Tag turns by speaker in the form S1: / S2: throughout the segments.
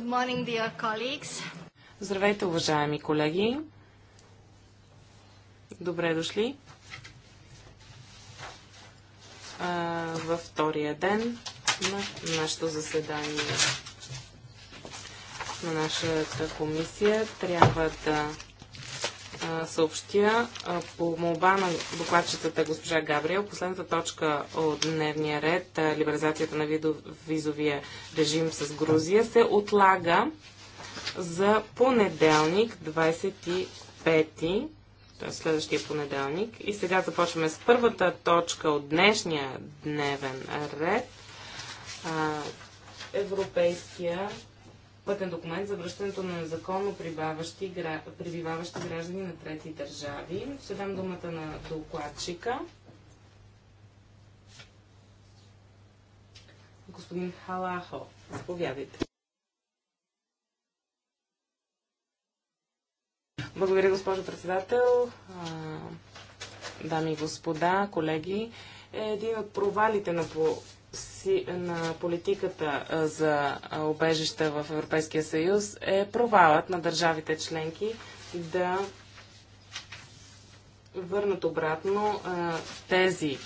S1: Good morning, dear colleagues.
S2: Здравейте, уважаеми колеги. Добре дошли а, във втория ден на нашето заседание на нашата комисия. Трябва да съобщя по молба на докладчетата госпожа Габриел, последната точка от дневния ред, а, либерализацията на визовия режим с Грузия, се отлага за понеделник 25 т.е. следващия понеделник. И сега започваме с първата точка от днешния дневен ред. европейския пътен документ за връщането на незаконно гра... прибиваващи граждани на трети държави. Ще дам думата на докладчика. Господин Халахо, заповядайте. Благодаря, госпожо председател. Дами и господа, колеги, един от провалите на по на политиката за обежища в Европейския съюз е провалът на държавите членки да върнат обратно тези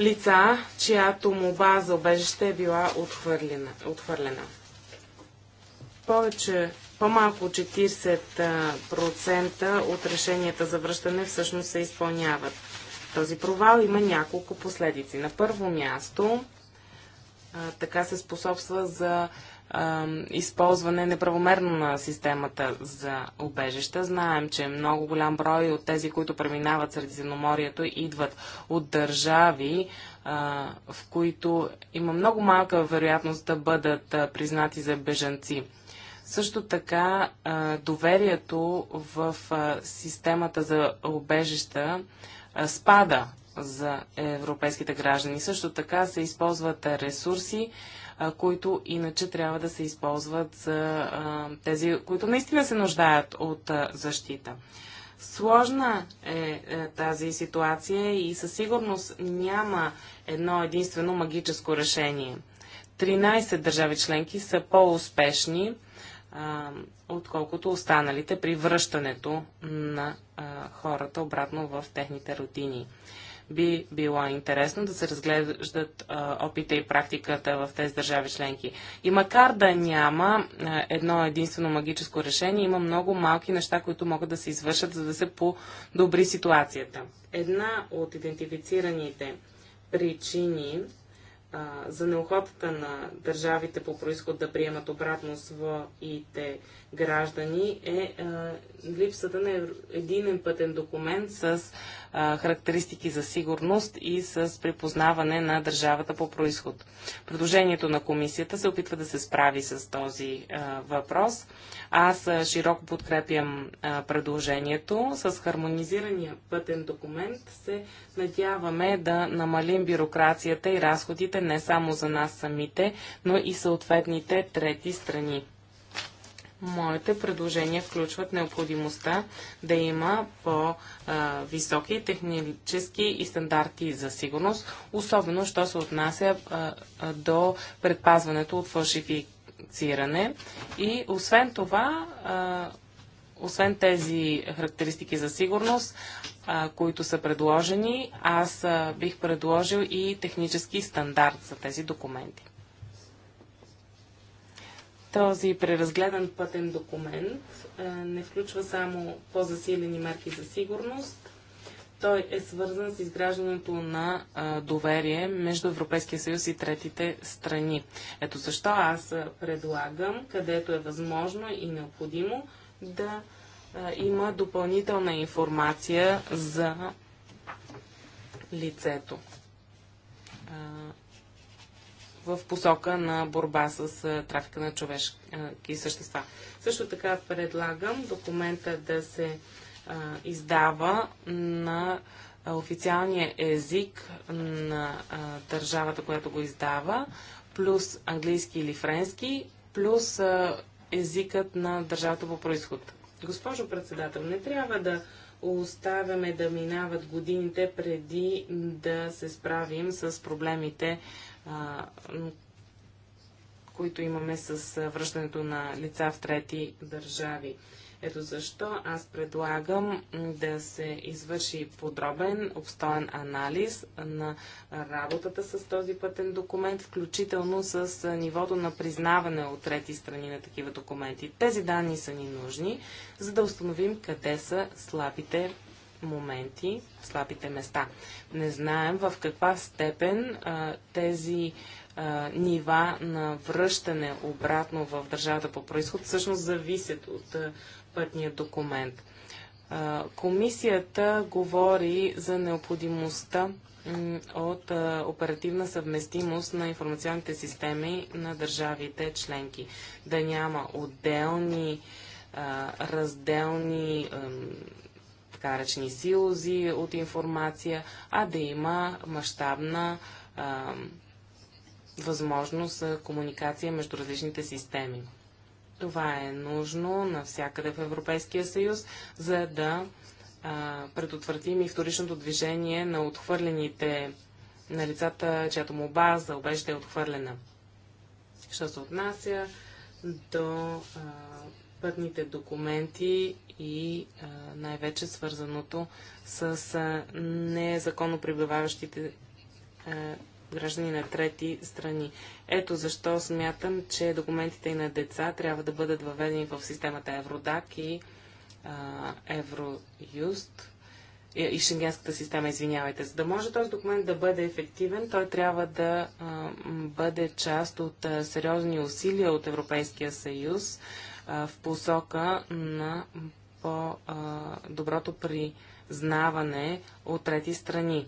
S2: лица, чиято моба за обежище е била отхвърлена. отхвърлена. Повече, по-малко 40% от решенията за връщане всъщност се изпълняват. Този провал има няколко последици. На първо място, а, така се способства за а, използване неправомерно на системата за обежища. Знаем, че много голям брой от тези, които преминават Средиземноморието, идват от държави, а, в които има много малка вероятност да бъдат а, признати за бежанци. Също така доверието в системата за обежища спада за европейските граждани. Също така се използват ресурси, които иначе трябва да се използват за тези, които наистина се нуждаят от защита. Сложна е, е тази ситуация и със сигурност няма едно единствено магическо решение. 13 държави членки са по-успешни отколкото останалите при връщането на а, хората обратно в техните рутини. Би било интересно да се разглеждат а, опита и практиката в тези държави членки. И макар да няма а, едно единствено магическо решение, има много малки неща, които могат да се извършат, за да се подобри ситуацията. Една от идентифицираните причини за неохотата на държавите по происход да приемат обратно своите граждани е а, липсата на единен пътен документ с а, характеристики за сигурност и с припознаване на държавата по происход. Предложението на комисията се опитва да се справи с този а, въпрос. Аз широко подкрепям предложението. С хармонизирания пътен документ се надяваме да намалим бюрокрацията и разходите не само за нас самите, но и съответните трети страни. Моите предложения включват необходимостта да има по-високи технически и стандарти за сигурност, особено що се отнася до предпазването от фалшифициране. И освен това, освен тези характеристики за сигурност, които са предложени, аз бих предложил и технически стандарт за тези документи. Този преразгледан пътен документ не включва само по-засилени мерки за сигурност. Той е свързан с изграждането на доверие между Европейския съюз и третите страни. Ето защо аз предлагам, където е възможно и необходимо, да има допълнителна информация за лицето в посока на борба с а, трафика на човешки същества. Също така предлагам документа да се а, издава на официалния език на а, държавата, която го издава, плюс английски или френски, плюс езикът на държавата по происход. Госпожо председател, не трябва да оставяме да минават годините преди да се справим с проблемите които имаме с връщането на лица в трети държави. Ето защо аз предлагам да се извърши подробен, обстоен анализ на работата с този пътен документ, включително с нивото на признаване от трети страни на такива документи. Тези данни са ни нужни, за да установим къде са слабите моменти, слабите места. Не знаем в каква степен а, тези а, нива на връщане обратно в държавата по происход всъщност зависят от а, пътния документ. А, комисията говори за необходимостта от а, оперативна съвместимост на информационните системи на държавите членки. Да няма отделни а, разделни ръчни силози от информация, а да има мащабна възможност за комуникация между различните системи. Това е нужно навсякъде в Европейския съюз, за да а, предотвратим и вторичното движение на отхвърлените на лицата, чиято му база обеща е отхвърлена. Що се отнася до а, пътните документи и най-вече свързаното с незаконно пребиваващите граждани на трети страни. Ето защо смятам, че документите и на деца трябва да бъдат въведени в системата Евродак и Евроюст и Шенгенската система, извинявайте. За да може този документ да бъде ефективен, той трябва да а, бъде част от а, сериозни усилия от Европейския съюз в посока на по-доброто признаване от трети страни.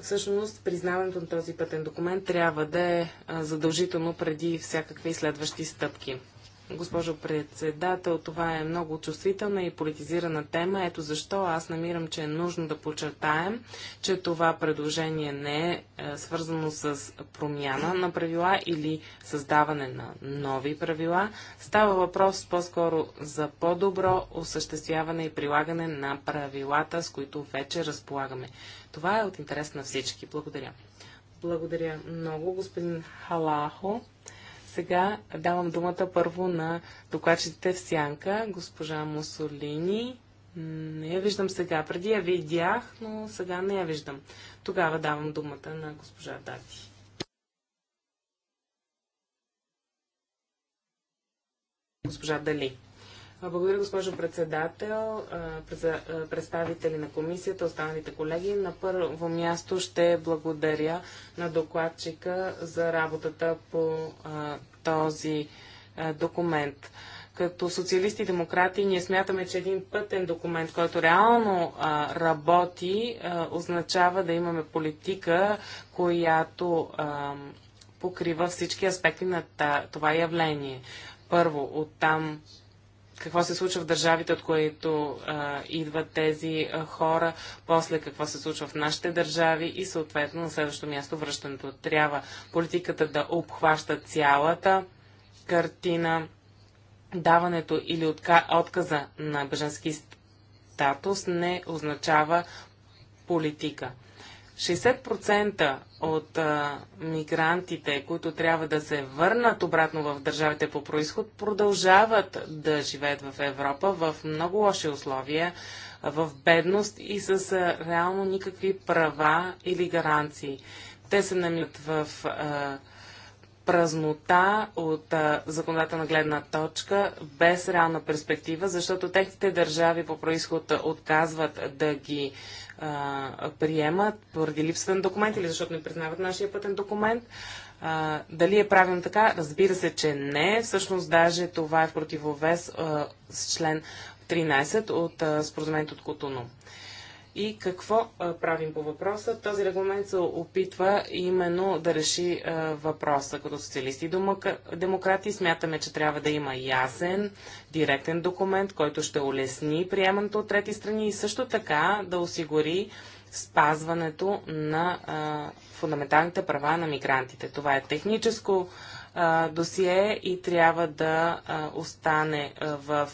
S2: Всъщност, признаването на този пътен документ трябва да е задължително преди всякакви следващи стъпки. Госпожо председател, това е много чувствителна и политизирана тема. Ето защо аз намирам, че е нужно да подчертаем, че това предложение не е, е свързано с промяна на правила или създаване на нови правила. Става въпрос по-скоро за по-добро осъществяване и прилагане на правилата, с които вече разполагаме. Това е от интерес на всички. Благодаря. Благодаря много, господин Халахо. Сега давам думата първо на докладчите в Сянка, госпожа Мусолини. Не я виждам сега. Преди я видях, но сега не я виждам. Тогава давам думата на госпожа Дати. Госпожа Дали. Благодаря, госпожо председател, представители на комисията, останалите колеги. На първо място ще благодаря на докладчика за работата по този документ. Като социалисти и демократи ние смятаме, че един пътен документ, който реално а, работи, а, означава да имаме политика, която а, покрива всички аспекти на това явление. Първо, оттам какво се случва в държавите, от които а, идват тези а, хора, после какво се случва в нашите държави и съответно на следващото място връщането. Трябва политиката да обхваща цялата картина, даването или отка, отказа на беженски статус не означава политика. 60% от а, мигрантите, които трябва да се върнат обратно в държавите по происход, продължават да живеят в Европа в много лоши условия, в бедност и с а, реално никакви права или гаранции. Те се намират в а, празнота от а, законодателна гледна точка, без реална перспектива, защото техните държави по происход отказват да ги а, приемат поради липсата на документ или защото не признават нашия пътен документ. А, дали е правилно така? Разбира се, че не. Всъщност даже това е в противовес а, с член 13 от споразумението от Котуно и какво а, правим по въпроса. Този регламент се опитва именно да реши а, въпроса като социалисти и демократи. Смятаме, че трябва да има ясен, директен документ, който ще улесни приемането от трети страни и също така да осигури спазването на а, фундаменталните права на мигрантите. Това е техническо досие и трябва да остане в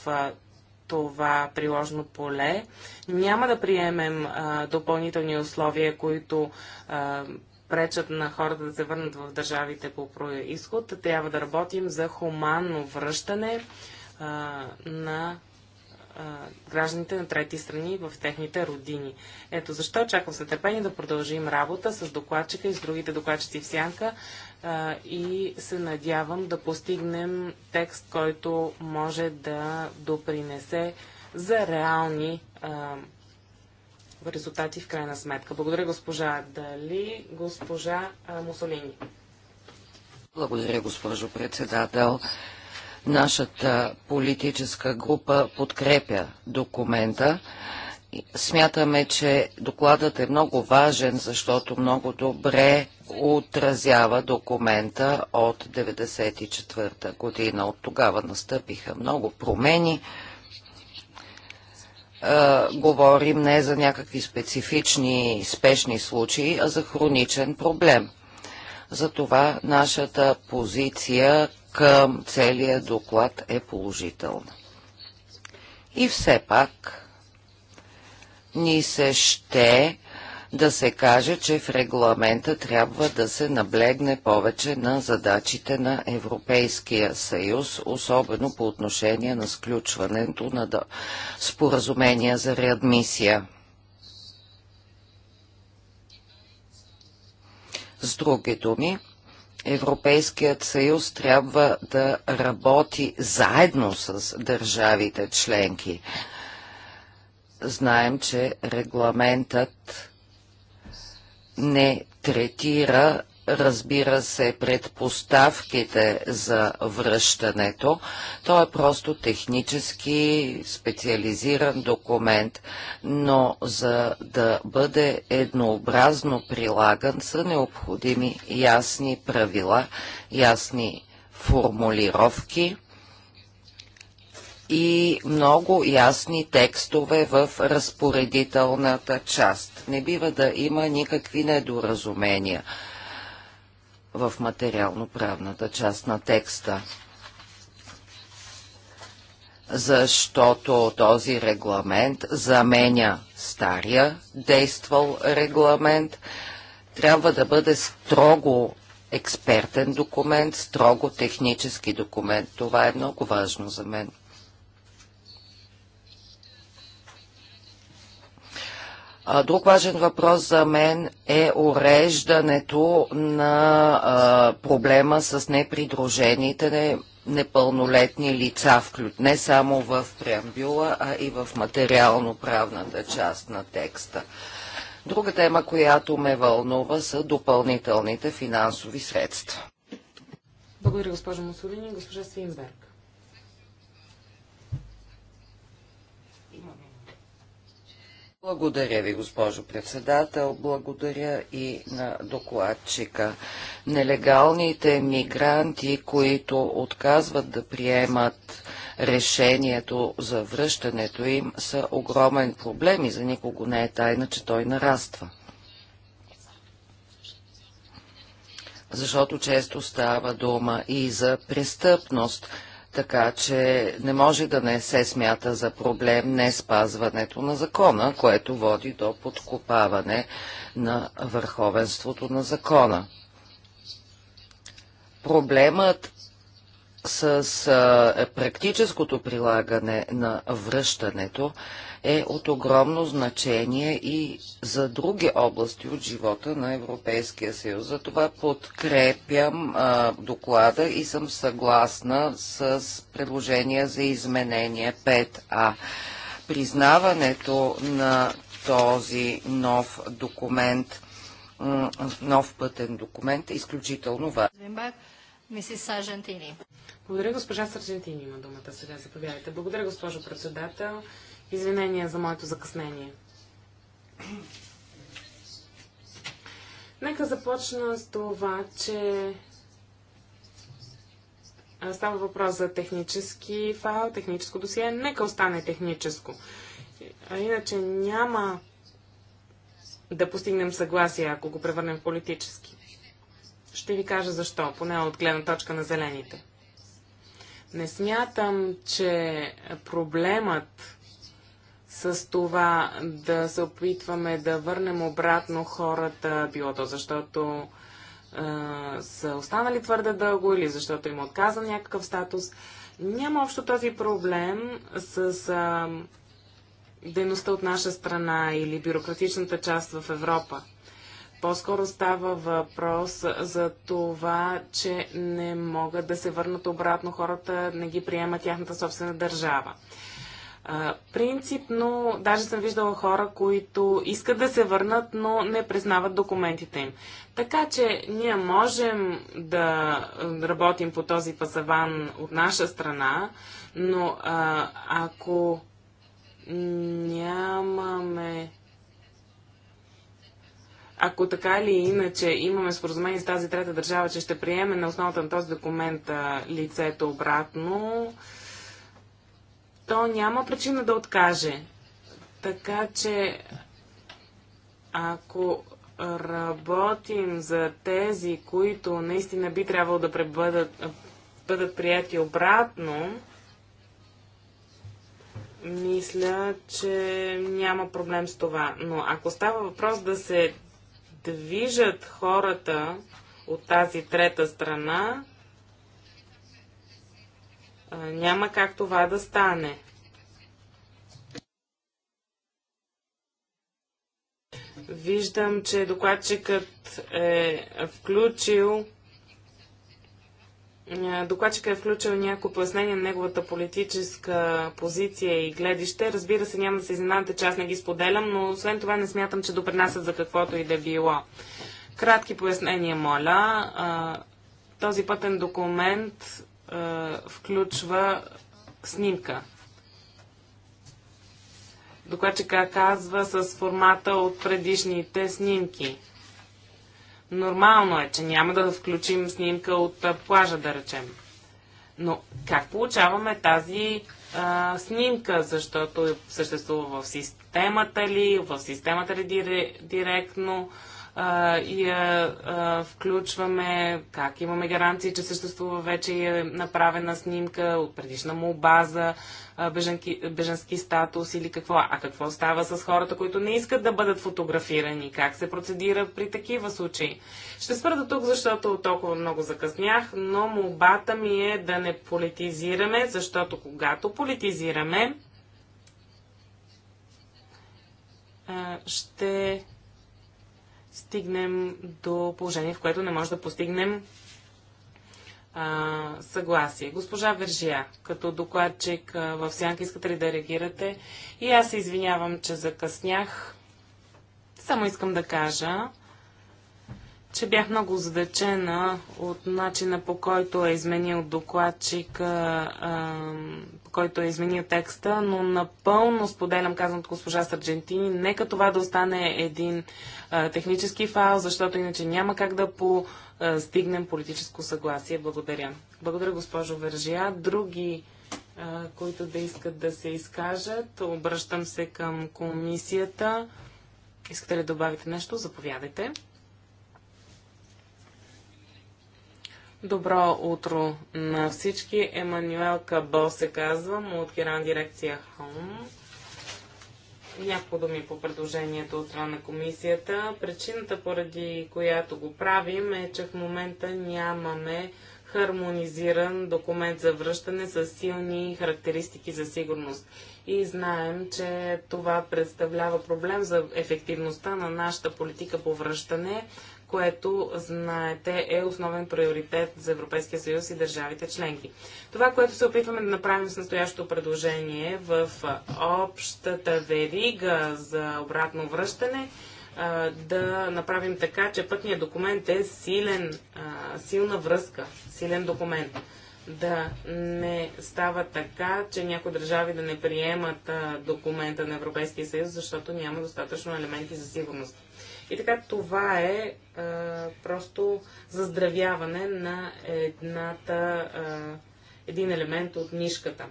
S2: това приложно поле. Няма да приемем а, допълнителни условия, които а, пречат на хората да се върнат в държавите по происход. Трябва да работим за хуманно връщане а, на гражданите на трети страни в техните родини. Ето защо очаквам с нетърпение да продължим работа с докладчика и с другите докладчици в Сянка и се надявам да постигнем текст, който може да допринесе за реални резултати в крайна сметка. Благодаря госпожа Дали, госпожа Мусолини.
S3: Благодаря, госпожо председател. Нашата политическа група подкрепя документа. Смятаме, че докладът е много важен, защото много добре отразява документа от 1994 година. От тогава настъпиха много промени. говорим не за някакви специфични спешни случаи, а за хроничен проблем. Затова нашата позиция към целия доклад е положителна. И все пак ни се ще да се каже, че в регламента трябва да се наблегне повече на задачите на Европейския съюз, особено по отношение на сключването на споразумения за реадмисия. С други думи, Европейският съюз трябва да работи заедно с държавите членки – Знаем, че регламентът не третира, разбира се, предпоставките за връщането. Той е просто технически специализиран документ, но за да бъде еднообразно прилаган са необходими ясни правила, ясни формулировки и много ясни текстове в разпоредителната част. Не бива да има никакви недоразумения в материално-правната част на текста. Защото този регламент заменя стария действал регламент, трябва да бъде строго експертен документ, строго технически документ. Това е много важно за мен. Друг важен въпрос за мен е уреждането на проблема с непридружените непълнолетни лица, не само в преамбюла, а и в материално-правната част на текста. Друга тема, която ме вълнува, са допълнителните финансови средства.
S2: Благодаря, госпожа Мусолини. Госпожа Свинберг.
S3: Благодаря ви, госпожо председател. Благодаря и на докладчика. Нелегалните мигранти, които отказват да приемат решението за връщането им, са огромен проблем и за никого не е тайна, че той нараства. Защото често става дума и за престъпност – така че не може да не се смята за проблем не спазването на закона, което води до подкопаване на върховенството на закона. Проблемът с а, практическото прилагане на връщането е от огромно значение и за други области от живота на Европейския съюз. Затова подкрепям а, доклада и съм съгласна с предложение за изменение 5А. Признаването на този нов документ, нов пътен документ е изключително важен.
S2: Благодаря, госпожа Саржентини има думата сега. Заповядайте. Благодаря, госпожо председател. Извинения за моето закъснение. Нека започна с това, че става въпрос за технически файл, техническо досие. Нека остане техническо. А иначе няма да постигнем съгласие, ако го превърнем в политически. Ще ви кажа защо, поне от гледна точка на зелените. Не смятам, че проблемът с това да се опитваме да върнем обратно хората, било то защото е, са останали твърде дълго или защото им е отказан някакъв статус. Няма общо този проблем с е, дейността от наша страна или бюрократичната част в Европа. По-скоро става въпрос за това, че не могат да се върнат обратно хората, не ги приема тяхната собствена държава. А, принципно, даже съм виждала хора, които искат да се върнат, но не признават документите им. Така че ние можем да работим по този пасаван от наша страна, но а, ако нямаме ако така или иначе имаме споразумение с тази трета държава, че ще приеме на основата на този документ лицето обратно, то няма причина да откаже. Така че, ако работим за тези, които наистина би трябвало да пребъдат, бъдат прияти обратно, мисля, че няма проблем с това. Но ако става въпрос да се движат хората от тази трета страна, няма как това да стане. Виждам, че докладчикът е включил докладчика е включил някои пояснения на неговата политическа позиция и гледище. Разбира се, няма да се изненадате, че аз не ги споделям, но освен това не смятам, че допринасят за каквото и да било. Кратки пояснения, моля. Този пътен документ е, включва снимка. Докладчика казва с формата от предишните снимки. Нормално е, че няма да включим снимка от е, плажа, да речем. Но как получаваме тази а, е, снимка, защото съществува в системата ли, в системата ли директно, а, я а, включваме, как имаме гаранции, че съществува вече и е направена снимка от предишна му база, беженки, беженски статус или какво. А какво става с хората, които не искат да бъдат фотографирани? Как се процедира при такива случаи? Ще спра до тук, защото толкова много закъснях, но молбата ми е да не политизираме, защото когато политизираме, ще стигнем до положение, в което не може да постигнем а, съгласие. Госпожа Вержия, като докладчик в Сянка, искате ли да реагирате? И аз се извинявам, че закъснях. Само искам да кажа, че бях много задачена от начина по който е изменил докладчик а, а, който е изменил текста, но напълно споделям казаното госпожа Сарджентини. Нека това да остане един а, технически файл, защото иначе няма как да постигнем политическо съгласие. Благодаря. Благодаря, госпожо Вержия. Други, а, които да искат да се изкажат, обръщам се към комисията. Искате ли да добавите нещо? Заповядайте. Добро утро на всички. Емануел Кабо се казвам от Киран дирекция Home. Няколко думи по предложението от страна на комисията. Причината, поради която го правим, е, че в момента нямаме хармонизиран документ за връщане с силни характеристики за сигурност. И знаем, че това представлява проблем за ефективността на нашата политика по връщане, което, знаете, е основен приоритет за Европейския съюз и държавите членки. Това, което се опитваме да направим с настоящото предложение в общата верига за обратно връщане, да направим така, че пътният документ е силен, силна връзка, силен документ. Да не става така, че някои държави да не приемат документа на Европейския съюз, защото няма достатъчно елементи за сигурност. И така това е а, просто заздравяване на едната, а, един елемент от нишката.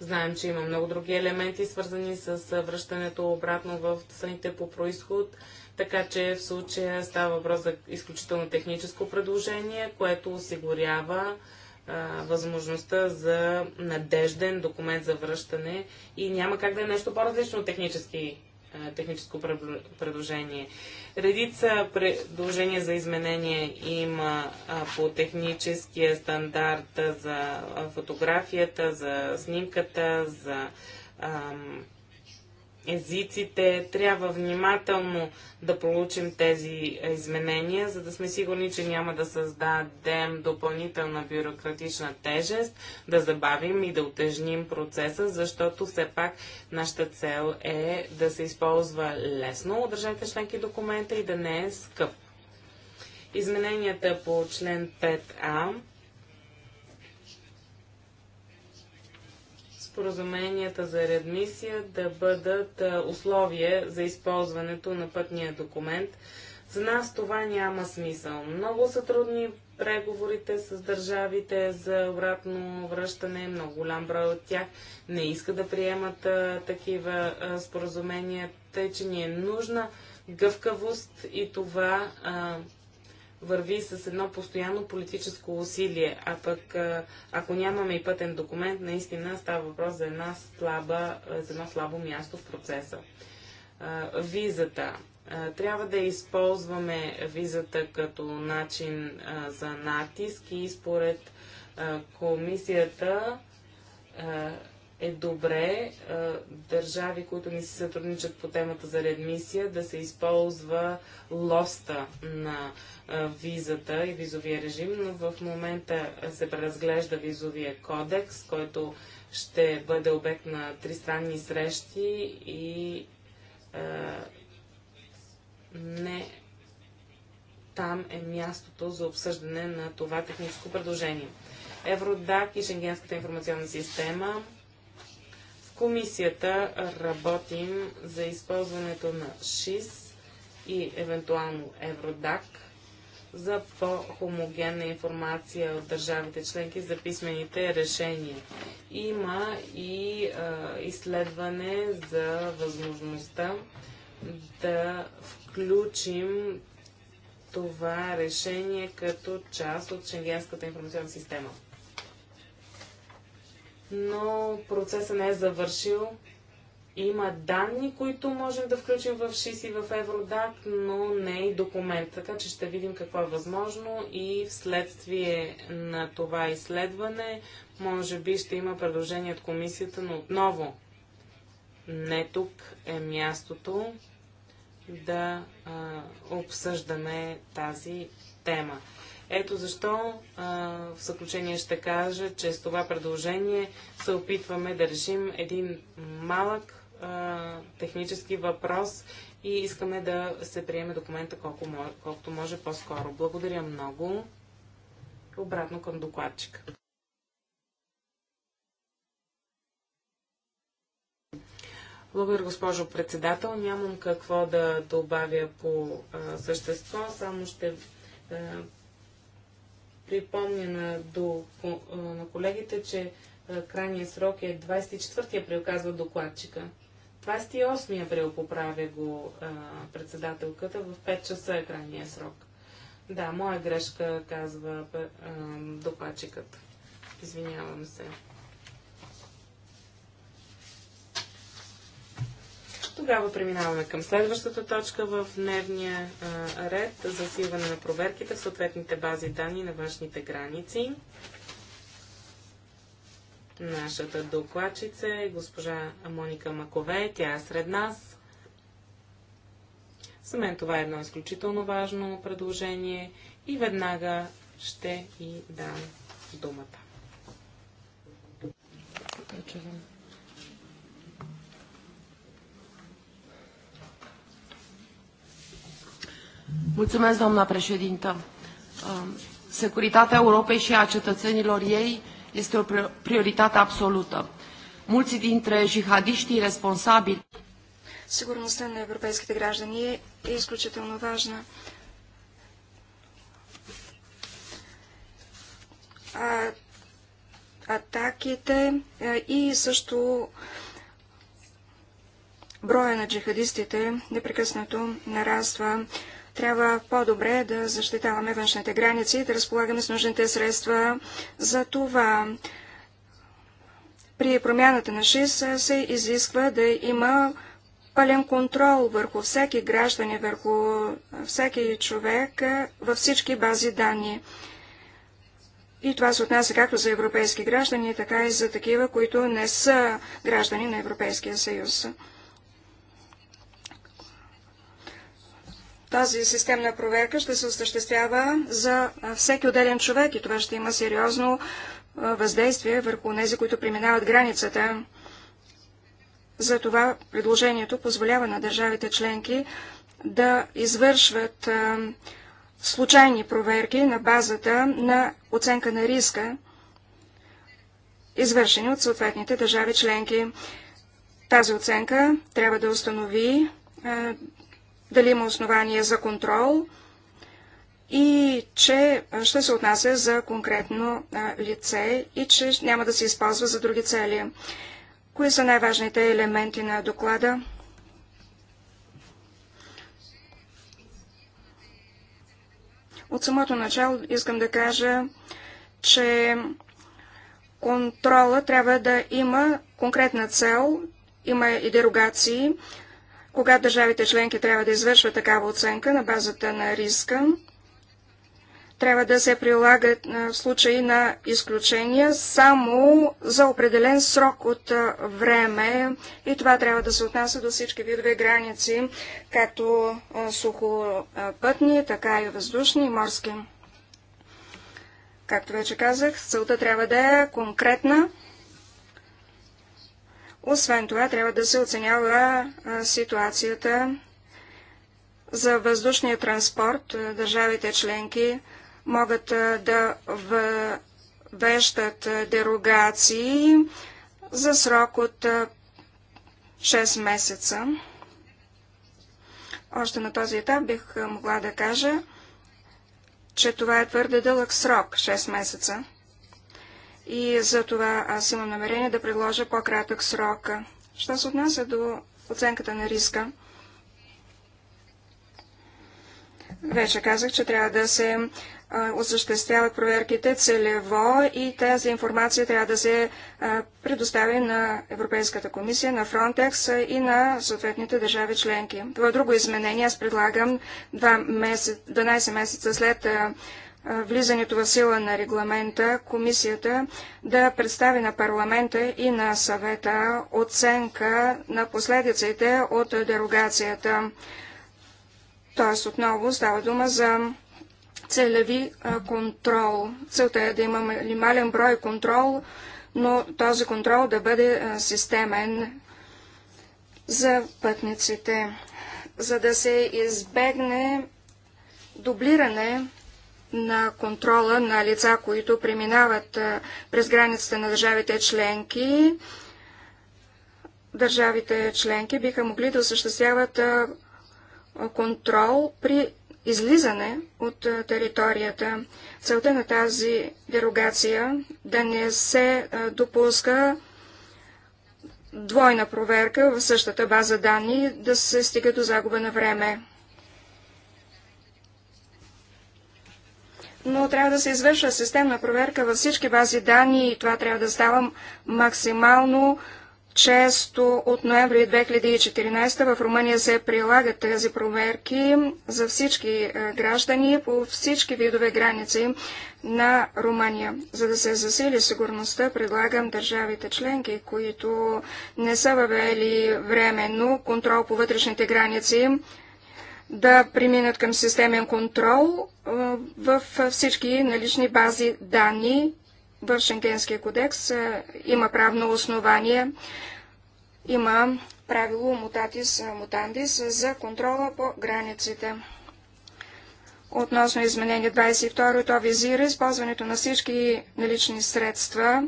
S2: Знаем, че има много други елементи, свързани с връщането обратно в страните по происход, така че в случая става въпрос за изключително техническо предложение, което осигурява а, възможността за надежден документ за връщане и няма как да е нещо по-различно от технически техническо предложение. Редица предложения за изменение има по техническия стандарт за фотографията, за снимката, за ам, езиците. Трябва внимателно да получим тези е, изменения, за да сме сигурни, че няма да създадем допълнителна бюрократична тежест, да забавим и да утежним процеса, защото все пак нашата цел е да се използва лесно от държавите членки документа и да не е скъп. Измененията по член 5а споразуменията за редмисия да бъдат условие за използването на пътния документ. За нас това няма смисъл. Много са трудни преговорите с държавите за обратно връщане. Много голям брой от тях не иска да приемат а, такива а, споразумения, тъй че ни е нужна гъвкавост и това а, върви с едно постоянно политическо усилие, а пък ако нямаме и пътен документ, наистина става въпрос за, една слаба, за едно слабо място в процеса. Визата. Трябва да използваме визата като начин за натиск и според комисията е добре е, държави, които ни се сътрудничат по темата за редмисия, да се използва лоста на е, визата и визовия режим, но в момента се преразглежда визовия кодекс, който ще бъде обект на тристранни срещи и а, е, не там е мястото за обсъждане на това техническо предложение. Евродак и Шенгенската информационна система комисията работим за използването на ШИС и евентуално Евродак за по-хомогенна информация от държавите членки за писмените решения. Има и а, изследване за възможността да включим това решение като част от Шенгенската информационна система но процесът не е завършил. Има данни, които можем да включим в ШИС и в Евродак, но не и документ. Така че ще видим какво е възможно и вследствие на това изследване, може би ще има предложение от комисията, но отново не тук е мястото да а, обсъждаме тази тема. Ето защо а, в заключение ще кажа, че с това предложение се опитваме да решим един малък а, технически въпрос и искаме да се приеме документа колко може, колкото може по-скоро. Благодаря много. Обратно към докладчика. Благодаря, госпожо председател. Нямам какво да добавя по а, същество, само ще а, припомня на, до, на колегите, че крайният срок е 24 април, казва докладчика. 28 април поправя го а, председателката, в 5 часа е крайния срок. Да, моя грешка, казва а, докладчикът. Извинявам се. тогава преминаваме към следващата точка в дневния а, ред засилване на проверките в съответните бази данни на външните граници. Нашата докладчица е госпожа Моника Макове. Тя е сред нас. За мен това е едно изключително важно предложение и веднага ще и дам думата. Почвам. Mulțumesc, doamna
S3: președintă. Securitatea Europei și a cetățenilor ei este o prioritate absolută. Mulți dintre jihadiștii responsabili...
S1: Сигурността на европейските граждани е изключително важна. А, атаките и също броя на джихадистите непрекъснато нараства. Трябва по-добре да защитаваме външните граници и да разполагаме с нужните средства за това. При промяната на ШИС се изисква да има пълен контрол върху всеки граждане, върху всеки човек във всички бази данни. И това се отнася както за европейски граждани, така и за такива, които не са граждани на Европейския съюз. Тази системна проверка ще се осъществява за всеки отделен човек и това ще има сериозно въздействие върху тези, които преминават границата. Затова предложението позволява на държавите членки да извършват случайни проверки на базата на оценка на риска, извършени от съответните държави членки. Тази оценка трябва да установи дали има основания за контрол и че ще се отнася за конкретно лице и че няма да се използва за други цели. Кои са най-важните елементи на доклада? От самото начало искам да кажа, че контрола трябва да има конкретна цел, има и дерогации, когато държавите членки трябва да извършват такава оценка на базата на риска, трябва да се прилагат в случаи на изключения само за определен срок от време и това трябва да се отнася до всички видове граници, както сухопътни, така и въздушни и морски. Както вече казах, целта трябва да е конкретна освен това, трябва да се оценява ситуацията за въздушния транспорт. Държавите членки могат да въвеждат дерогации за срок от 6 месеца. Още на този етап бих могла да кажа, че това е твърде дълъг срок 6 месеца и за това аз имам намерение да предложа по-кратък срок. Що се отнася до оценката на риска? Вече казах, че трябва да се осъществяват проверките целево и тази информация трябва да се предостави на Европейската комисия, на Frontex и на съответните държави членки. Това е друго изменение аз предлагам 12 месеца след влизането в сила на регламента, комисията да представи на парламента и на съвета оценка на последиците от дерогацията. Тоест отново става дума за целеви контрол. Целта е да има минимален брой контрол, но този контрол да бъде системен за пътниците, за да се избегне дублиране на контрола на лица, които преминават през границата на държавите членки. Държавите членки биха могли да осъществяват контрол при излизане от територията. Целта на тази дерогация да не се допуска двойна проверка в същата база данни, да се стига до загуба на време. но трябва да се извършва системна проверка във всички бази данни и това трябва да става максимално често от ноември 2014 в Румъния се прилагат тези проверки за всички е, граждани по всички видове граници на Румъния. За да се засили сигурността, предлагам държавите членки, които не са въвели временно контрол по вътрешните граници, да преминат към системен контрол в всички налични бази данни в Шенгенския кодекс. Има правно основание, има правило мутатис мутандис за контрола по границите. Относно изменение 22, то визира използването на всички налични средства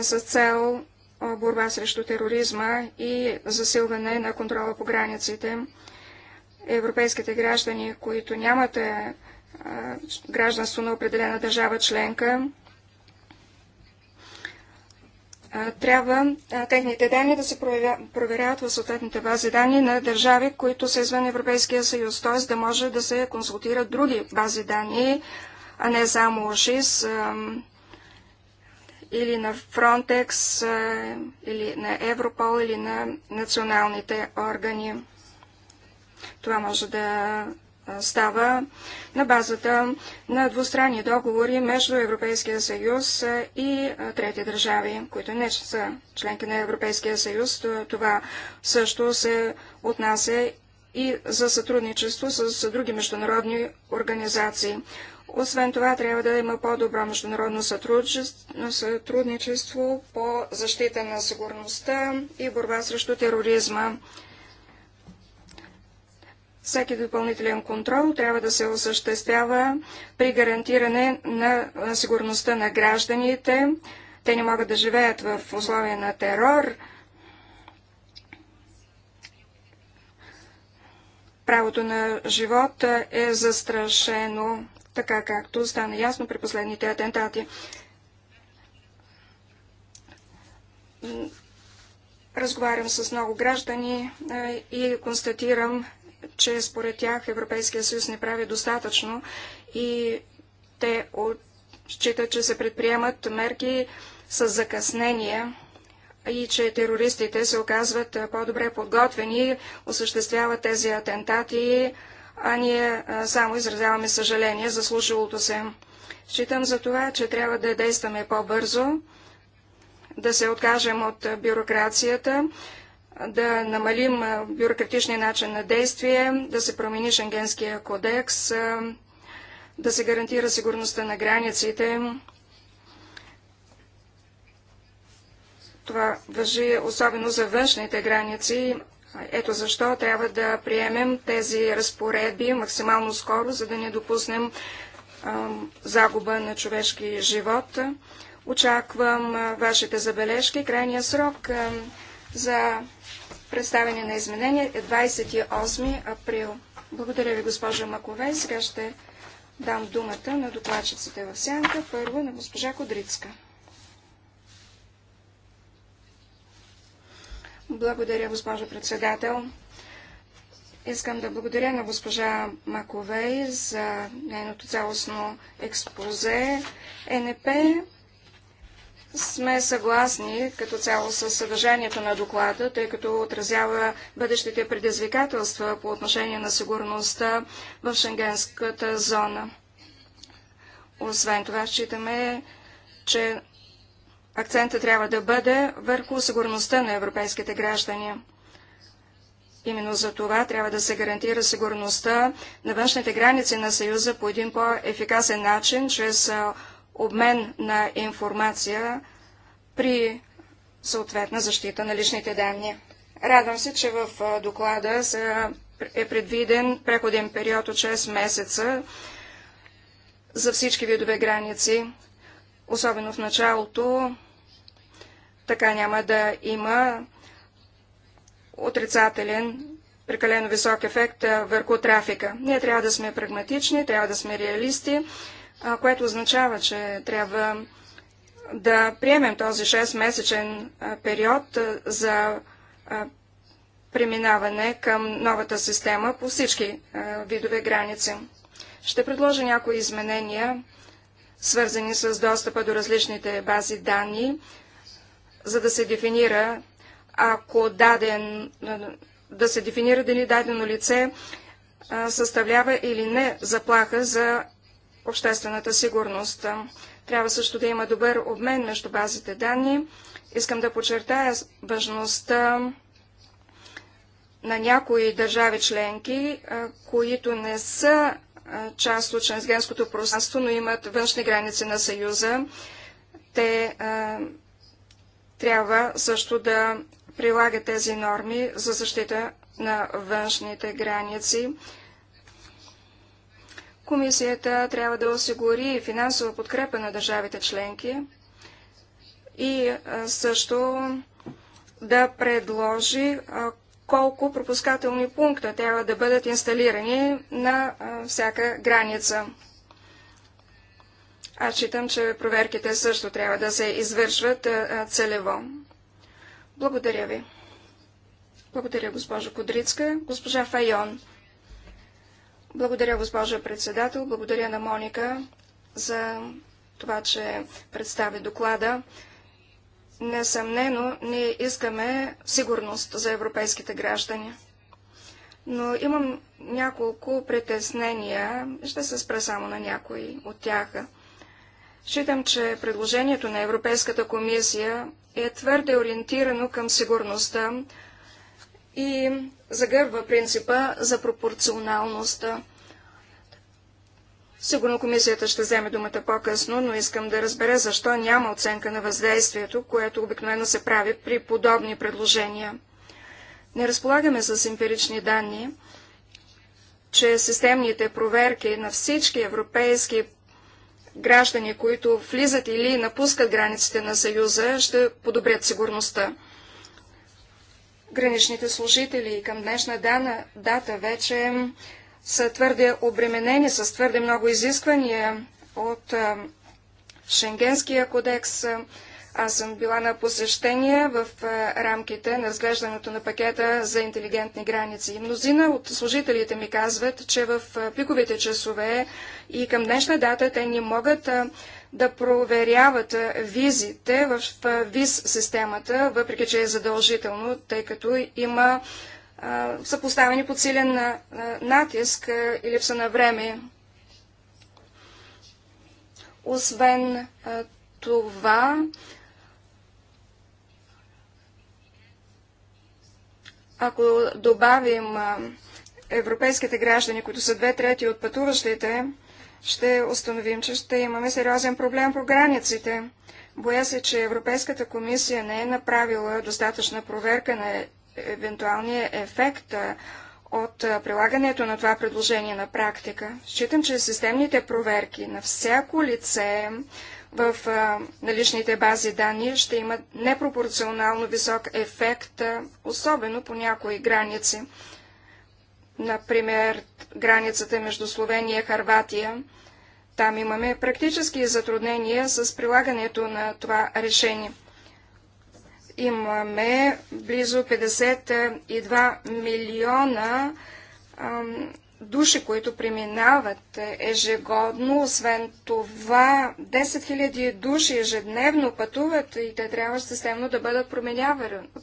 S1: с цел борба срещу тероризма и засилване на контрола по границите европейските граждани, които нямат е, гражданство на определена държава членка, трябва техните данни да се проверяват в съответните бази данни на държави, които са извън Европейския съюз, т.е. да може да се консултират други бази данни, а не само ОШИС или на Фронтекс, или на Европол, или на националните органи. Това може да става на базата на двустранни договори между Европейския съюз и трети държави, които не са членки на Европейския съюз. Това също се отнася и за сътрудничество с други международни организации. Освен това, трябва да има по-добро международно сътрудничество по защита на сигурността и борба срещу тероризма. Всеки допълнителен контрол трябва да се осъществява при гарантиране на сигурността на гражданите. Те не могат да живеят в условия на терор. Правото на живот е застрашено, така както стана ясно при последните атентати. Разговарям с много граждани и констатирам, че според тях Европейския съюз не прави достатъчно и те считат, че се предприемат мерки с закъснение и че терористите се оказват по-добре подготвени, осъществяват тези атентати, а ние само изразяваме съжаление за слушалото се. Считам за това, че трябва да действаме по-бързо, да се откажем от бюрокрацията да намалим бюрократичния начин на действие, да се промени Шенгенския кодекс, да се гарантира сигурността на границите. Това въжи особено за външните граници. Ето защо трябва да приемем тези разпоредби максимално скоро, за да не допуснем загуба на човешки живот. Очаквам вашите забележки. Крайният срок за Представяне на изменения е 28 април. Благодаря ви, госпожа Макове. Сега ще дам думата на докладчиците в сянка. Първо на госпожа Кодрицка. Благодаря, госпожо председател. Искам да благодаря на госпожа Маковей за нейното цялостно експозе. ЕНП сме съгласни като цяло с съдържанието на доклада, тъй като отразява бъдещите предизвикателства по отношение на сигурността в шенгенската зона. Освен това, считаме, че акцента трябва да бъде върху сигурността на европейските граждани. Именно за това трябва да се гарантира сигурността на външните граници на Съюза по един по-ефикасен начин, чрез обмен на информация при съответна защита на личните данни. Радвам се, че в доклада е предвиден преходен период от 6 месеца за всички видове граници, особено в началото. Така няма да има отрицателен, прекалено висок ефект върху трафика. Ние трябва да сме прагматични, трябва да сме реалисти, което означава, че трябва да приемем този 6-месечен период за преминаване към новата система по всички видове граници. Ще предложа някои изменения, свързани с достъпа до различните бази данни, за да се дефинира, ако даден, да се дефинира дали дадено лице съставлява или не заплаха за обществената сигурност. Трябва също да има добър обмен между базите данни. Искам да подчертая важността на някои държави членки, които не са част от шенгенското пространство, но имат външни граници на Съюза. Те трябва също да прилагат тези норми за защита на външните граници. Комисията трябва да осигури финансова подкрепа на държавите членки и също да предложи колко пропускателни пункта трябва да бъдат инсталирани на всяка граница. Аз считам, че проверките също трябва да се извършват целево. Благодаря ви. Благодаря, госпожо Кодрицка. Госпожа Файон. Благодаря, госпожа председател. Благодаря на Моника за това, че представи доклада. Несъмнено, ние искаме сигурност за европейските граждани. Но имам няколко притеснения. Ще се спра само на някои от тях. Считам, че предложението на Европейската комисия е твърде ориентирано към сигурността, и загърва принципа за пропорционалността. Сигурно комисията ще вземе думата по-късно, но искам да разбера защо няма оценка на въздействието, което обикновено се прави при подобни предложения. Не разполагаме с емпирични данни, че системните проверки на всички европейски граждани, които влизат или напускат границите на Съюза, ще подобрят сигурността граничните служители към днешна дана, дата вече са твърде обременени с твърде много изисквания от а, Шенгенския кодекс. Аз съм била на посещение в а, рамките на разглеждането на пакета за интелигентни граници. И мнозина от служителите ми казват, че в а, пиковите часове и към днешна дата те не могат да проверяват визите в виз системата, въпреки че е задължително, тъй като има съпоставени са поставени силен натиск и липса на време. Освен това, ако добавим европейските граждани, които са две трети от пътуващите, ще установим, че ще имаме сериозен проблем по границите. Боя се, че Европейската комисия не е направила достатъчна проверка на евентуалния ефект от прилагането на това предложение на практика. Считам, че системните проверки на всяко лице в наличните бази данни ще имат непропорционално висок ефект, особено по някои граници. Например, границата между Словения и Харватия. Там имаме практически затруднения с прилагането на това решение. Имаме близо 52 милиона ам, души, които преминават ежегодно. Освен това, 10 000 души ежедневно пътуват и те трябва системно да бъдат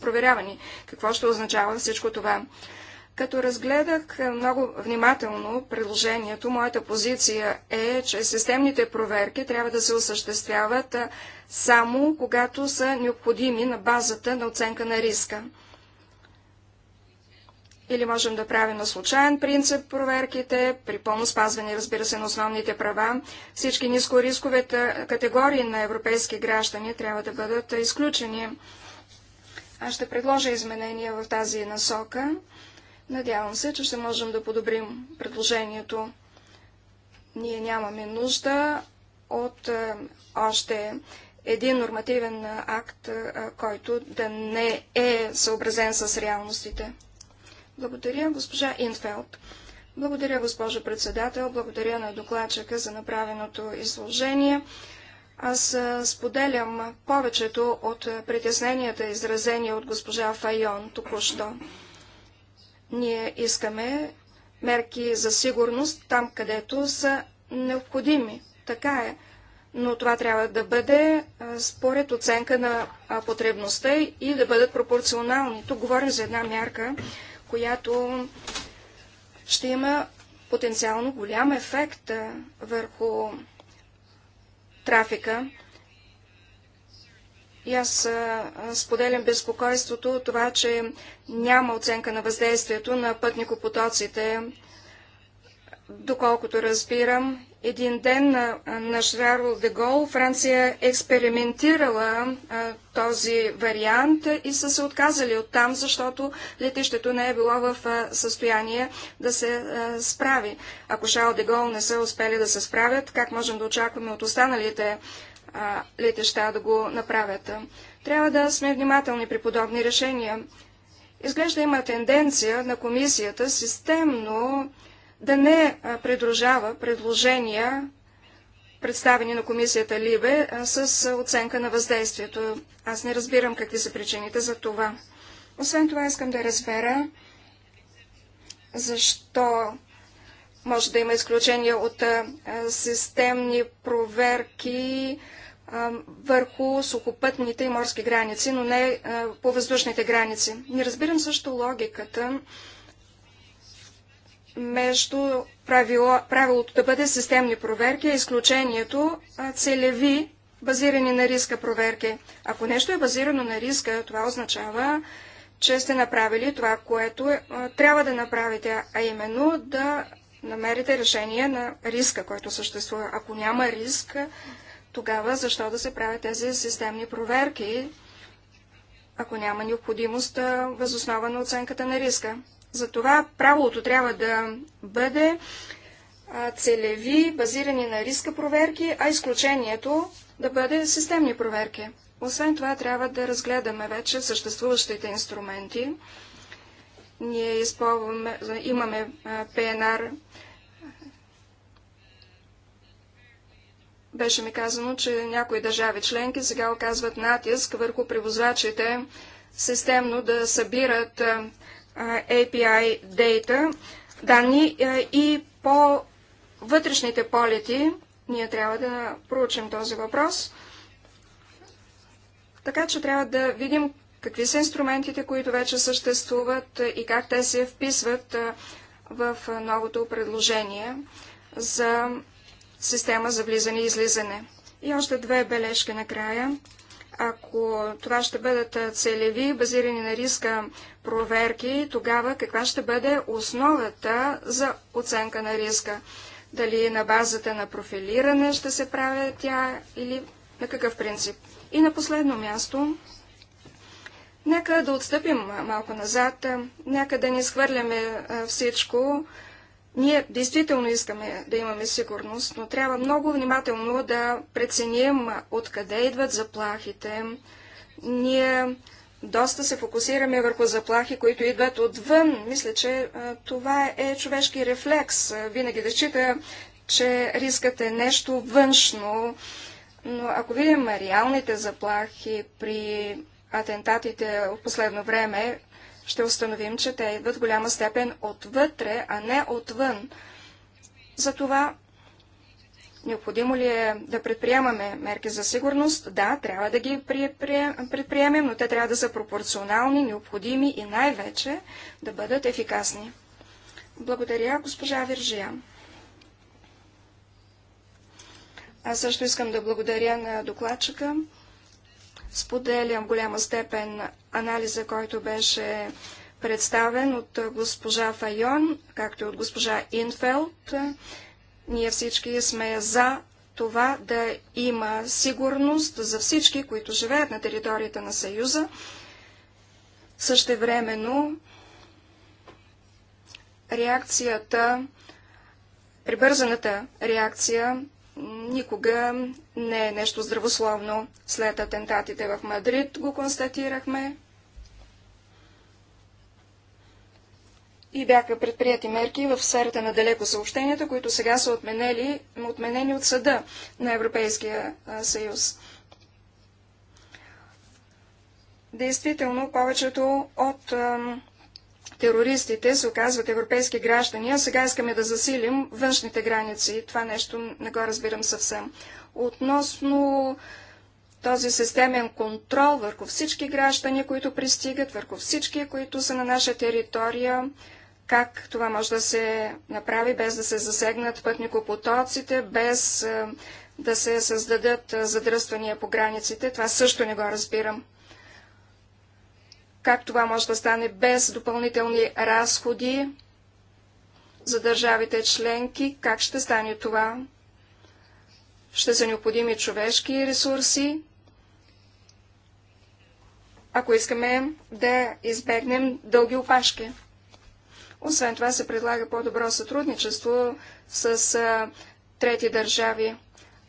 S1: проверявани. Какво ще означава всичко това? Като разгледах е, много внимателно предложението, моята позиция е, че системните проверки трябва да се осъществяват е, само когато са необходими на базата на оценка на риска. Или можем да правим на случайен принцип проверките, при пълно спазване, разбира се, на основните права. Всички нискорисковите категории на европейски граждани трябва да бъдат изключени. Аз ще предложа изменения в тази насока. Надявам се, че ще можем да подобрим предложението. Ние нямаме нужда от е, още един нормативен акт, е, който да не е съобразен с реалностите. Благодаря, госпожа Инфелд. Благодаря, госпожо председател. Благодаря на докладчика за направеното изложение. Аз е, споделям повечето от притесненията, изразени от госпожа Файон току-що. Ние искаме мерки за сигурност там, където са необходими. Така е. Но това трябва да бъде според оценка на потребността и да бъдат пропорционални. Тук говорим за една мярка, която ще има потенциално голям ефект върху трафика. И аз споделям безпокойството от това, че няма оценка на въздействието на пътникопотоците. Доколкото разбирам, един ден на, на Шарл де Гол Франция е експериментирала а, този вариант и са се отказали от там, защото летището не е било в а, състояние да се а, справи. Ако Шарл де Гол не са успели да се справят, как можем да очакваме от останалите летеща да го направят. Трябва да сме внимателни при подобни решения. Изглежда има тенденция на комисията системно да не придружава предложения, представени на комисията Либе, с оценка на въздействието. Аз не разбирам какви са причините за това. Освен това искам да разбера защо може да има изключения от системни проверки върху сухопътните и морски граници, но не по въздушните граници. Не разбирам също логиката между правило, правилото да бъде системни проверки, а изключението целеви, базирани на риска проверки. Ако нещо е базирано на риска, това означава, че сте направили това, което е, трябва да направите, а именно да намерите решение на риска, който съществува. Ако няма риск, тогава защо да се правят тези системни проверки, ако няма необходимост възоснова на оценката на риска. Затова правото трябва да бъде целеви, базирани на риска проверки, а изключението да бъде системни проверки. Освен това, трябва да разгледаме вече съществуващите инструменти. Ние използваме, имаме ПНР Беше ми казано, че някои държави членки сега оказват натиск върху превозвачите системно да събират API data, данни и по вътрешните полети. Ние трябва да проучим този въпрос. Така че трябва да видим какви са инструментите, които вече съществуват и как те се вписват в новото предложение за система за влизане и излизане. И още две бележки накрая. Ако това ще бъдат целеви, базирани на риска проверки, тогава каква ще бъде основата за оценка на риска? Дали на базата на профилиране ще се прави тя или на какъв принцип? И на последно място, нека да отстъпим малко назад, нека да не изхвърляме всичко ние действително искаме да имаме сигурност, но трябва много внимателно да преценим откъде идват заплахите. Ние доста се фокусираме върху заплахи, които идват отвън. Мисля, че това е човешки рефлекс. Винаги да счита, че рискът е нещо външно. Но ако видим реалните заплахи при атентатите от последно време, ще установим, че те идват в голяма степен отвътре, а не отвън. Затова необходимо ли е да предприемаме мерки за сигурност? Да, трябва да ги предприемем, но те трябва да са пропорционални, необходими и най-вече да бъдат ефикасни. Благодаря, госпожа Виржия. Аз също искам да благодаря на докладчика. Споделям в голяма степен анализа, който беше представен от госпожа Файон, както и от госпожа Инфелд. Ние всички сме за това да има сигурност за всички, които живеят на територията на Съюза. Същевременно реакцията, прибързаната реакция никога не е нещо здравословно. След атентатите в Мадрид го констатирахме. И бяха предприяти мерки в сферата на далеко съобщенията, които сега са отменели, отменени от съда на Европейския съюз. Действително, повечето от терористите се оказват европейски граждани, а сега искаме да засилим външните граници. Това нещо не го разбирам съвсем относно този системен контрол върху всички граждани, които пристигат, върху всички, които са на наша територия, как това може да се направи без да се засегнат пътникопотоците, без е, да се създадат е, задръствания по границите. Това също не го разбирам. Как това може да стане без допълнителни разходи за държавите членки? Как ще стане това? ще са необходими човешки ресурси, ако искаме да избегнем дълги опашки. Освен това се предлага по-добро сътрудничество с а, трети държави.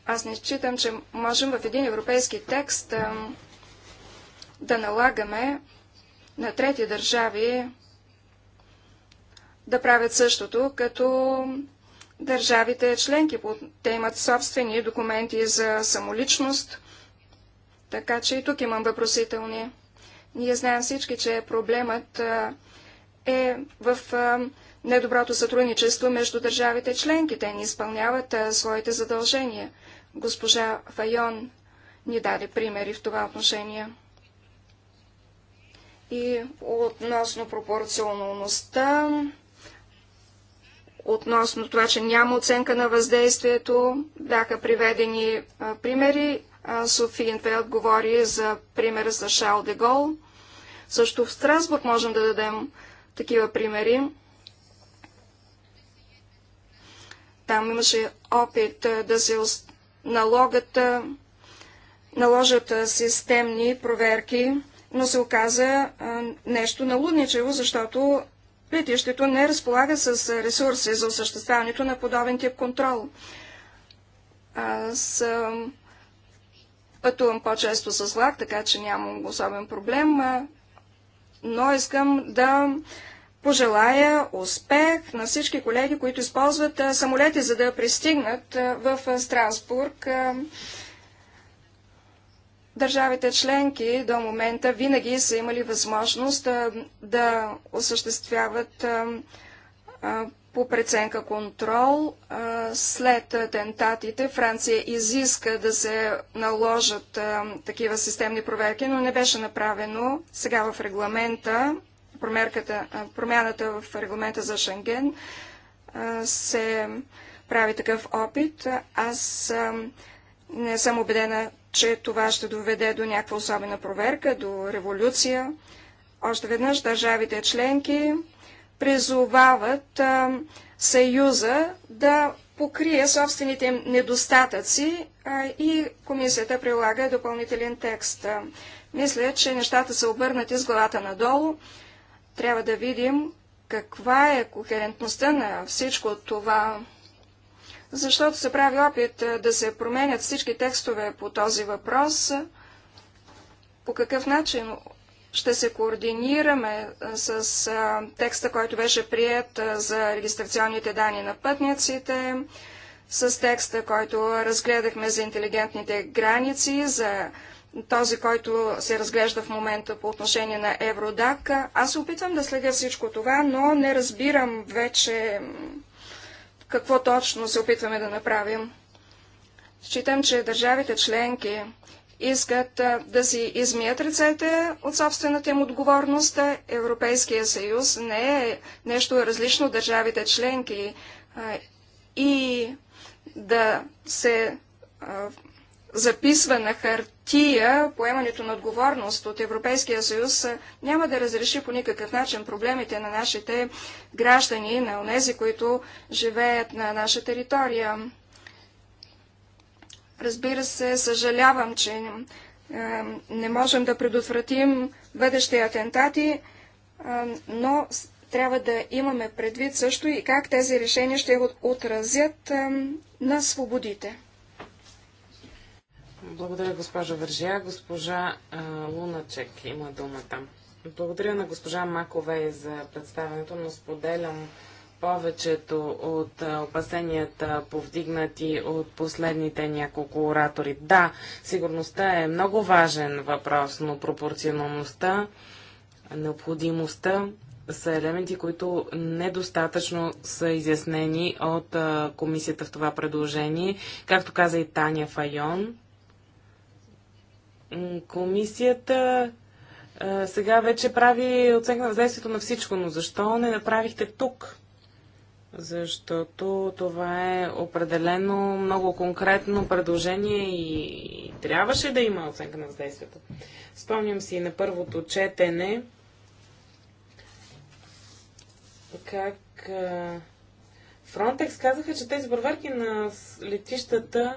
S1: Аз не считам, че можем в един европейски текст а, да налагаме на трети държави да правят същото, като Държавите членки, те имат собствени документи за самоличност, така че и тук имам въпросителни. Ние знаем всички, че проблемът е в недоброто сътрудничество между държавите членки. Те не изпълняват своите задължения. Госпожа Файон ни даде примери в това отношение. И относно пропорционалността, относно това, че няма оценка на въздействието. Бяха приведени а, примери. Софи Инфелд говори за примера за Шал де Гол. Също в Страсбург можем да дадем такива примери. Там имаше опит да се налагат, наложат системни проверки, но се оказа нещо налудничево, защото летището не разполага с ресурси за осъществяването на подобен тип контрол. Аз пътувам по-често с влак, така че нямам особен проблем, но искам да пожелая успех на всички колеги, които използват самолети, за да пристигнат в Страсбург Държавите членки до момента винаги са имали възможност а, да осъществяват а, а, по преценка контрол. След атентатите Франция изиска да се наложат такива системни проверки, но не беше направено. Сега в регламента, промерката промяната в регламента за Шенген се прави такъв опит. Аз не съм убедена, че това ще доведе до някаква особена проверка, до революция. Още веднъж държавите членки призовават а, Съюза да покрие собствените им недостатъци а, и комисията прилага допълнителен текст. А, мисля, че нещата са обърнати с главата надолу. Трябва да видим каква е кохерентността на всичко това защото се прави опит да се променят всички текстове по този въпрос. По какъв начин ще се координираме с текста, който беше прият за регистрационните данни на пътниците, с текста, който разгледахме за интелигентните граници, за този, който се разглежда в момента по отношение на Евродак. Аз се опитвам да следя всичко това, но не разбирам вече какво точно се опитваме да направим. Считам, че държавите членки искат да си измият ръцете от собствената им отговорност. Европейския съюз не е нещо различно от държавите членки и да се записва на хартия поемането на отговорност от Европейския съюз, няма да разреши по никакъв начин проблемите на нашите граждани, на онези, които живеят на наша територия. Разбира се, съжалявам, че не можем да предотвратим бъдещи атентати, но трябва да имаме предвид също и как тези решения ще отразят на свободите.
S2: Благодаря, госпожа Вържия. Госпожа Луначек има думата. Благодаря на госпожа Макове за представенето, но споделям повечето от опасенията, повдигнати от последните няколко оратори. Да, сигурността е много важен въпрос, но пропорционалността, необходимостта са елементи, които недостатъчно са изяснени от комисията в това предложение. Както каза и Таня Файон, Комисията сега вече прави оценка на въздействието на всичко, но защо не направихте тук? Защото това е определено много конкретно предложение и трябваше да има оценка на въздействието. Спомням си на първото четене как Фронтекс казаха, че тези проверки на летищата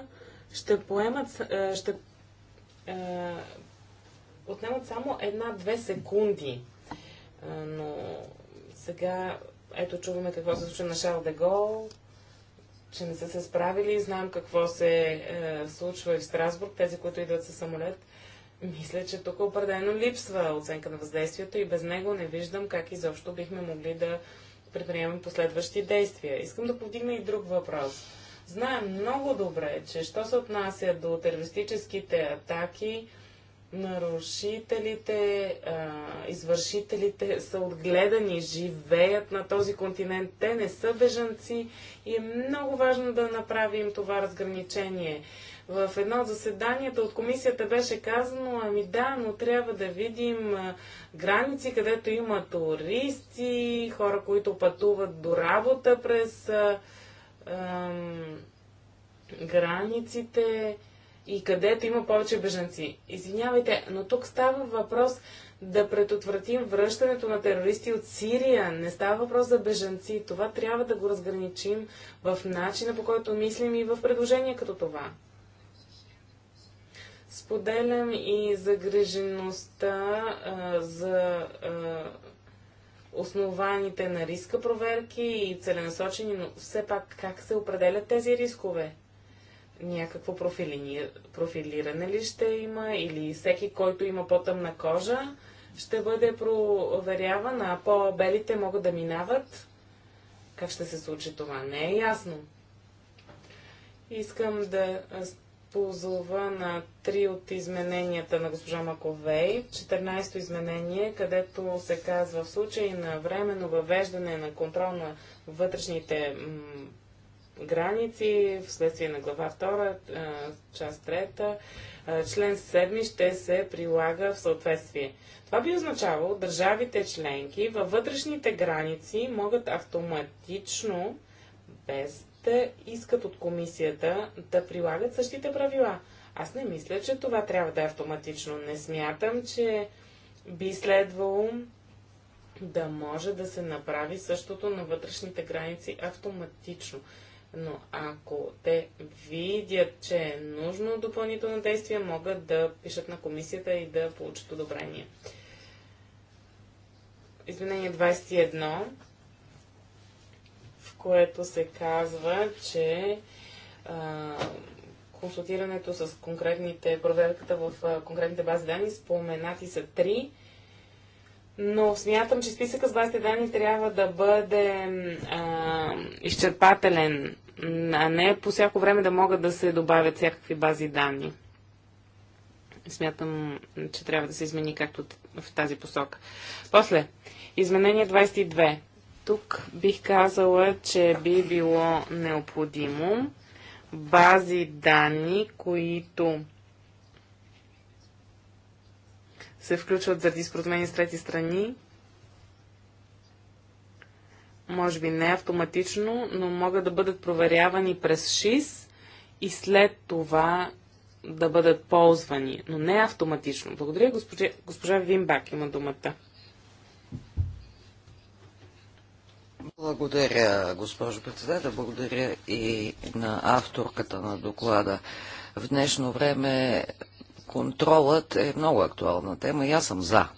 S2: ще, поемат, ще е, отнемат само една-две секунди. Е, но сега ето чуваме какво се случва на Шал де Гол, че не са се справили. знам какво се е, случва и в Страсбург, тези, които идват със самолет. Мисля, че тук определено липсва оценка на въздействието и без него не виждам как изобщо бихме могли да предприемем последващи действия. Искам да повдигна и друг въпрос знае много добре, че що се отнася до терористическите атаки, нарушителите, извършителите са отгледани, живеят на този континент. Те не са бежанци и е много важно да направим това разграничение. В едно от заседанията от комисията беше казано, ами да, но трябва да видим граници, където има туристи, хора, които пътуват до работа през границите и където има повече бежанци. Извинявайте, но тук става въпрос да предотвратим връщането на терористи от Сирия. Не става въпрос за бежанци. Това трябва да го разграничим в начина по който мислим и в предложение като това. Споделям и загрежеността а, за а, основаните на риска проверки и целенасочени, но все пак как се определят тези рискове? Някакво профили... профилиране ли ще има или всеки, който има по-тъмна кожа, ще бъде проверяван, а по-белите могат да минават? Как ще се случи това? Не е ясно. Искам да позова на три от измененията на госпожа Маковей, 14-то изменение, където се казва в случай на временно въвеждане на контрол на вътрешните граници, вследствие на глава 2, част 3, член 7 ще се прилага в съответствие. Това би означавало държавите членки във вътрешните граници могат автоматично без те искат от комисията да прилагат същите правила. Аз не мисля, че това трябва да е автоматично. Не смятам, че би следвало да може да се направи същото на вътрешните граници автоматично. Но ако те видят, че е нужно допълнително действие, могат да пишат на комисията и да получат одобрение. Изменение 21 което се казва, че а, консултирането с конкретните, проверката в а, конкретните бази данни, споменати са три, но смятам, че списъка с базите данни трябва да бъде а, изчерпателен, а не по всяко време да могат да се добавят всякакви бази данни. Смятам, че трябва да се измени както в тази посока. После, изменение 22. Тук бих казала, че би било необходимо бази данни, които се включват заради споразумени с трети страни, може би не автоматично, но могат да бъдат проверявани през ШИС и след това да бъдат ползвани, но не автоматично. Благодаря, госпожа, госпожа Вимбак има думата.
S3: Благодаря, госпожо председател. Благодаря и на авторката на доклада. В днешно време контролът е много актуална тема и аз съм за.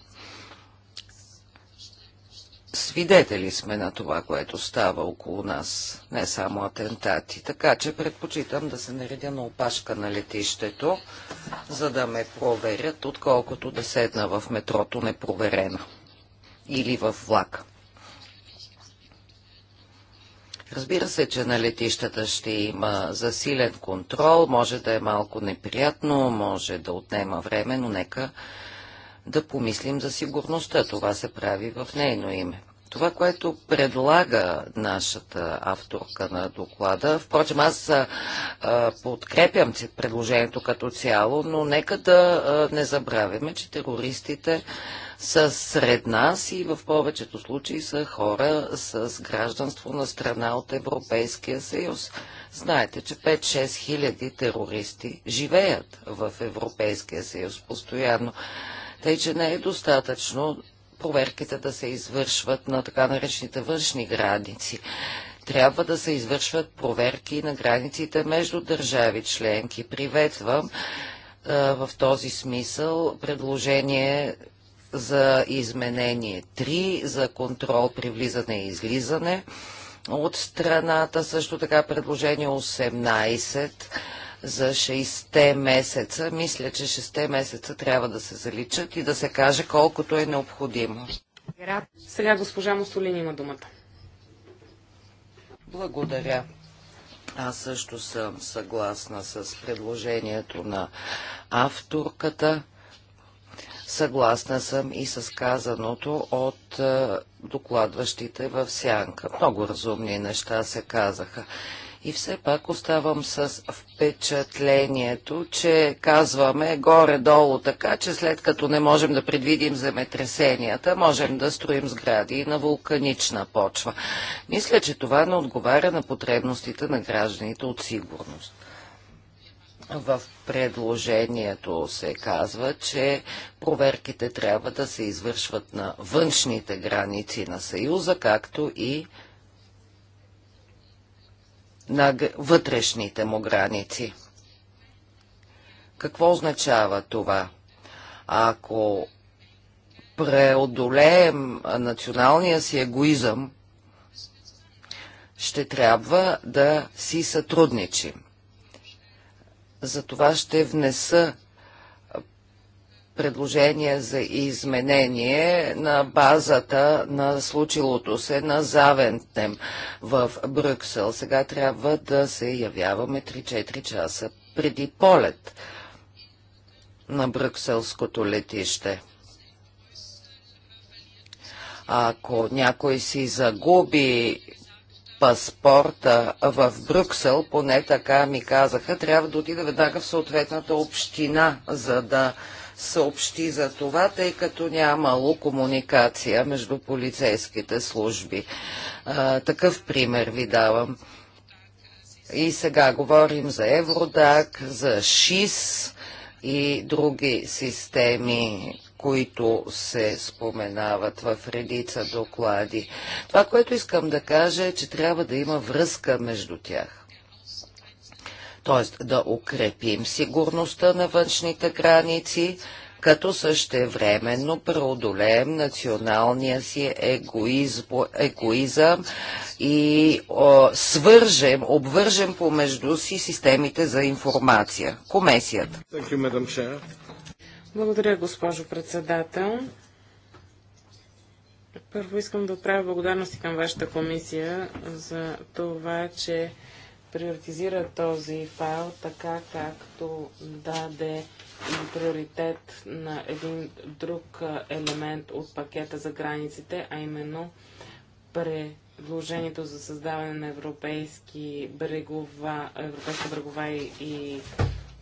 S3: Свидетели сме на това, което става около нас, не само атентати. Така че предпочитам да се наредя на опашка на летището, за да ме проверят, отколкото да седна в метрото непроверена или в влака. Разбира се, че на летищата ще има засилен контрол, може да е малко неприятно, може да отнема време, но нека да помислим за сигурността. Това се прави в нейно име. Това, което предлага нашата авторка на доклада, впрочем аз а, подкрепям предложението като цяло, но нека да а, не забравяме, че терористите са сред нас и в повечето случаи са хора с гражданство на страна от Европейския съюз. Знаете, че 5-6 хиляди терористи живеят в Европейския съюз постоянно. Тъй, че не е достатъчно проверките да се извършват на така наречените външни граници трябва да се извършват проверки на границите между държави членки. Приветвам в този смисъл предложение за изменение 3 за контрол при влизане и излизане от страната. Също така предложение 18 за 6 месеца. Мисля, че 6 месеца трябва да се заличат и да се каже колкото е необходимо.
S2: Сега госпожа Мусолини има думата.
S3: Благодаря. Аз също съм съгласна с предложението на авторката. Съгласна съм и с казаното от е, докладващите в сянка. Много разумни неща се казаха. И все пак оставам с впечатлението, че казваме горе-долу така, че след като не можем да предвидим земетресенията, можем да строим сгради и на вулканична почва. Мисля, че това не отговаря на потребностите на гражданите от сигурност. В предложението се казва, че проверките трябва да се извършват на външните граници на Съюза, както и на вътрешните му граници. Какво означава това? Ако преодолеем националния си егоизъм, ще трябва да си сътрудничим за това ще внеса предложение за изменение на базата на случилото се на Завентем в Брюксел. Сега трябва да се явяваме 3-4 часа преди полет на брюкселското летище. Ако някой си загуби паспорта в Брюксел, поне така ми казаха, трябва да отида веднага в съответната община, за да съобщи за това, тъй като нямало комуникация между полицейските служби. А, такъв пример ви давам. И сега говорим за Евродак, за ШИС и други системи, които се споменават в редица доклади. Това, което искам да кажа е, че трябва да има връзка между тях т.е. да укрепим сигурността на външните граници, като същевременно преодолеем националния си егоизм, егоизъм и о, свържем, обвържем помежду си системите за информация. Комесията.
S2: Благодаря, госпожо председател. Първо искам да отправя благодарности към вашата комисия за това, че приоритизира този файл така, както даде приоритет на един друг елемент от пакета за границите, а именно предложението за създаване на европейски брегова, европейска брегова и, и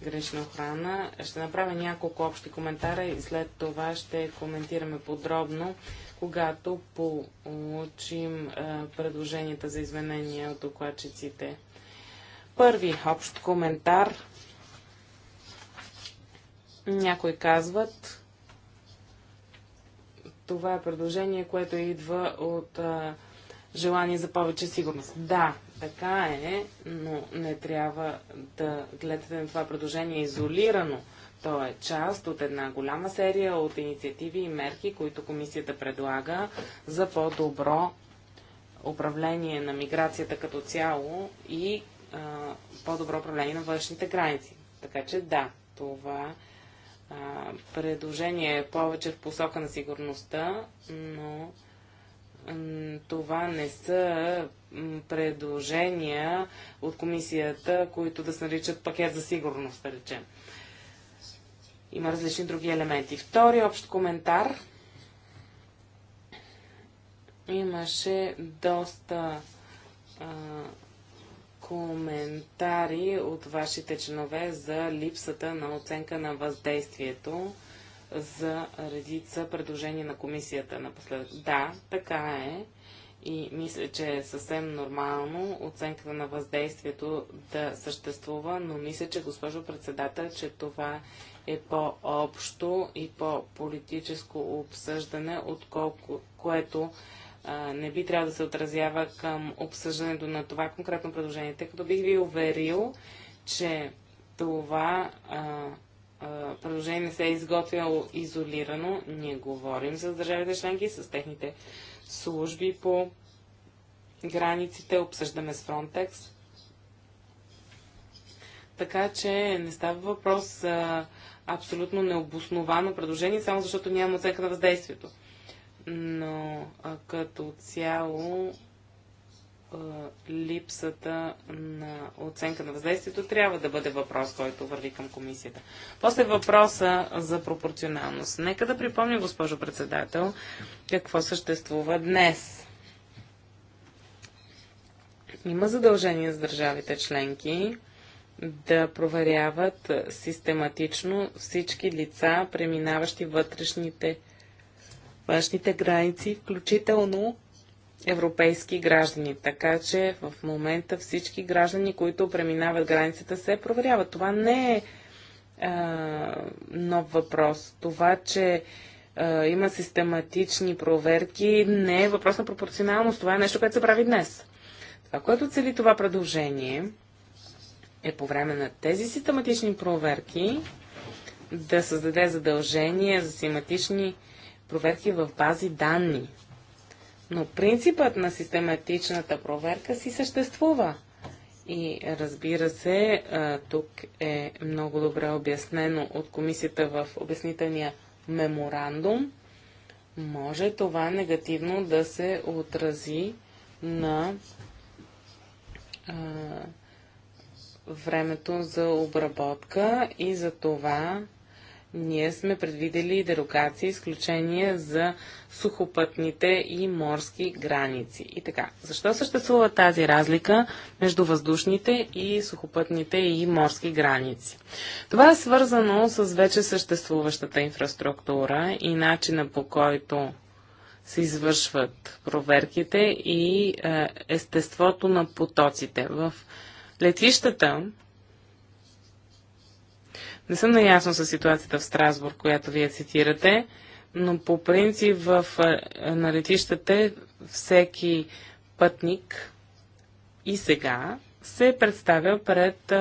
S2: гранична охрана. Ще направя няколко общи коментара и след това ще коментираме подробно, когато получим предложенията за изменения от докладчиците. Първи общ коментар. Някои казват, това е предложение, което идва от а, желание за повече сигурност. Да, така е, но не трябва да гледате на това предложение изолирано. То е част от една голяма серия от инициативи и мерки, които комисията предлага за по-добро управление на миграцията като цяло и по-добро управление на външните граници. Така че да, това а, предложение е повече в посока на сигурността, но това не са предложения от комисията, които да се наричат пакет за сигурност, да речем. Има различни други елементи. Втори общ коментар. Имаше доста а, коментари от вашите чинове за липсата на оценка на въздействието за редица предложения на комисията напоследък. Да, така е. И мисля, че е съвсем нормално оценката на въздействието да съществува, но мисля, че госпожо председател, че това е по-общо и по-политическо обсъждане, отколко което а, не би трябвало да се отразява към обсъждането на това конкретно предложение, тъй като бих ви уверил, че това а, а, предложение не се е изготвяло изолирано. Ние говорим с държавите членки, с техните служби по границите, обсъждаме с Frontex. Така че не става въпрос за абсолютно необосновано предложение, само защото няма оценка на въздействието. Но а, като цяло липсата на оценка на въздействието трябва да бъде въпрос, който върви към комисията. После въпроса за пропорционалност. Нека да припомня, госпожо председател, какво съществува днес. Има задължение с държавите членки да проверяват систематично всички лица, преминаващи вътрешните външните граници, включително европейски граждани. Така че в момента всички граждани, които преминават границата, се проверяват. Това не е а, нов въпрос. Това, че а, има систематични проверки, не е въпрос на пропорционалност. Това е нещо, което се прави днес. Това, което цели това предложение, е по време на тези систематични проверки да създаде задължение за систематични проверки в бази данни но принципът на систематичната проверка си съществува. И разбира се, тук е много добре обяснено от комисията в обяснителния меморандум. Може това негативно да се отрази на а, времето за обработка и за това ние сме предвидели дерогации, изключения за сухопътните и морски граници. И така, защо съществува тази разлика между въздушните и сухопътните и морски граници? Това е свързано с вече съществуващата инфраструктура и начина по който се извършват проверките и е, естеството на потоците. В летищата не съм наясно с ситуацията в Страсбург, която вие цитирате, но по принцип в, на летищата всеки пътник и сега се е представя пред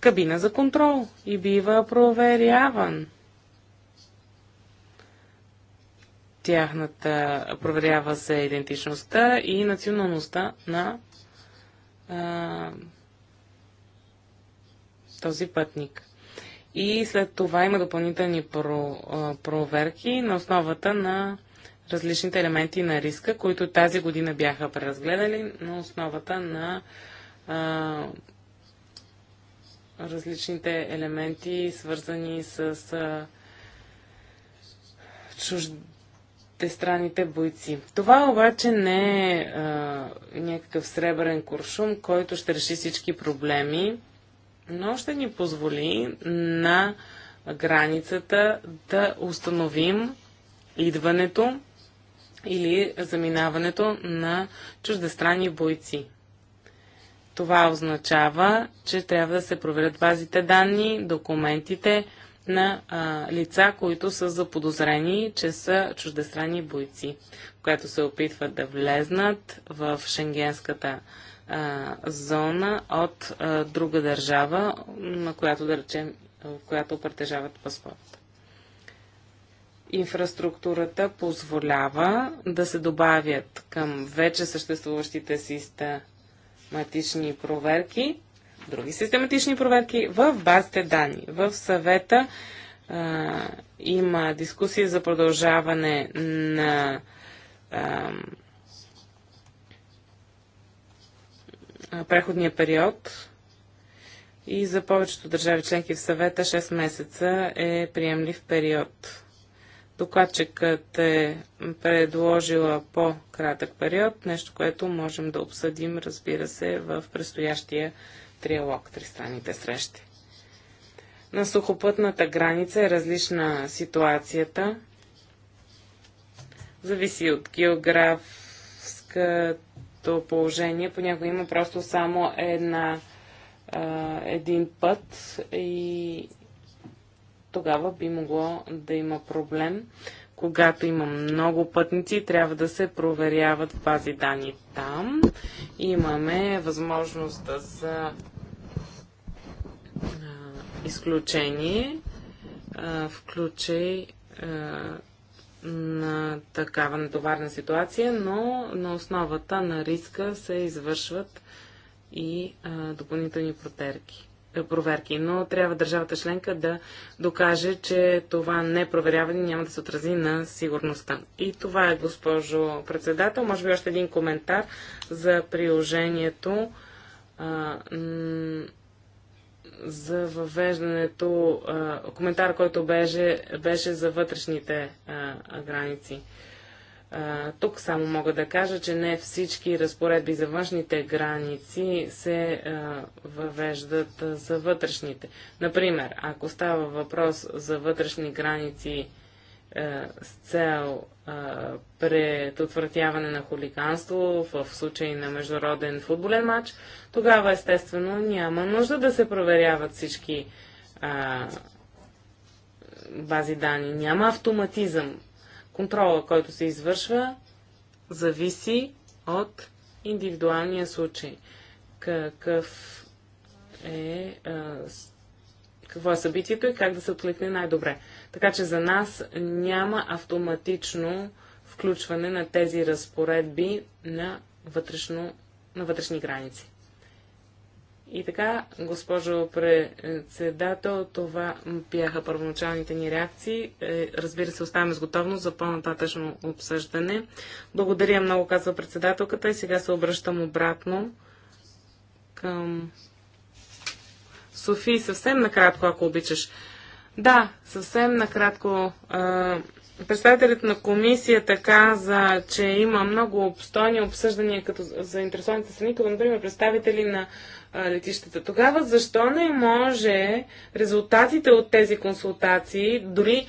S2: кабина за контрол и бива проверяван. Тяхната проверява се идентичността и националността на а, този пътник. И след това има допълнителни про, проверки на основата на различните елементи на риска, които тази година бяха преразгледали на основата на а, различните елементи, свързани с а, странните бойци. Това обаче не е а, някакъв сребрен куршум, който ще реши всички проблеми но ще ни позволи на границата да установим идването или заминаването на чуждестранни бойци. Това означава, че трябва да се проверят базите данни, документите на а, лица, които са заподозрени, че са чуждестранни бойци, когато се опитват да влезнат в шенгенската а, зона от а, друга държава, на която да речем, в която притежават паспорт. Инфраструктурата позволява да се добавят към вече съществуващите систематични проверки, други систематични проверки в базите данни. В съвета а, има дискусия за продължаване на а, преходния период и за повечето държави членки в съвета 6 месеца е приемлив период. Докладчикът е предложила по-кратък период, нещо, което можем да обсъдим, разбира се, в предстоящия триалог, тристранните срещи. На сухопътната граница е различна ситуацията. Зависи от географската същото положение. Понякога има просто само една, а, един път и тогава би могло да има проблем. Когато има много пътници, трябва да се проверяват бази данни там. Имаме възможност за изключение, включай на такава натоварна ситуация, но на основата на риска се извършват и а, допълнителни протерки, проверки. Но трябва държавата членка да докаже, че това не и няма да се отрази на сигурността. И това е, госпожо председател. Може би още един коментар за приложението а, за въвеждането, а, коментар, който беше, беше за вътрешните а, граници. А, тук само мога да кажа, че не всички разпоредби за външните граници се въвеждат за вътрешните. Например, ако става въпрос за вътрешни граници е, с цел е, предотвратяване на хулиганство в случай на международен футболен матч, тогава естествено няма нужда да се проверяват всички а, е, бази данни. Няма автоматизъм. Контрола, който се извършва, зависи от индивидуалния случай. Какъв е, а, какво е събитието и как да се откликне най-добре. Така че за нас няма автоматично включване на тези разпоредби на, вътрешно, на вътрешни граници. И така, госпожо председател, това бяха първоначалните ни реакции. Е, разбира се, оставаме с готовност за по-нататъчно обсъждане. Благодаря много, казва председателката. И сега се обръщам обратно към Софи. Съвсем накратко, ако обичаш. Да, съвсем накратко. Представителят на комисията каза, че има много обстойни обсъждания като заинтересованите страни, като например представители на летищата. Тогава защо не може резултатите от тези консултации, дори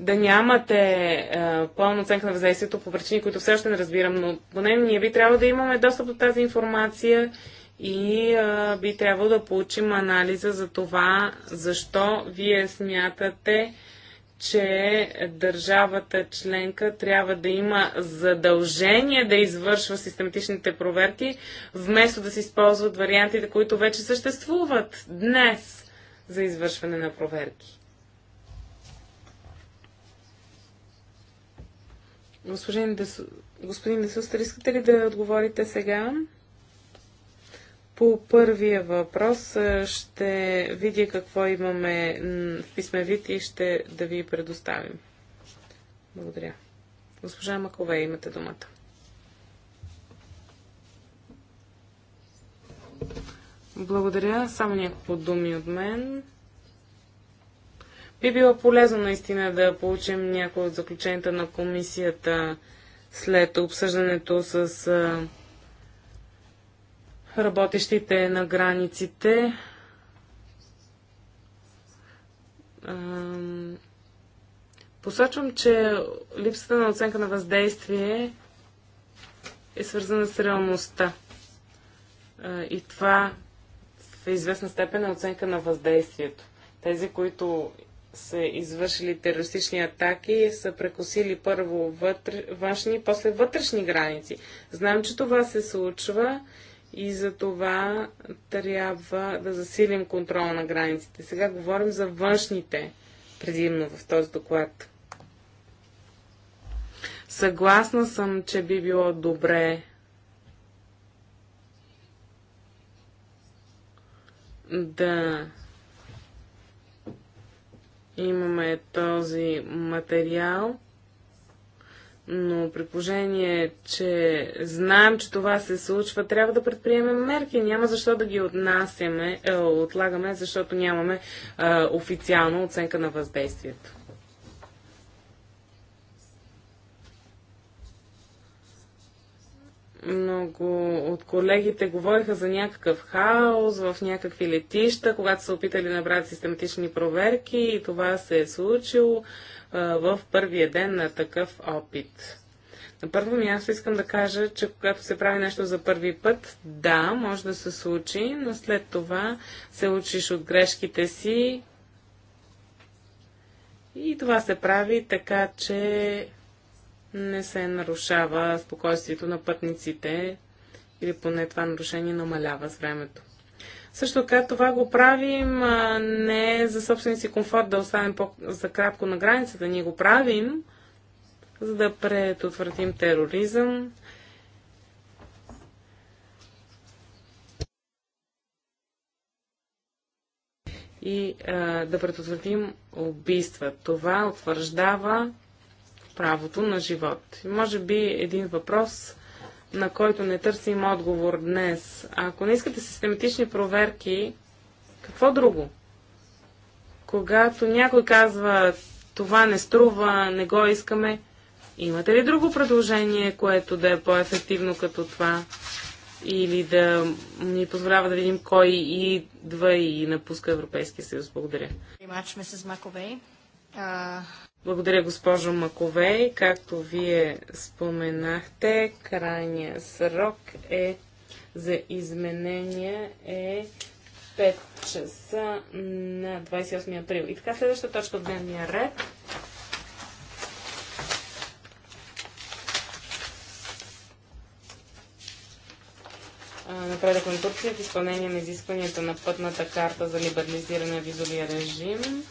S2: да нямате пълна оценка на въздействието по причини, които все още не разбирам, но поне ние би трябва да имаме достъп до тази информация и а, би трябвало да получим анализа за това, защо вие смятате, че държавата членка трябва да има задължение да извършва систематичните проверки, вместо да се използват вариантите, които вече съществуват днес за извършване на проверки. Господин Десустер, искате ли да отговорите сега? По първия въпрос ще видя какво имаме в писме вид и ще да ви предоставим. Благодаря. Госпожа Макове, имате думата. Благодаря. Само няколко думи от мен. Би било полезно наистина да получим някои от заключенията на комисията след обсъждането с работещите на границите Посочвам, че липсата на оценка на въздействие е свързана с реалността. И това в известна степен е оценка на въздействието. Тези, които са извършили терористични атаки, са прекосили първо вътре, външни, после вътрешни граници. Знаем, че това се случва и за това трябва да засилим контрола на границите. Сега говорим за външните предимно в този доклад. Съгласна съм, че би било добре да имаме този материал, но при положение, че знаем, че това се случва, трябва да предприемем мерки. Няма защо да ги отнасяме, е, отлагаме, защото нямаме е, официална оценка на въздействието. много от колегите говориха за някакъв хаос в някакви летища, когато са опитали да направят систематични проверки и това се е случило в първия ден на такъв опит. На първо място искам да кажа, че когато се прави нещо за първи път, да, може да се случи, но след това се учиш от грешките си и това се прави така, че не се нарушава спокойствието на пътниците или поне това нарушение намалява с времето. Също така това го правим а, не за собствения си комфорт да останем по- за кратко на границата. Ние го правим, за да предотвратим тероризъм. И а, да предотвратим убийства. Това утвърждава правото на живот. И може би един въпрос на който не търсим отговор днес. А ако не искате систематични проверки, какво друго? Когато някой казва това не струва, не го искаме, имате ли друго предложение, което да е по-ефективно като това? Или да ни позволява да видим кой идва и напуска Европейския съюз? Благодаря. Благодаря, госпожо Маковей. Както вие споменахте, крайния срок е за изменения е 5 часа на 28 април. И така, следващата точка в дневния ред. Напредък на Турция в изпълнение на изискванията на пътната карта за либерализиране на визовия режим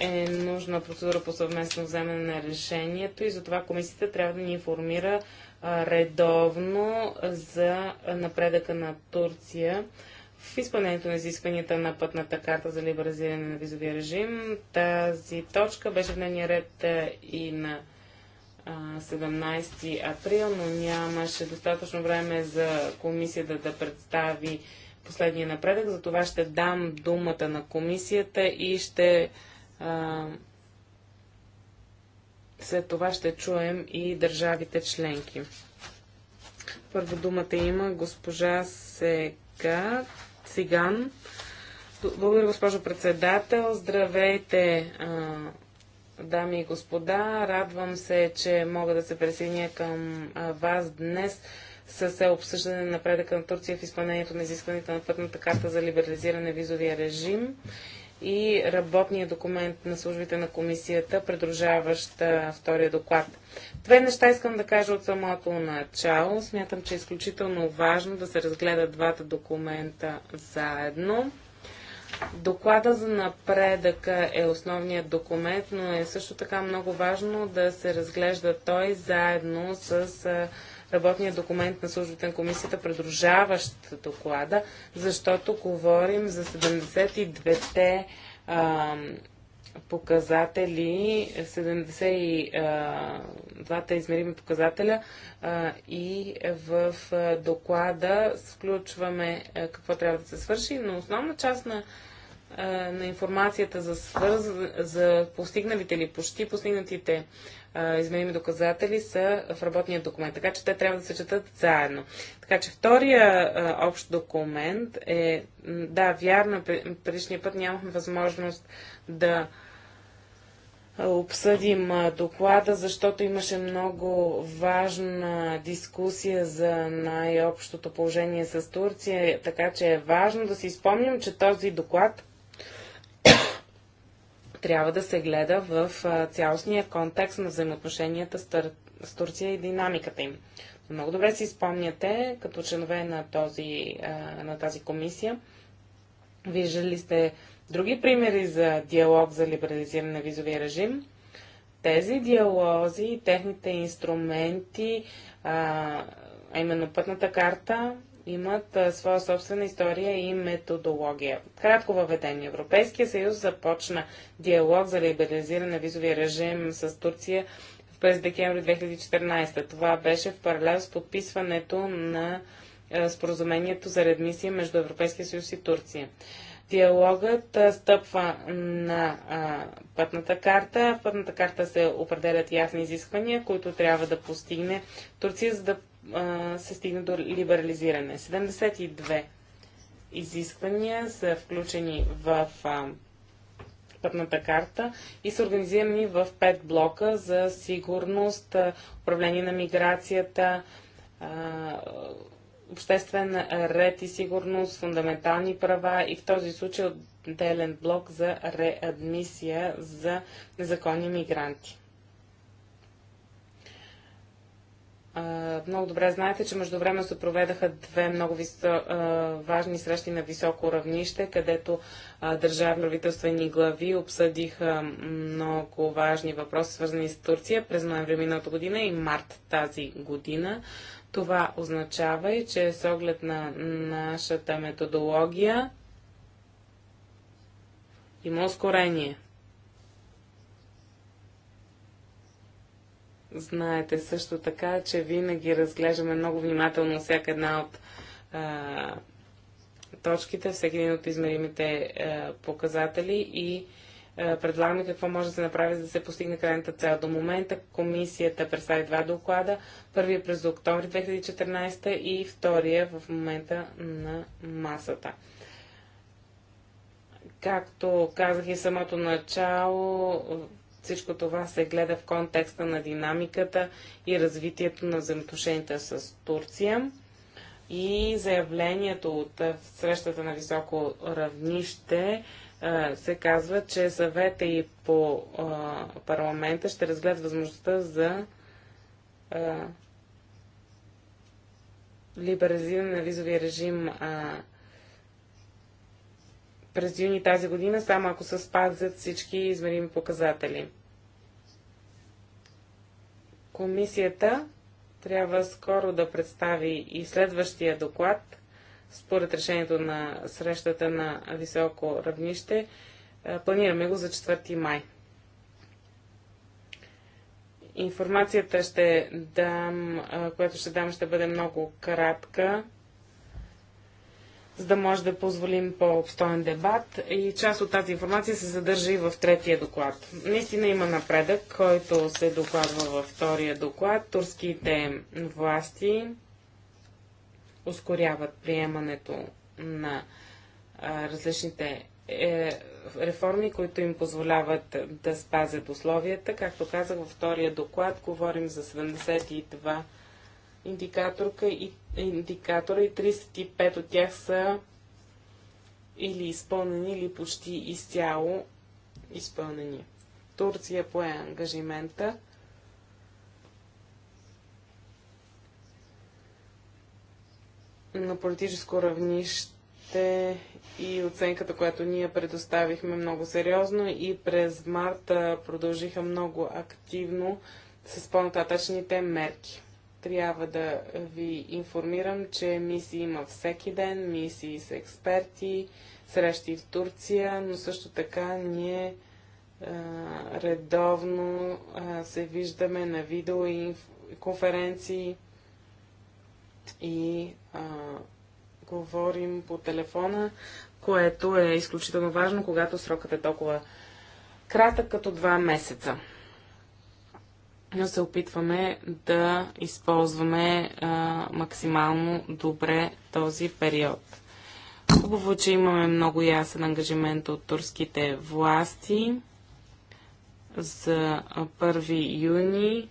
S2: е нужна процедура по съвместно вземане на решението и затова комисията трябва да ни информира редовно за напредъка на Турция в изпълнението на изискванията на пътната карта за либерализиране на визовия режим. Тази точка беше в дневния ред и на 17 април, но нямаше достатъчно време за комисията да представи последния напредък. Затова ще дам думата на комисията и ще след това ще чуем и държавите членки. Първо думата има госпожа Сега, Циган. Благодаря, госпожо председател. Здравейте, дами и господа. Радвам се, че мога да се присъединя към вас днес с обсъждане на напредъка на Турция в изпълнението на изискването на пътната карта за либерализиране визовия режим и работния документ на службите на комисията, предружаващ втория доклад. Две неща искам да кажа от самото начало. Смятам, че е изключително важно да се разгледат двата документа заедно. Доклада за напредъка е основният документ, но е също така много важно да се разглежда той заедно с работния документ на службата на комисията, предружаващ доклада, защото говорим за 72-те показатели, 72-та измерими показателя а, и в а, доклада включваме а, какво трябва да се свърши, но основна част на, на информацията за, свърз, за постигналите или почти постигнатите изменими доказатели са в работния документ. Така че те трябва да се четат заедно. Така че втория а, общ документ е, да, вярно, предишния път нямахме възможност да обсъдим доклада, защото имаше много важна дискусия за най-общото положение с Турция, така че е важно да си спомним, че този доклад трябва да се гледа в цялостния контекст на взаимоотношенията с, Тър... с Турция и динамиката им. Много добре си спомняте, като членове на, този, на тази комисия, виждали сте други примери за диалог за либерализиране на визовия режим. Тези диалози и техните инструменти, а именно пътната карта, имат а, своя собствена история и методология. Кратко въведение. Европейския съюз започна диалог за либерализиране на визовия режим с Турция през декември 2014. Това беше в паралел с подписването на а, споразумението за редмисия между Европейския съюз и Турция. Диалогът а, стъпва на а, пътната карта. В пътната карта се определят ясни изисквания, които трябва да постигне Турция, за да а, се стигне до либерализиране. 72 изисквания са включени в а, пътната карта и са организирани в пет блока за сигурност, управление на миграцията, обществен ред и сигурност, фундаментални права и в този случай отделен блок за реадмисия за незаконни мигранти. много добре знаете, че между време се проведаха две много висо, важни срещи на високо равнище, където държавни правителствени глави обсъдиха много важни въпроси, свързани с Турция през ноември миналата година и март тази година. Това означава и, че с оглед на нашата методология има ускорение Знаете също така, че винаги разглеждаме много внимателно всяка една от а, точките, всеки един от измеримите а, показатели и а, предлагаме какво може да се направи, за да се постигне крайната цел. До момента комисията представи два доклада. Първият е през октомври 2014 и втория е в момента на масата. Както казах и самото начало, всичко това се гледа в контекста на динамиката и развитието на взаимоотношенията с Турция и заявлението от срещата на високо равнище се казва, че съвета и по парламента ще разгледат възможността за либерализиране на визовия режим през юни тази година, само ако се спазят всички измерими показатели. Комисията трябва скоро да представи и следващия доклад според решението на срещата на високо равнище. Планираме го за 4 май. Информацията, ще дам, която ще дам, ще бъде много кратка за да може да позволим по-обстоен дебат и част от тази информация се задържа и в третия доклад. Наистина има напредък, който се докладва във втория доклад. Турските власти ускоряват приемането на различните е, реформи, които им позволяват да спазят условията. Както казах във втория доклад, говорим за 72 индикаторка и индикатора и 35 от тях са или изпълнени, или почти изцяло изпълнени. Турция пое ангажимента на политическо равнище и оценката, която ние предоставихме много сериозно и през марта продължиха много активно с по-нататъчните мерки. Трябва да ви информирам, че мисии има всеки ден, мисии с експерти, срещи в Турция, но също така ние а, редовно а, се виждаме на видео и конференции и а, говорим по телефона, което е изключително важно, когато срокът е толкова кратък като два месеца но се опитваме да използваме а, максимално добре този период. Хубаво, че имаме много ясен ангажимент от турските власти за 1 юни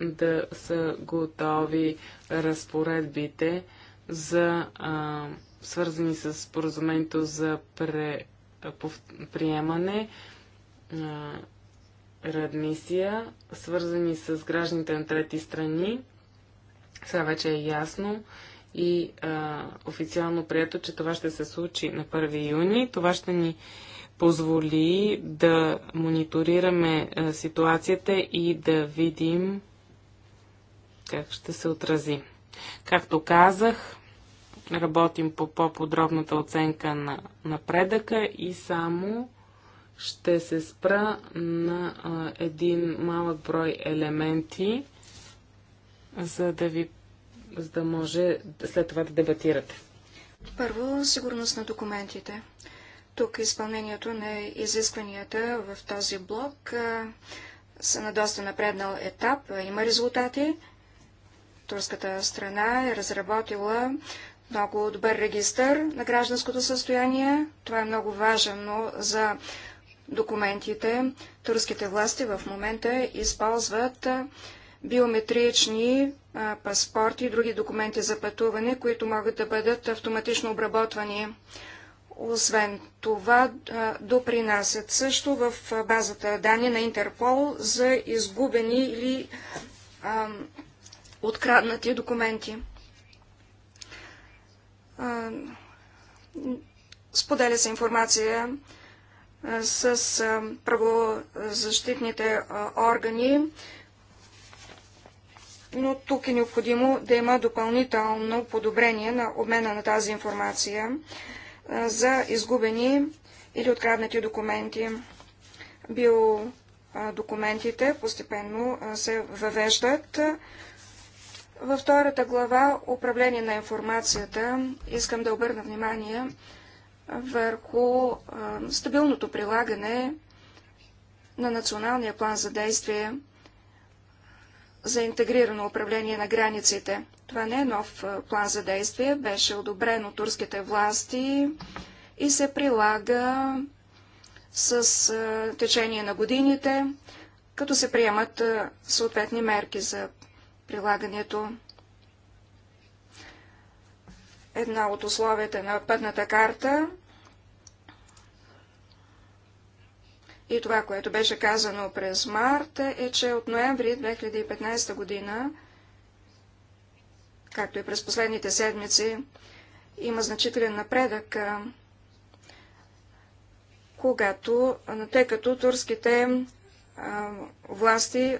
S2: да са готови разпоредбите за а, свързани с споразумението за пре, пов, приемане. А, реадмисия, свързани с гражданите на трети страни. Сега вече е ясно и а, официално прието, че това ще се случи на 1 юни. Това ще ни позволи да мониторираме а, ситуацията и да видим как ще се отрази. Както казах, работим по по-подробната оценка на напредъка и само ще се спра на а, един малък брой елементи, за да ви за да може след това да дебатирате.
S1: Първо, сигурност на документите. Тук изпълнението на изискванията в този блок а, са на доста напреднал етап. Има резултати. Турската страна е разработила много добър регистър на гражданското състояние. Това е много важно за документите. Турските власти в момента използват биометрични паспорти и други документи за пътуване, които могат да бъдат автоматично обработвани. Освен това, допринасят също в базата данни на Интерпол за изгубени или а, откраднати документи. Споделя се информация с правозащитните органи, но тук е необходимо да има допълнително подобрение на обмена на тази информация за изгубени или откраднати документи. Биодокументите постепенно се въвеждат. Във втората глава «Управление на информацията» искам да обърна внимание върху стабилното прилагане на националния план за действие за интегрирано управление на границите. Това не е нов план за действие, беше одобрен от турските власти и се прилага с течение на годините, като се приемат съответни мерки за прилагането. Една от условията на пътната карта и това, което беше казано през март, е, че от ноември 2015 година, както и през последните седмици, има значителен напредък когато, тъй като турските власти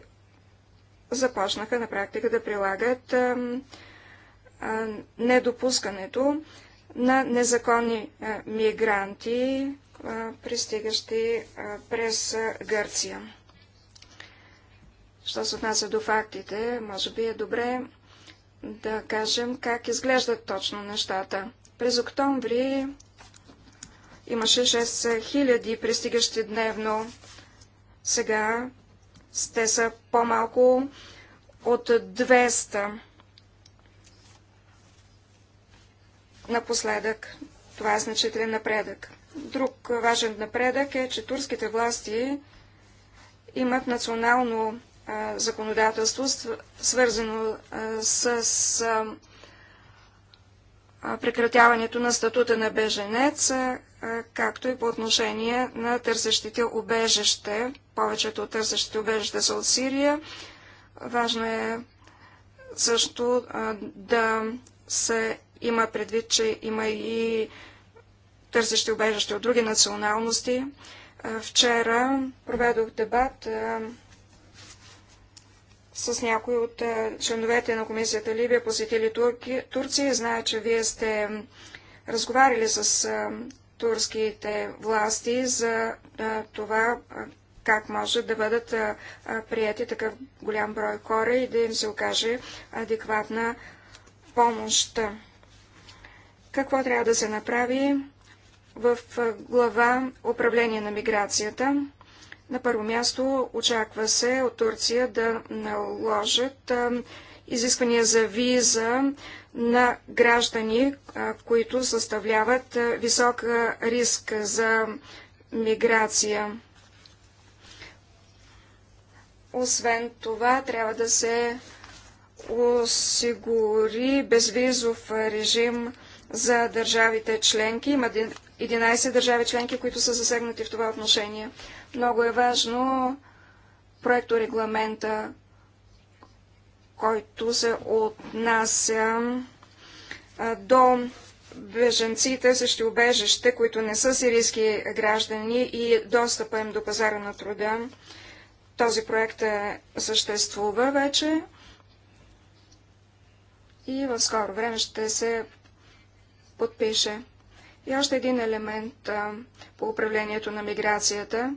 S1: започнаха на практика да прилагат а, недопускането на незаконни мигранти, пристигащи през Гърция. Що се отнася до фактите, може би е добре да кажем как изглеждат точно нещата. През октомври имаше 6000 пристигащи дневно. Сега те са по-малко от 200. напоследък. Това е значителен напредък. Друг важен напредък е, че турските власти имат национално а, законодателство, свързано а, с а, прекратяването на статута на беженец, както и по отношение на търсещите обежище. Повечето от търсещите обежище са от Сирия. Важно е също да се има предвид, че има и търсещи убежище от други националности. Вчера проведох дебат с някои от членовете на комисията Либия, посетили Турки, Турция. Зная, че вие сте разговаряли с турските власти за това как може да бъдат прияти такъв голям брой хора и да им се окаже адекватна помощ какво трябва да се направи в глава Управление на миграцията. На първо място очаква се от Турция да наложат изисквания за виза на граждани, които съставляват висок риск за миграция. Освен това, трябва да се осигури безвизов режим за държавите членки. Има 11 държави членки, които са засегнати в това отношение. Много е важно проекто регламента, който се отнася до беженците, също убежище, които не са сирийски граждани и достъпа им до пазара на труда. Този проект е, съществува вече и в скоро време ще се подпише. И още един елемент а, по управлението на миграцията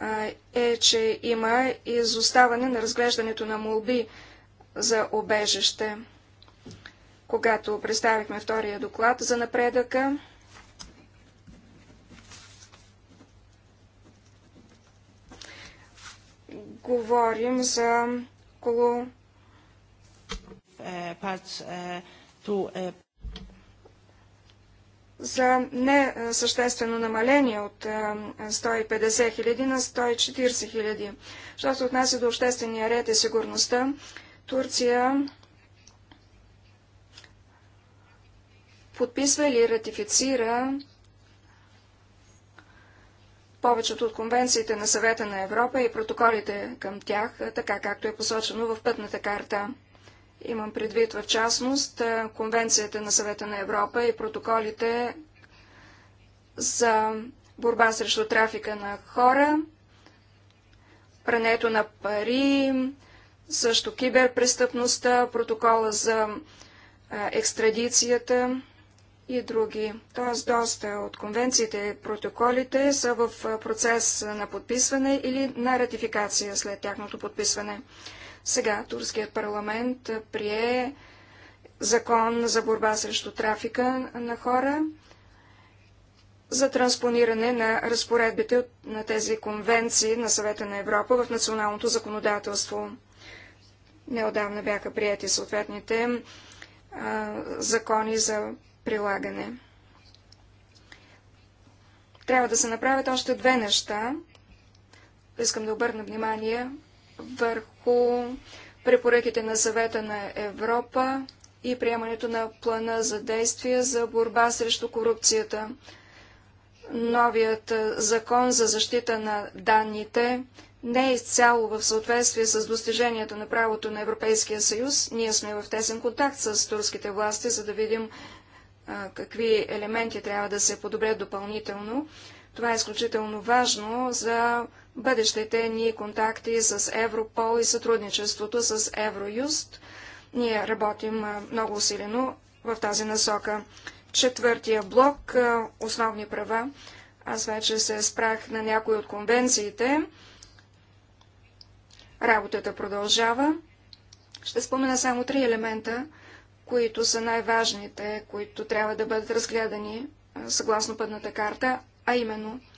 S1: а, е, че има изоставане на разглеждането на молби за обежище. Когато представихме втория доклад за напредъка, говорим за около е, е, е, за несъществено намаление от 150 е, хиляди на 140 хиляди. Що се отнася до обществения ред и сигурността, Турция подписва или ратифицира повечето от конвенциите на Съвета на Европа и протоколите към тях, е, така както е посочено в пътната карта. Имам предвид в частност Конвенцията на Съвета на Европа и протоколите за борба срещу трафика на хора, прането на пари, също киберпрестъпността, протокола за екстрадицията и други. Т.е. доста от конвенциите и протоколите са в процес на подписване или на ратификация след тяхното подписване. Сега Турският парламент прие закон за борба срещу трафика на хора за транспониране на разпоредбите на тези конвенции на Съвета на Европа в националното законодателство. Неодавна бяха прияти съответните а, закони за прилагане. Трябва да се направят още две неща. Искам да обърна внимание върху препоръките на съвета на Европа и приемането на плана за действие за борба срещу корупцията. Новият закон за защита на данните не е изцяло в съответствие с достиженията на правото на Европейския съюз. Ние сме в тесен контакт с турските власти, за да видим а, какви елементи трябва да се подобрят допълнително. Това е изключително важно за бъдещите ни контакти с Европол и сътрудничеството с Евроюст. Ние работим много усилено в тази насока. Четвъртия блок – основни права. Аз вече се спрах на някои от конвенциите. Работата продължава. Ще спомена само три елемента, които са най-важните, които трябва да бъдат разгледани съгласно пътната карта, а именно –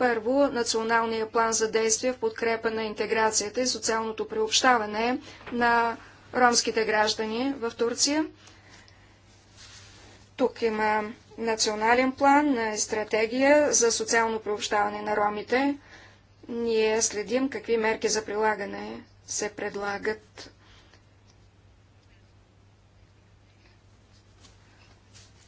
S1: първо, националния план за действие в подкрепа на интеграцията и социалното приобщаване на ромските граждани в Турция. Тук има национален план на е стратегия за социално приобщаване на ромите. Ние следим какви мерки за прилагане се предлагат.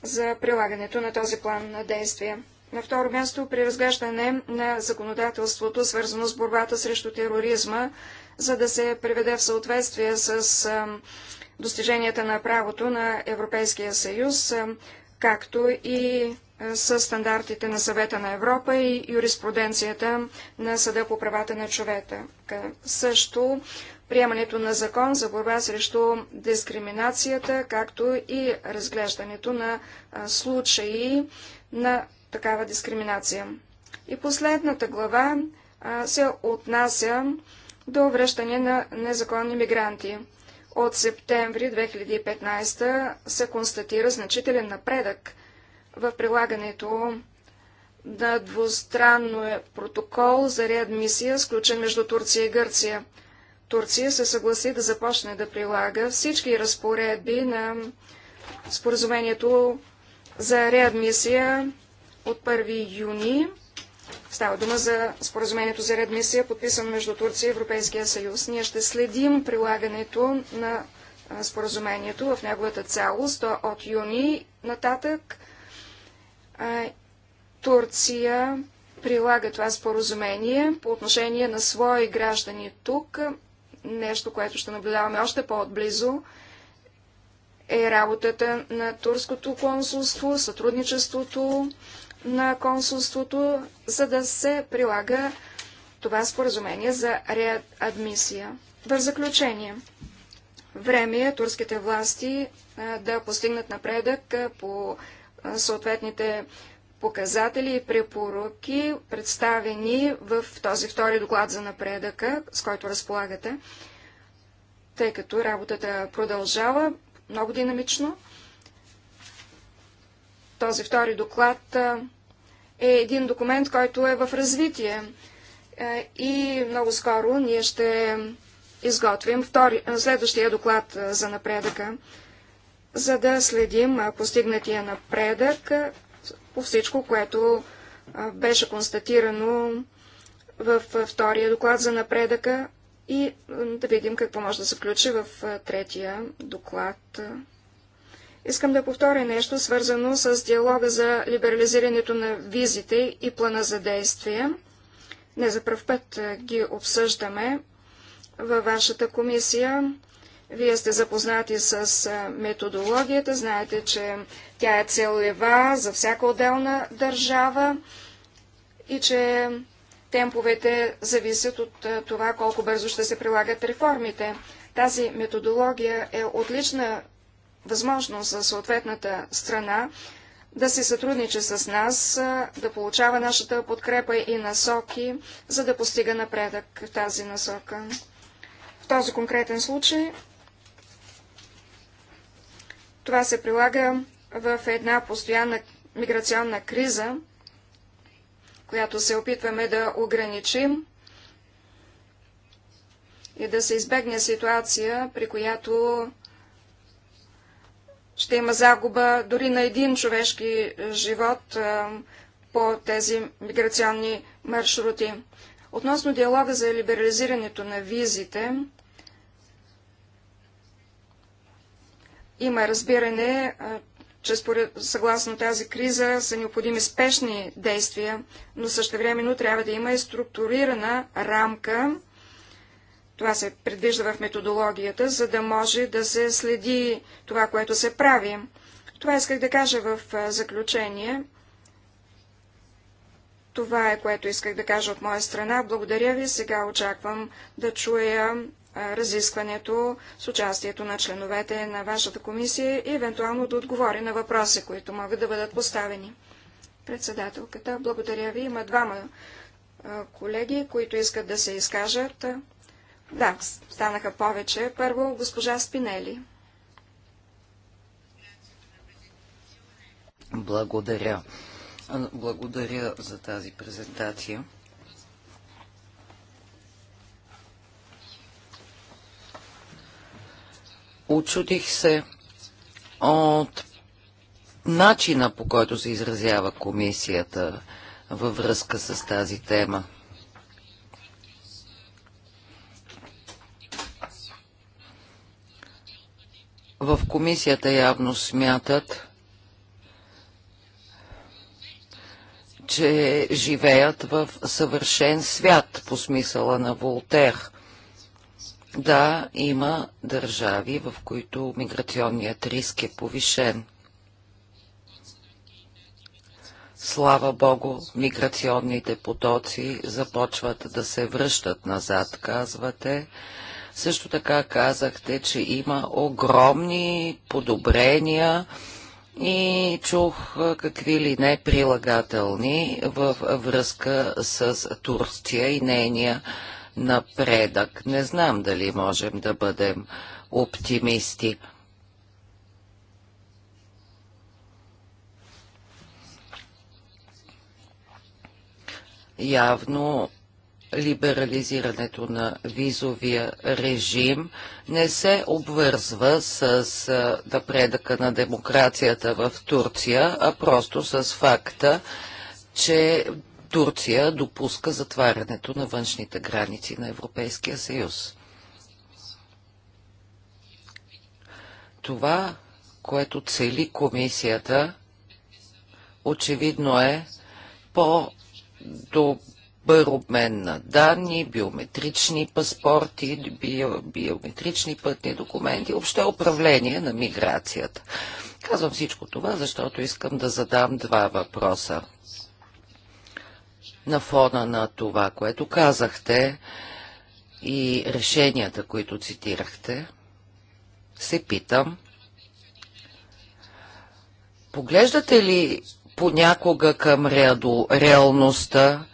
S1: за прилагането на този план на действие. На второ място, при разглеждане на законодателството, свързано с борбата срещу тероризма, за да се приведе в съответствие с достиженията на правото на Европейския съюз, както и с стандартите на Съвета на Европа и юриспруденцията на Съда по правата на човека. Също приемането на закон за борба срещу дискриминацията, както и разглеждането на случаи на такава дискриминация. И последната глава а, се отнася до връщане на незаконни мигранти. От септември 2015 се констатира значителен напредък в прилагането на двустранно е протокол за реадмисия, сключен между Турция и Гърция. Турция се съгласи да започне да прилага всички разпоредби на споразумението за реадмисия от 1 юни. Става дума за споразумението за редмисия, подписано между Турция и Европейския съюз. Ние ще следим прилагането на споразумението в неговата цялост от юни нататък. Турция прилага това споразумение по отношение на свои граждани тук. Нещо, което ще наблюдаваме още по-отблизо е работата на турското консулство, сътрудничеството на консулството, за да се прилага това споразумение за реадмисия. В заключение, време е турските власти да постигнат напредък по съответните показатели и препоръки, представени в този втори доклад за напредъка, с който разполагате, тъй като работата продължава много динамично. Този втори доклад е един документ, който е в развитие и много скоро ние ще изготвим втори, следващия доклад за напредъка, за да следим постигнатия напредък по всичко, което беше констатирано в втория доклад за напредъка и да видим какво може да се включи в третия доклад Искам да повторя нещо, свързано с диалога за либерализирането на визите и плана за действие. Не за пръв път ги обсъждаме във вашата комисия. Вие сте запознати с методологията, знаете, че тя е целева за всяка отделна държава и че темповете зависят от това колко бързо ще се прилагат реформите. Тази методология е отлична възможност за съответната страна да се сътрудничи с нас, да получава нашата подкрепа и насоки, за да постига напредък в тази насока. В този конкретен случай това се прилага в една постоянна миграционна криза, която се опитваме да ограничим и да се избегне ситуация, при която ще има загуба дори на един човешки е, живот е, по тези миграционни маршрути. Относно диалога за либерализирането на визите, има разбиране, е, че според, съгласно тази криза са необходими спешни действия, но същевременно трябва да има и структурирана рамка, това се предвижда в методологията, за да може да се следи това, което се прави. Това исках да кажа в заключение. Това е, което исках да кажа от моя страна. Благодаря ви. Сега очаквам да чуя разискването с участието на членовете на вашата комисия и евентуално да отговори на въпроси, които могат да бъдат поставени. Председателката, благодаря ви. Има двама колеги, които искат да се изкажат. Да, станаха повече. Първо, госпожа Спинели.
S3: Благодаря. Благодаря за тази презентация. Очудих се от начина по който се изразява комисията във връзка с тази тема. в комисията явно смятат, че живеят в съвършен свят по смисъла на Волтер. Да, има държави, в които миграционният риск е повишен. Слава Богу, миграционните потоци започват да се връщат назад, казвате. Също така казахте, че има огромни подобрения и чух какви ли не прилагателни във връзка с Турция и нейния напредък. Не знам дали можем да бъдем оптимисти. Явно либерализирането на визовия режим не се обвързва с напредъка на демокрацията в Турция, а просто с факта, че Турция допуска затварянето на външните граници на Европейския съюз. Това, което цели комисията, очевидно е по-добре Бър обмен на данни, биометрични паспорти, био, биометрични пътни документи, въобще управление на миграцията. Казвам всичко това, защото искам да задам два въпроса. На фона на това, което казахте и решенията, които цитирахте, се питам, поглеждате ли понякога към реалността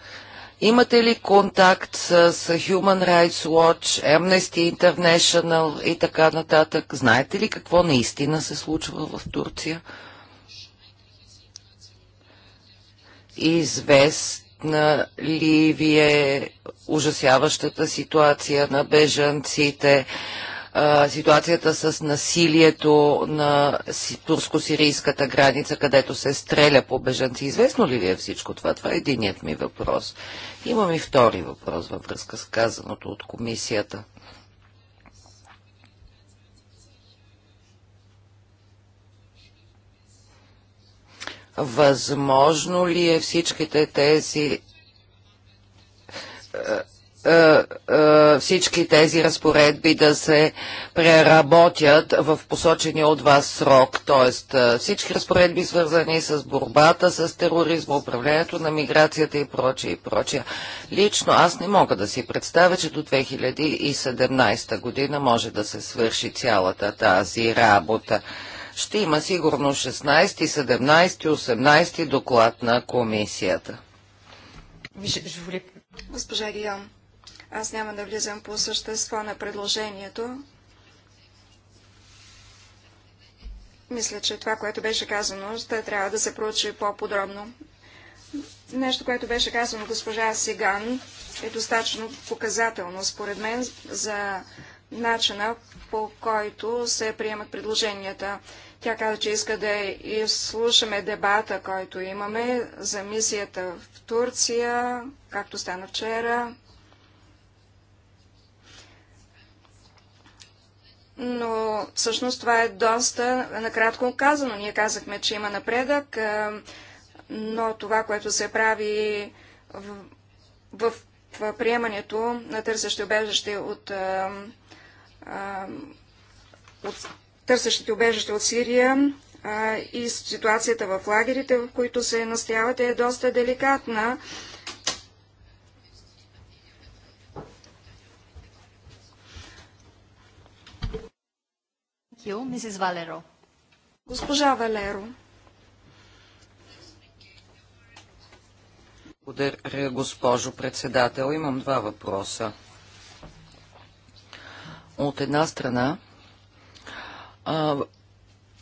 S3: Имате ли контакт с Human Rights Watch, Amnesty International и така нататък? Знаете ли какво наистина се случва в Турция? Известна ли ви е ужасяващата ситуация на бежанците? ситуацията с насилието на турско-сирийската граница, където се стреля по бежанци. Известно ли ви е всичко това? Това е единият ми въпрос. Имам и втори въпрос във връзка с казаното от комисията. Възможно ли е всичките тези е, е, всички тези разпоредби да се преработят в посочения от вас срок, т.е. всички разпоредби свързани с борбата с тероризма, управлението на миграцията и прочее и прочее. Лично аз не мога да си представя, че до 2017 година може да се свърши цялата тази работа. Ще има сигурно 16, 17, 18 доклад на комисията.
S1: Госпожа Гион, аз няма да влизам по същество на предложението. Мисля, че това, което беше казано, трябва да се проучи по-подробно. Нещо, което беше казано госпожа Сиган, е достатъчно показателно, според мен, за начина по който се приемат предложенията. Тя каза, че иска да изслушаме дебата, който имаме за мисията в Турция, както стана вчера, но всъщност това е доста накратко казано. Ние казахме, че има напредък, е, но това, което се прави в, в, в приемането на търсещи обежище от, е, е, от търсещите убежище от Сирия и ситуацията в лагерите, в които се настяват, е доста деликатна you. Mrs. Valero. Госпожа Валеро.
S3: Благодаря, госпожо председател. Имам два въпроса. От една страна а,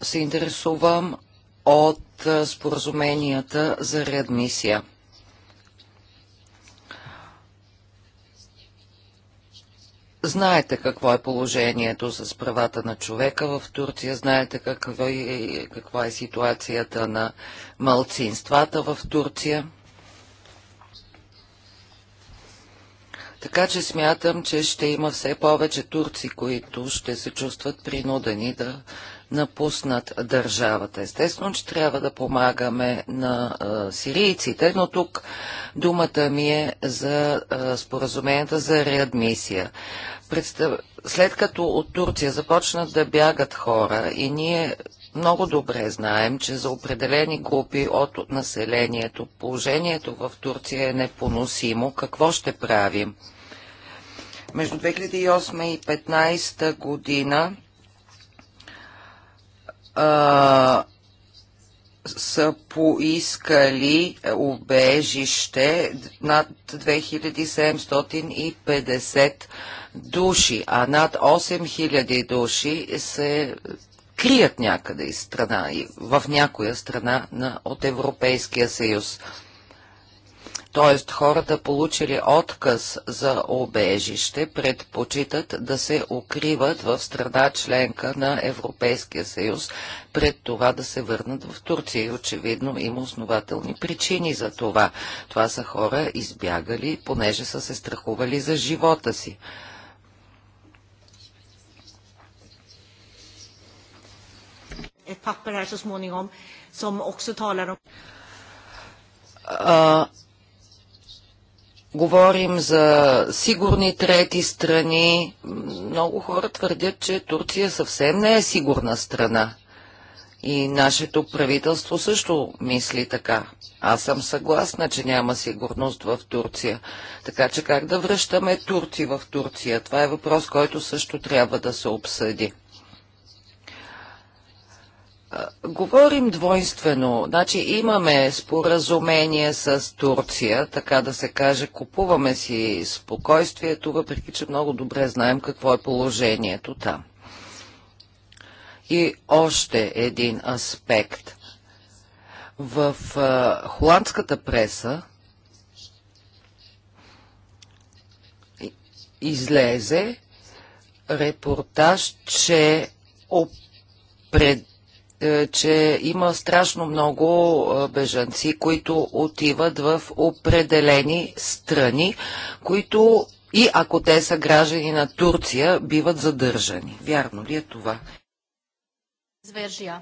S3: се интересувам от споразуменията за реадмисия – Знаете какво е положението с правата на човека в Турция, знаете какво е, каква е ситуацията на малцинствата в Турция. Така че смятам, че ще има все повече турци, които ще се чувстват принудени да напуснат държавата. Естествено, че трябва да помагаме на а, сирийците, но тук думата ми е за споразуменията за реадмисия. Представ... След като от Турция започнат да бягат хора и ние много добре знаем, че за определени групи от населението положението в Турция е непоносимо. Какво ще правим? Между 2008 и 2015 година са поискали убежище над 2750 души, а над 8000 души се крият някъде из страна, в някоя страна на, от Европейския съюз т.е. хората получили отказ за обежище предпочитат да се укриват в страна членка на Европейския съюз, пред това да се върнат в Турция. И очевидно има основателни причини за това. Това са хора избягали, понеже са се страхували за живота си. Uh, Говорим за сигурни трети страни. Много хора твърдят, че Турция съвсем не е сигурна страна. И нашето правителство също мисли така. Аз съм съгласна, че няма сигурност в Турция. Така че как да връщаме турци в Турция? Това е въпрос, който също трябва да се обсъди говорим двойствено. Значи имаме споразумение с Турция, така да се каже, купуваме си спокойствието, въпреки че много добре знаем какво е положението там. И още един аспект. В а, холандската преса излезе репортаж, че опред е, че има страшно много е, бежанци, които отиват в определени страни, които и ако те са граждани на Турция, биват задържани. Вярно ли е това? Звержия.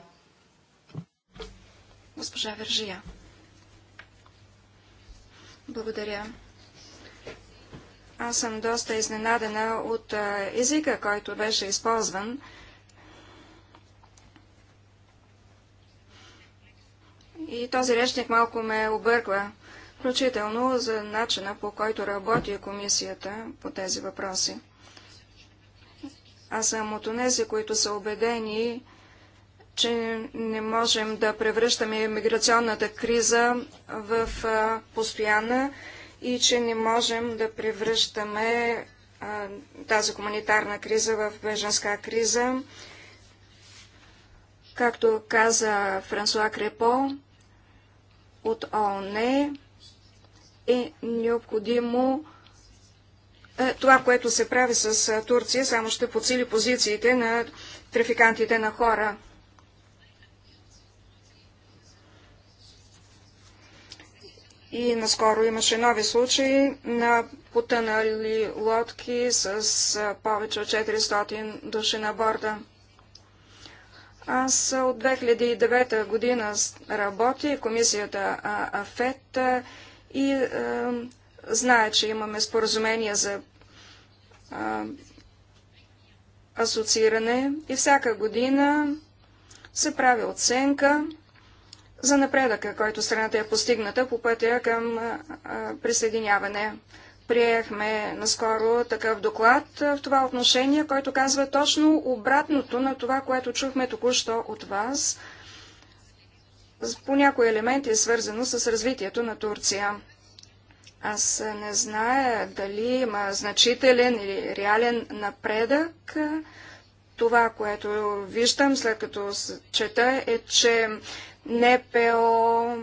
S1: Госпожа Вержия. Благодаря. Аз съм доста изненадена от е, езика, който беше използван И този речник малко ме обърква, включително за начина по който работи комисията по тези въпроси. Аз съм от онези, които са убедени, че не можем да превръщаме миграционната криза в постоянна и че не можем да превръщаме тази хуманитарна криза в беженска криза. Както каза Франсуа Крепо, от ООН е необходимо е, това, което се прави с е, Турция, само ще подсили позициите на трафикантите на хора. И наскоро имаше нови случаи на потънали лодки с е, повече от 400 души на борда. Аз от 2009 година работя в комисията АФЕТ и знае, че имаме споразумение за асоцииране и всяка година се прави оценка за напредъка, който страната е постигната по пътя към присъединяване. Приехме наскоро такъв доклад в това отношение, който казва точно обратното на това, което чухме току-що от вас по някои елементи е свързано с развитието на Турция. Аз не зная дали има значителен или реален напредък. Това, което виждам след като чета е, че НПО,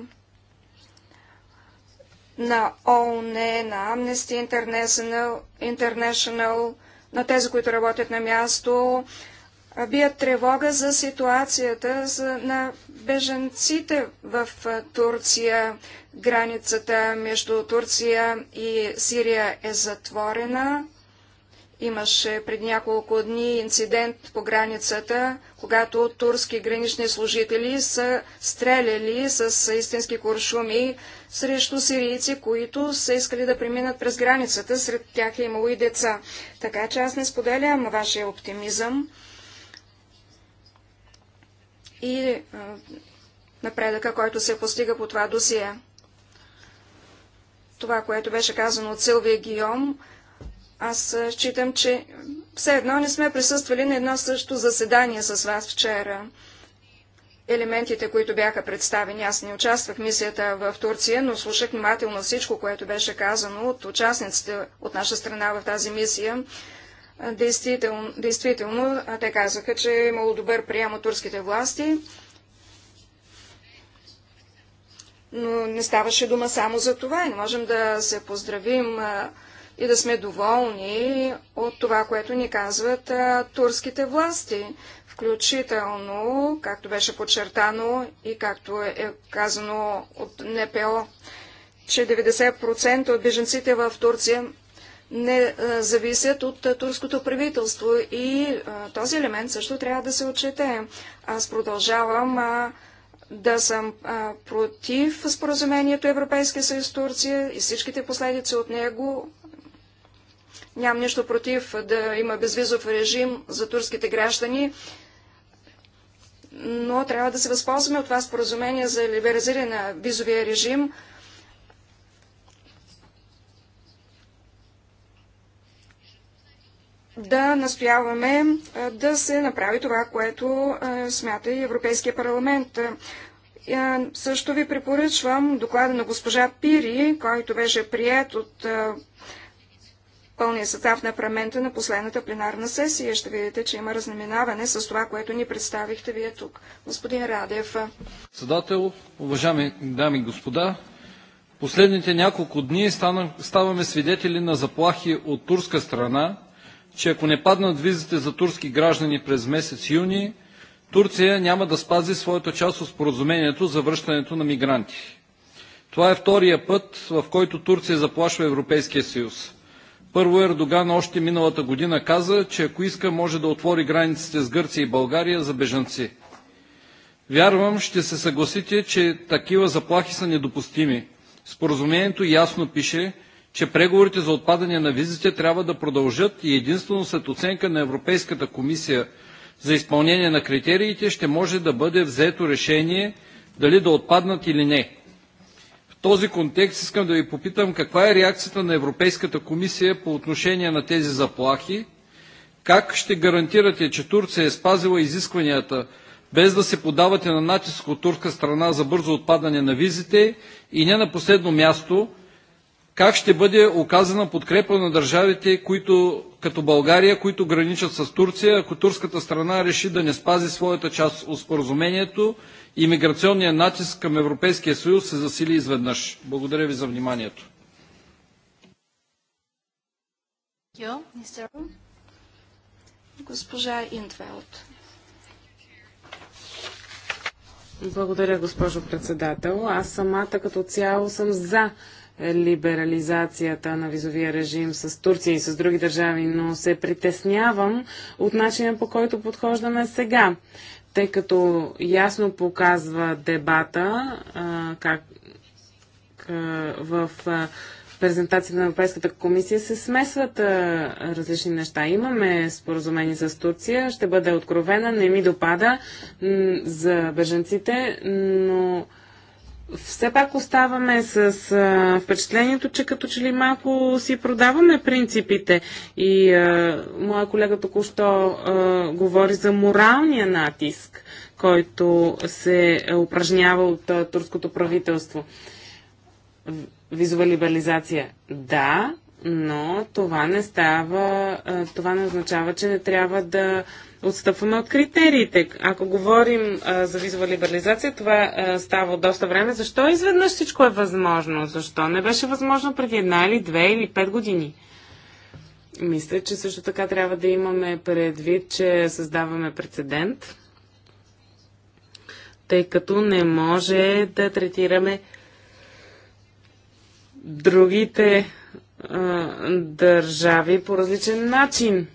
S1: на ООН, на Amnesty International, International на тези, които работят на място, бият тревога за ситуацията на беженците в Турция. Границата между Турция и Сирия е затворена. Имаше преди няколко дни инцидент по границата, когато турски гранични служители са стреляли с истински куршуми срещу сирийци, които са искали да преминат през границата. Сред тях е имало и деца. Така че аз не споделям вашия оптимизъм. И е, напредъка, който се постига по това досие. Това, което беше казано от Силвия Гийом, аз считам, че все едно не сме присъствали на едно също заседание с вас вчера. Елементите, които бяха представени, аз не участвах в мисията в Турция, но слушах внимателно всичко, което беше казано от участниците от наша страна в тази мисия. Действително, действително те казаха, че е имало добър прием от турските власти, но не ставаше дума само за това и не можем да се поздравим и да сме доволни от това, което ни казват а, турските власти, включително, както беше подчертано и както е, е казано от НПО, че 90% от беженците в Турция не а, зависят от а, турското правителство и а, този елемент също трябва да се отчете. Аз продължавам да съм против споразумението Европейския съюз Турция и всичките последици от него, Нямам нищо против да има безвизов режим за турските граждани, но трябва да се възползваме от това споразумение за либерализиране на визовия режим. Да настояваме да се направи това, което смята и Европейския парламент. Също ви препоръчвам доклада на госпожа Пири, който беше прият от пълния състав на парламента на последната пленарна сесия. Ще видите, че има разнаминаване с това, което ни представихте вие тук. Господин Радев.
S4: Председател, уважаеми дами и господа, последните няколко дни ставаме свидетели на заплахи от турска страна, че ако не паднат визите за турски граждани през месец юни, Турция няма да спази своята част от споразумението за връщането на мигранти. Това е втория път, в който Турция заплашва Европейския съюз. Първо Ердоган още миналата година каза, че ако иска може да отвори границите с Гърция и България за бежанци. Вярвам, ще се съгласите, че такива заплахи са недопустими. Споразумението ясно пише, че преговорите за отпадане на визите трябва да продължат и единствено след оценка на Европейската комисия за изпълнение на критериите ще може да бъде взето решение дали да отпаднат или не този контекст искам да ви попитам каква е реакцията на Европейската комисия по отношение на тези заплахи, как ще гарантирате, че Турция е спазила изискванията, без да се подавате на натиск от турска страна за бързо отпадане на визите и не на последно място, как ще бъде оказана подкрепа на държавите, които, като България, които граничат с Турция, ако турската страна реши да не спази своята част от споразумението и миграционният натиск към Европейския съюз се засили изведнъж. Благодаря ви за вниманието.
S1: Госпожа Интвелт.
S2: Благодаря, госпожо председател. Аз самата като цяло съм за либерализацията на визовия режим с Турция и с други държави, но се притеснявам от начина по който подхождаме сега тъй като ясно показва дебата а, как а, в а, презентацията на Европейската комисия се смесват а, различни неща. Имаме споразумение с Турция, ще бъде откровена, не ми допада м, за беженците, но все пак оставаме с а, впечатлението, че като че ли малко си продаваме принципите. И а, моя колега току-що говори за моралния натиск, който се е упражнява от а, турското правителство. Визуализация – да, но това не става, а, това не означава, че не трябва да а, отстъпваме от критериите. Ако говорим а, за визова либерализация, това а, става от доста време. Защо изведнъж всичко е възможно? Защо не беше възможно преди една или две или пет години? Мисля, че също така трябва да имаме предвид, че създаваме прецедент, тъй като не може да третираме другите а, държави по различен начин.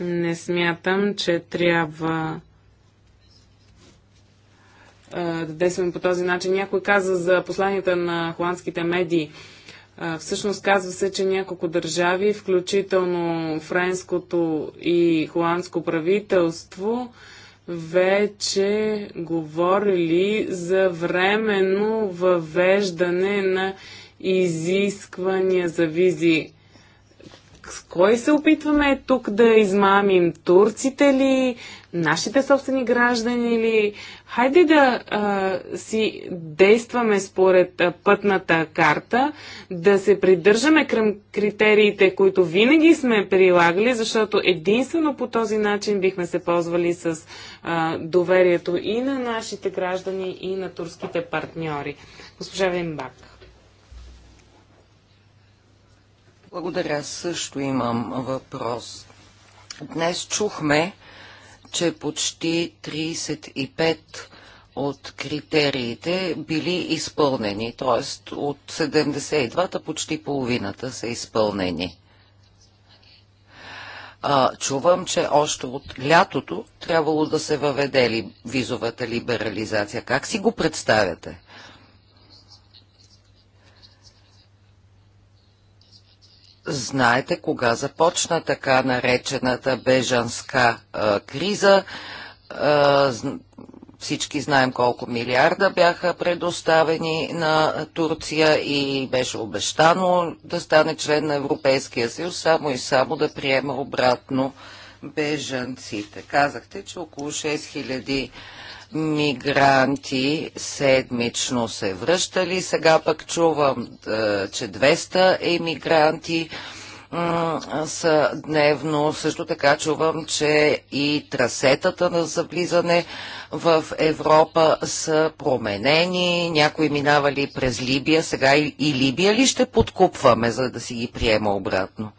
S2: Не смятам, че трябва да действаме по този начин. Някой каза за посланията на холандските медии. Всъщност казва се, че няколко държави, включително френското и холандско правителство, вече говорили за временно въвеждане на изисквания за визи с кой се опитваме тук да измамим? Турците ли? Нашите собствени граждани ли? Хайде да а, си действаме според а, пътната карта, да се придържаме към критериите, които винаги сме прилагали, защото единствено по този начин бихме се ползвали с а, доверието и на нашите граждани, и на турските партньори. Госпожа Вимбак.
S3: Благодаря. Също имам въпрос. Днес чухме, че почти 35 от критериите били изпълнени, т.е. от 72-та почти половината са изпълнени. А, чувам, че още от лятото трябвало да се въведе ли визовата либерализация. Как си го представяте? Знаете кога започна така наречената бежанска а, криза. А, всички знаем колко милиарда бяха предоставени на Турция и беше обещано да стане член на Европейския съюз, само и само да приема обратно бежанците. Казахте, че около 6000 мигранти седмично се връщали. Сега пък чувам, е, че 200 емигранти са дневно. Също така чувам, че и трасетата на завлизане в Европа са променени. Някои минавали през Либия. Сега и Либия ли ще подкупваме, за да си ги приема обратно?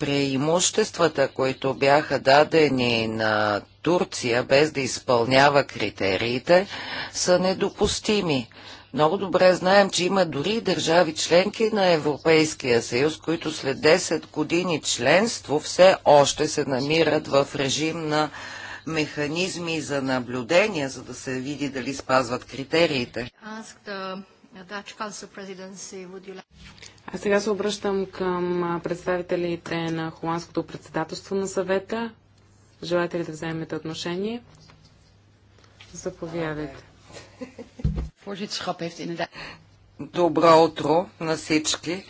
S3: преимуществата, които бяха дадени на Турция, без да изпълнява критериите, са недопустими. Много добре знаем, че има дори държави членки на Европейския съюз, които след 10 години членство все още се намират в режим на механизми за наблюдение, за да се види дали спазват критериите.
S2: А сега се обръщам към представителите на Холандското председателство на съвета. Желаете ли да вземете отношение? Заповядайте.
S3: Добро утро на всички.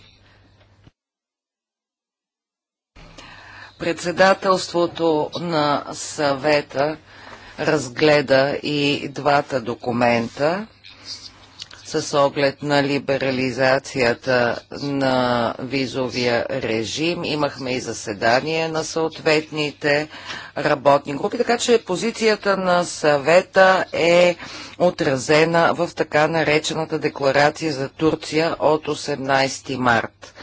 S3: Председателството на съвета разгледа и двата документа с оглед на либерализацията на визовия режим. Имахме и заседание на съответните работни групи, така че позицията на съвета е отразена в така наречената декларация за Турция от 18 март.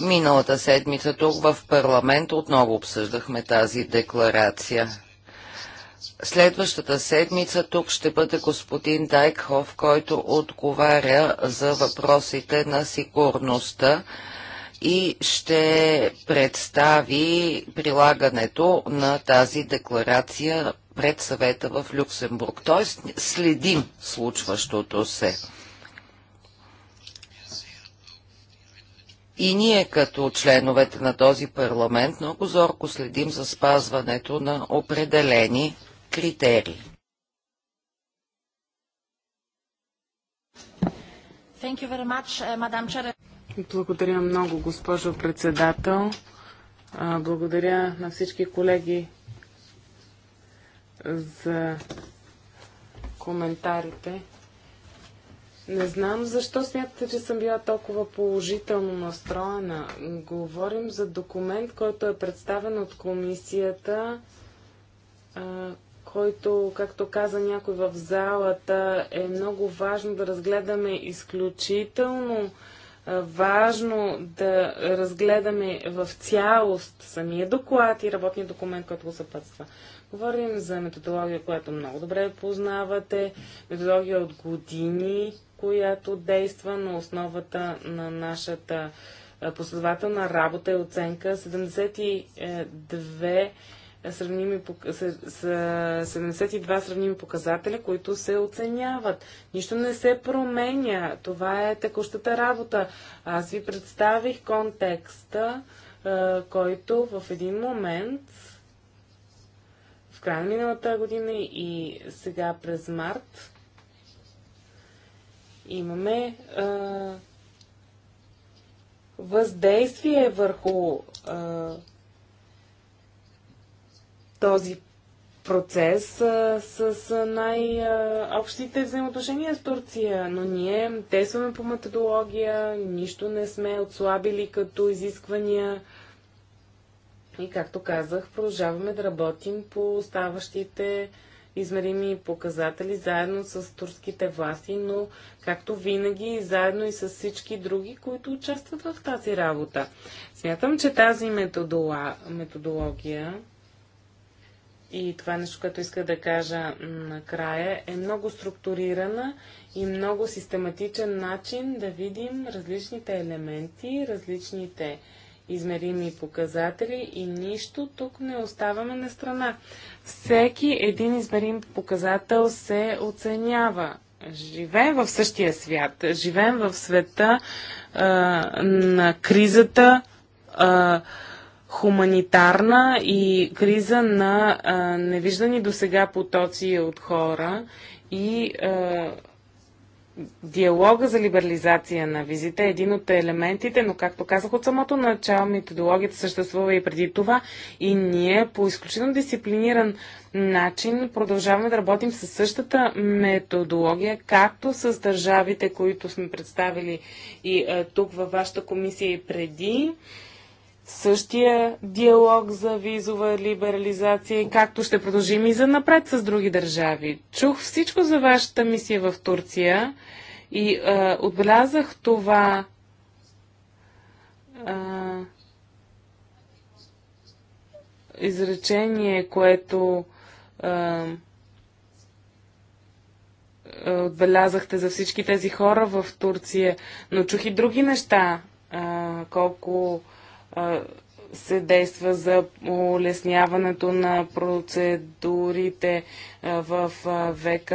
S3: Миналата седмица тук в парламент отново обсъждахме тази декларация. Следващата седмица тук ще бъде господин Дайкхов, който отговаря за въпросите на сигурността и ще представи прилагането на тази декларация пред съвета в Люксембург. Тоест следим случващото се. И ние като членовете на този парламент много зорко следим за спазването на определени критерии.
S2: Uh, благодаря много, госпожо председател. Благодаря на всички колеги за коментарите. Не знам защо смятате, че съм била толкова положително настроена. Говорим за документ, който е представен от комисията, който, както каза някой в залата, е много важно да разгледаме изключително важно да разгледаме в цялост самия доклад и работния документ, който го съпътства. Говорим за методология, която много добре познавате, методология от години, която действа на основата на нашата последователна работа и оценка. 72 сравними, с, 72 сравними показателя, които се оценяват. Нищо не се променя. Това е текущата работа. Аз ви представих контекста, който в един момент в края на миналата година и сега през март имаме а, въздействие върху а, този процес а, с, най-общите взаимоотношения с Турция, но ние тестваме по методология, нищо не сме отслабили като изисквания. И както казах, продължаваме да работим по оставащите измерими показатели заедно с турските власти, но както винаги заедно и с всички други, които участват в тази работа. Смятам, че тази методола... методология и това е нещо, което иска да кажа накрая, е много структурирана и много систематичен начин да видим различните елементи, различните измерими показатели и нищо тук не оставаме на страна. Всеки един измерим показател се оценява. Живеем в същия свят, живеем в света а, на кризата, а, хуманитарна и криза на а, невиждани до сега потоци от хора и а, диалога за либерализация на визите е един от елементите, но както казах от самото начало, методологията съществува и преди това и ние по изключително дисциплиниран начин продължаваме да работим със същата методология, както с държавите, които сме представили и а, тук във вашата комисия и преди. А, същия диалог за визова либерализация, както ще продължим и за напред с други държави. Чух всичко за вашата мисия в Турция и а, отбелязах това. А, изречение, което а, отбелязахте за всички тези хора в Турция, но чух и други неща, а, колко се действа за улесняването на процедурите в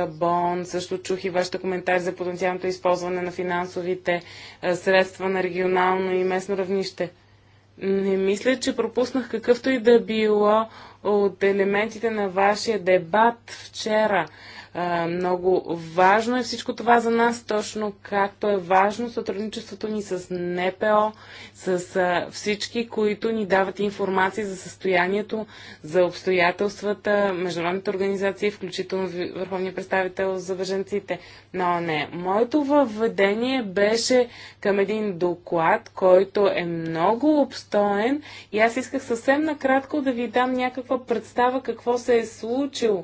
S2: Бон. Също чух и вашите коментари за потенциалното използване на финансовите средства на регионално и местно равнище. Не мисля, че пропуснах какъвто и да било от елементите на вашия дебат вчера. Много важно е всичко това за нас, точно както е важно сътрудничеството ни с НПО, с всички, които ни дават информация за състоянието, за обстоятелствата, международните организации, включително Върховния представител за беженците. Но не, моето въведение беше към един доклад, който е много обстоен и аз исках съвсем накратко да ви дам някаква представа какво се е случило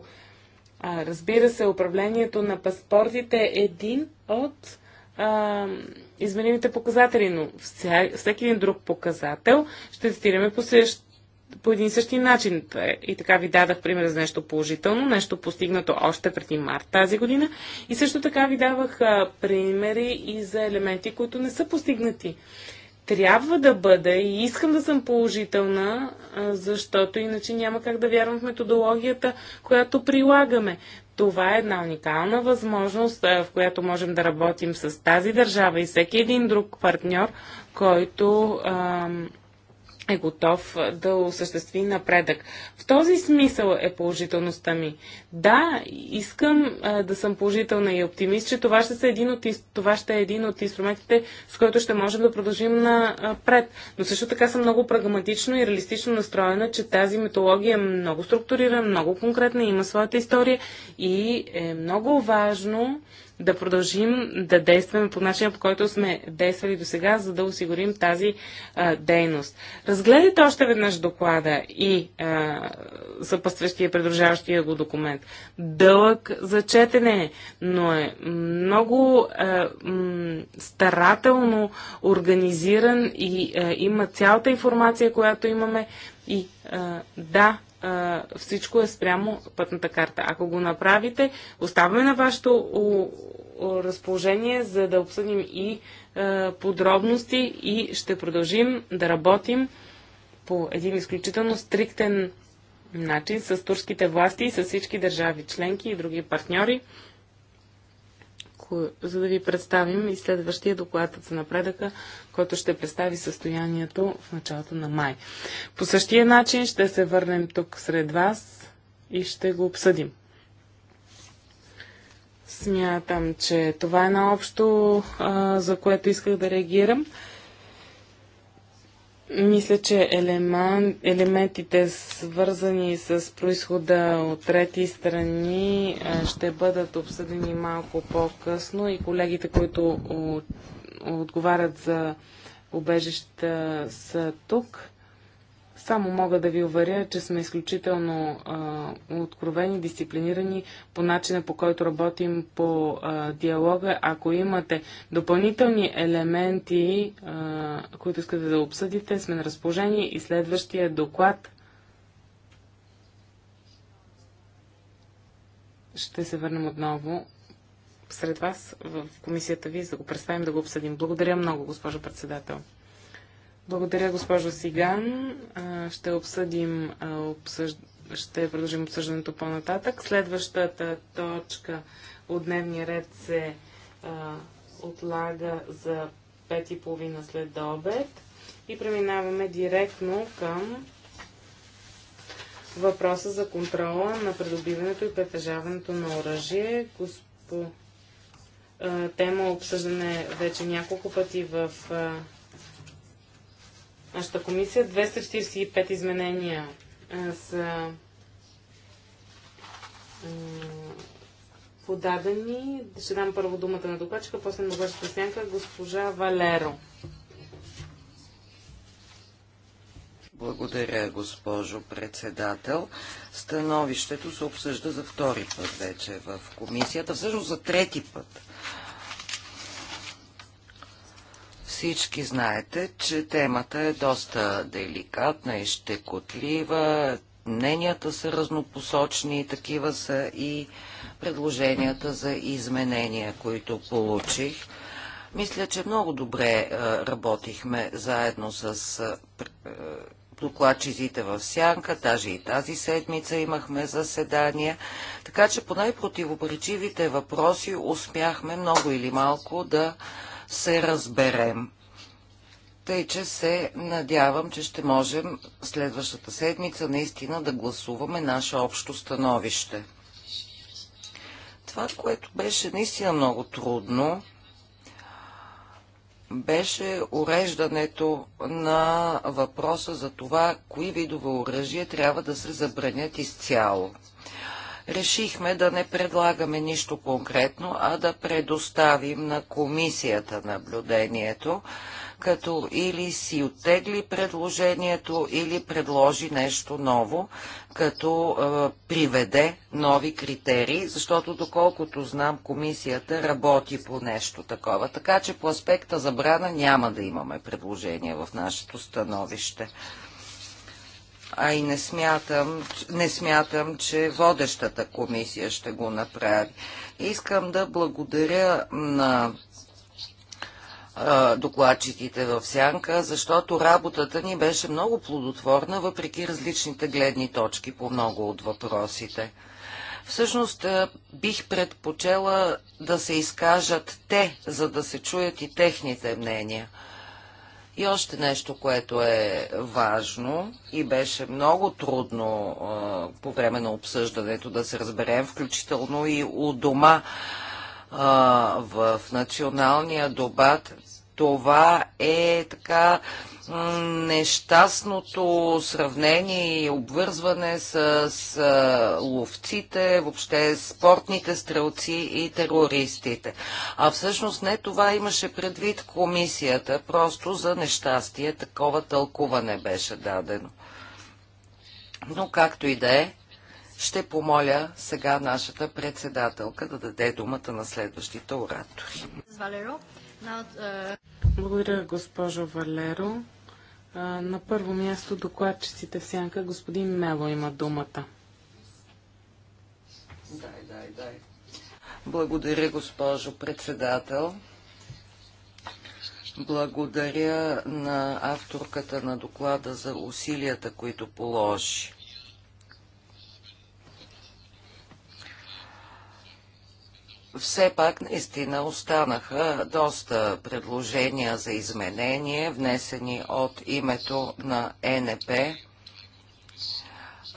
S2: а, разбира се, управлението на паспортите е един от а, изменимите показатели, но вся, всеки един друг показател ще цитираме по, същ, по един същи начин. И така ви дадах пример за нещо положително, нещо постигнато още преди март тази година. И също така ви давах а, примери и за елементи, които не са постигнати трябва да бъде и искам да съм положителна, защото иначе няма как да вярвам в методологията, която прилагаме. Това е една уникална възможност, в която можем да работим с тази държава и всеки един друг партньор, който ам, е готов да осъществи напредък. В този смисъл е положителността ми. Да, искам а, да съм положителна и оптимист, че това ще, са един от, това ще е един от инструментите, с който ще можем да продължим напред. Но също така съм много прагматично и реалистично настроена, че тази метология е много структурирана, много конкретна, има своята история и е много важно да продължим да действаме по начина, по който сме действали до сега, за да осигурим тази а, дейност. Разгледайте още веднъж доклада и а, съпъстващия, придружаващия го документ. Дълъг за четене, но е много а, м, старателно организиран и а, има цялата информация, която имаме. И а, да, всичко е спрямо пътната карта. Ако го направите, оставаме на вашето разположение, за да обсъдим и подробности и ще продължим да работим по един изключително стриктен начин с турските власти и с всички държави членки и други партньори, за да ви представим и следващия доклад за напредъка, който ще представи състоянието в началото на май. По същия начин ще се върнем тук сред вас и ще го обсъдим. Смятам, че това е наобщо, за което исках да реагирам. Мисля, че елемент, елементите, свързани с происхода от трети страни, ще бъдат обсъдени малко по-късно и колегите, които отговарят за убежища, са тук. Само мога да ви уверя, че сме изключително а, откровени, дисциплинирани по начина по който работим по а, диалога. Ако имате допълнителни елементи, а, които искате да обсъдите, сме на разположение и следващия доклад ще се върнем отново сред вас в комисията ви, за да го представим, да го обсъдим. Благодаря много, госпожо председател. Благодаря, госпожо Сиган. Ще обсъдим, обсъж... ще продължим обсъждането по-нататък. Следващата точка от дневния ред се отлага за 5.30 след обед и преминаваме директно към въпроса за контрола на придобиването и притежаването на оръжие. Госпо... Тема обсъждане вече няколко пъти в нашата комисия. 245 изменения са подадени. Ще дам първо думата на докладчика, после на вашата сянка госпожа Валеро.
S3: Благодаря, госпожо председател. Становището се обсъжда за втори път вече в комисията, всъщност за трети път Всички знаете, че темата е доста деликатна и щекотлива. Мненията са разнопосочни, такива са и предложенията за изменения, които получих. Мисля, че много добре е, работихме заедно с е, е, докладчиците в Сянка, даже и тази седмица имахме заседания, така че по най-противопречивите въпроси успяхме много или малко да се разберем. Тъй, че се надявам, че ще можем следващата седмица наистина да гласуваме наше общо становище. Това, което беше наистина много трудно, беше уреждането на въпроса за това, кои видове оръжия трябва да се забранят изцяло решихме да не предлагаме нищо конкретно, а да предоставим на комисията наблюдението, като или си оттегли предложението, или предложи нещо ново, като е, приведе нови критерии, защото доколкото знам, комисията работи по нещо такова. Така че по аспекта забрана няма да имаме предложение в нашето становище а и не смятам, не смятам, че водещата комисия ще го направи. Искам да благодаря на докладчиците в Сянка, защото работата ни беше много плодотворна, въпреки различните гледни точки по много от въпросите. Всъщност бих предпочела да се изкажат те, за да се чуят и техните мнения – и още нещо, което е важно и беше много трудно а, по време на обсъждането да се разберем, включително и у дома а, в националния добат, това е така нещастното сравнение и обвързване с, с ловците, въобще спортните стрелци и терористите. А всъщност не това имаше предвид комисията, просто за нещастие такова тълкуване беше дадено. Но както и да е, ще помоля сега нашата председателка да даде думата на следващите оратори.
S2: Е, Благодаря, госпожо Валеро. На първо място докладчиците в сянка. Господин Мело има думата.
S3: Дай, дай, дай. Благодаря, госпожо председател. Благодаря на авторката на доклада за усилията, които положи. все пак наистина останаха доста предложения за изменение, внесени от името на ЕНП,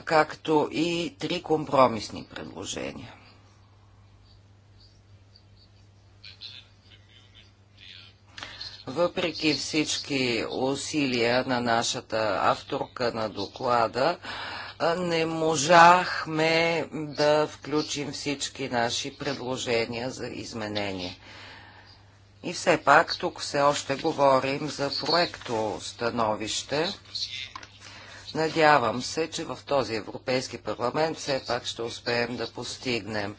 S3: както и три компромисни предложения. Въпреки всички усилия на нашата авторка на доклада, не можахме да включим всички наши предложения за изменение. И все пак тук все още говорим за проекто становище. Надявам се, че в този Европейски парламент все пак ще успеем да постигнем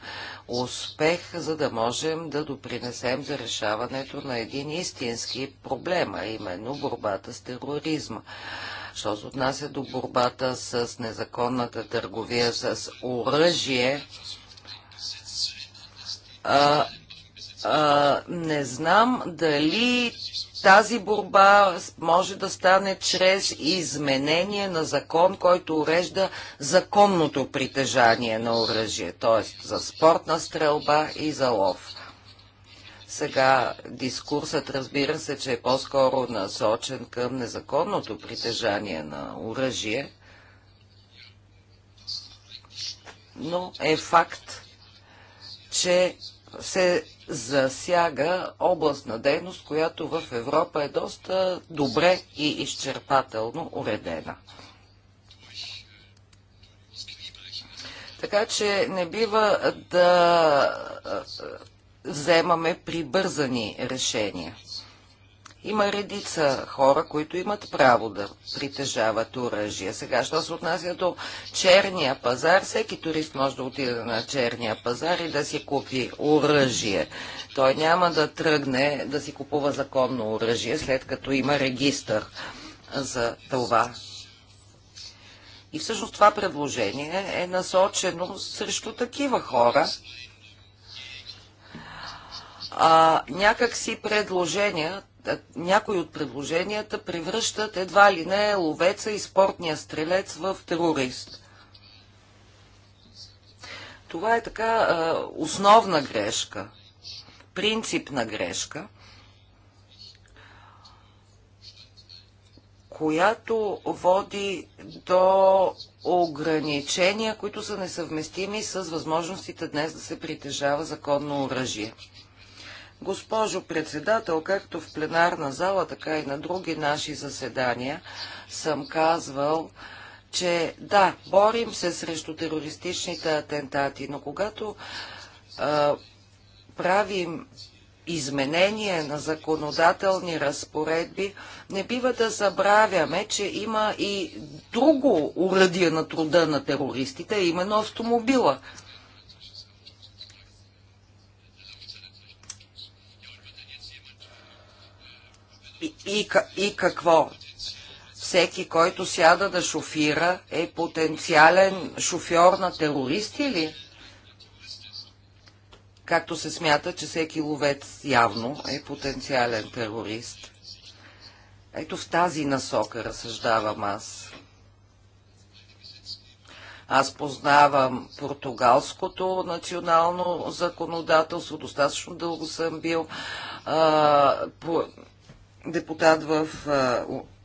S3: успех, за да можем да допринесем за решаването на един истински проблем, а именно борбата с тероризма. Що се отнася до борбата с незаконната търговия с оръжие, а, а, не знам дали тази борба може да стане чрез изменение на закон, който урежда законното притежание на оръжие, т.е. за спортна стрелба и за лов. Сега дискурсът разбира се, че е по-скоро насочен към незаконното притежание на оръжие, но е факт, че се засяга област на дейност, която в Европа е доста добре и изчерпателно уредена. Така че не бива да вземаме прибързани решения. Има редица хора, които имат право да притежават оръжие. Сега, що се отнася до черния пазар, всеки турист може да отиде на черния пазар и да си купи оръжие. Той няма да тръгне да си купува законно оръжие, след като има регистър за това. И всъщност това предложение е насочено срещу такива хора, а, някак си предложения, някои от предложенията превръщат едва ли не ловеца и спортния стрелец в терорист. Това е така а, основна грешка, принципна грешка, която води до ограничения, които са несъвместими с възможностите днес да се притежава законно оръжие. Госпожо председател, както в пленарна зала, така и на други наши заседания съм казвал, че да, борим се срещу терористичните атентати, но когато а, правим изменение на законодателни разпоредби, не бива да забравяме, че има и друго уръдие на труда на терористите, именно автомобила. и, и, и какво? Всеки, който сяда да шофира, е потенциален шофьор на терористи ли? Както се смята, че всеки ловец явно е потенциален терорист. Ето в тази насока разсъждавам аз. Аз познавам португалското национално законодателство, достатъчно дълго съм бил а, по, депутат в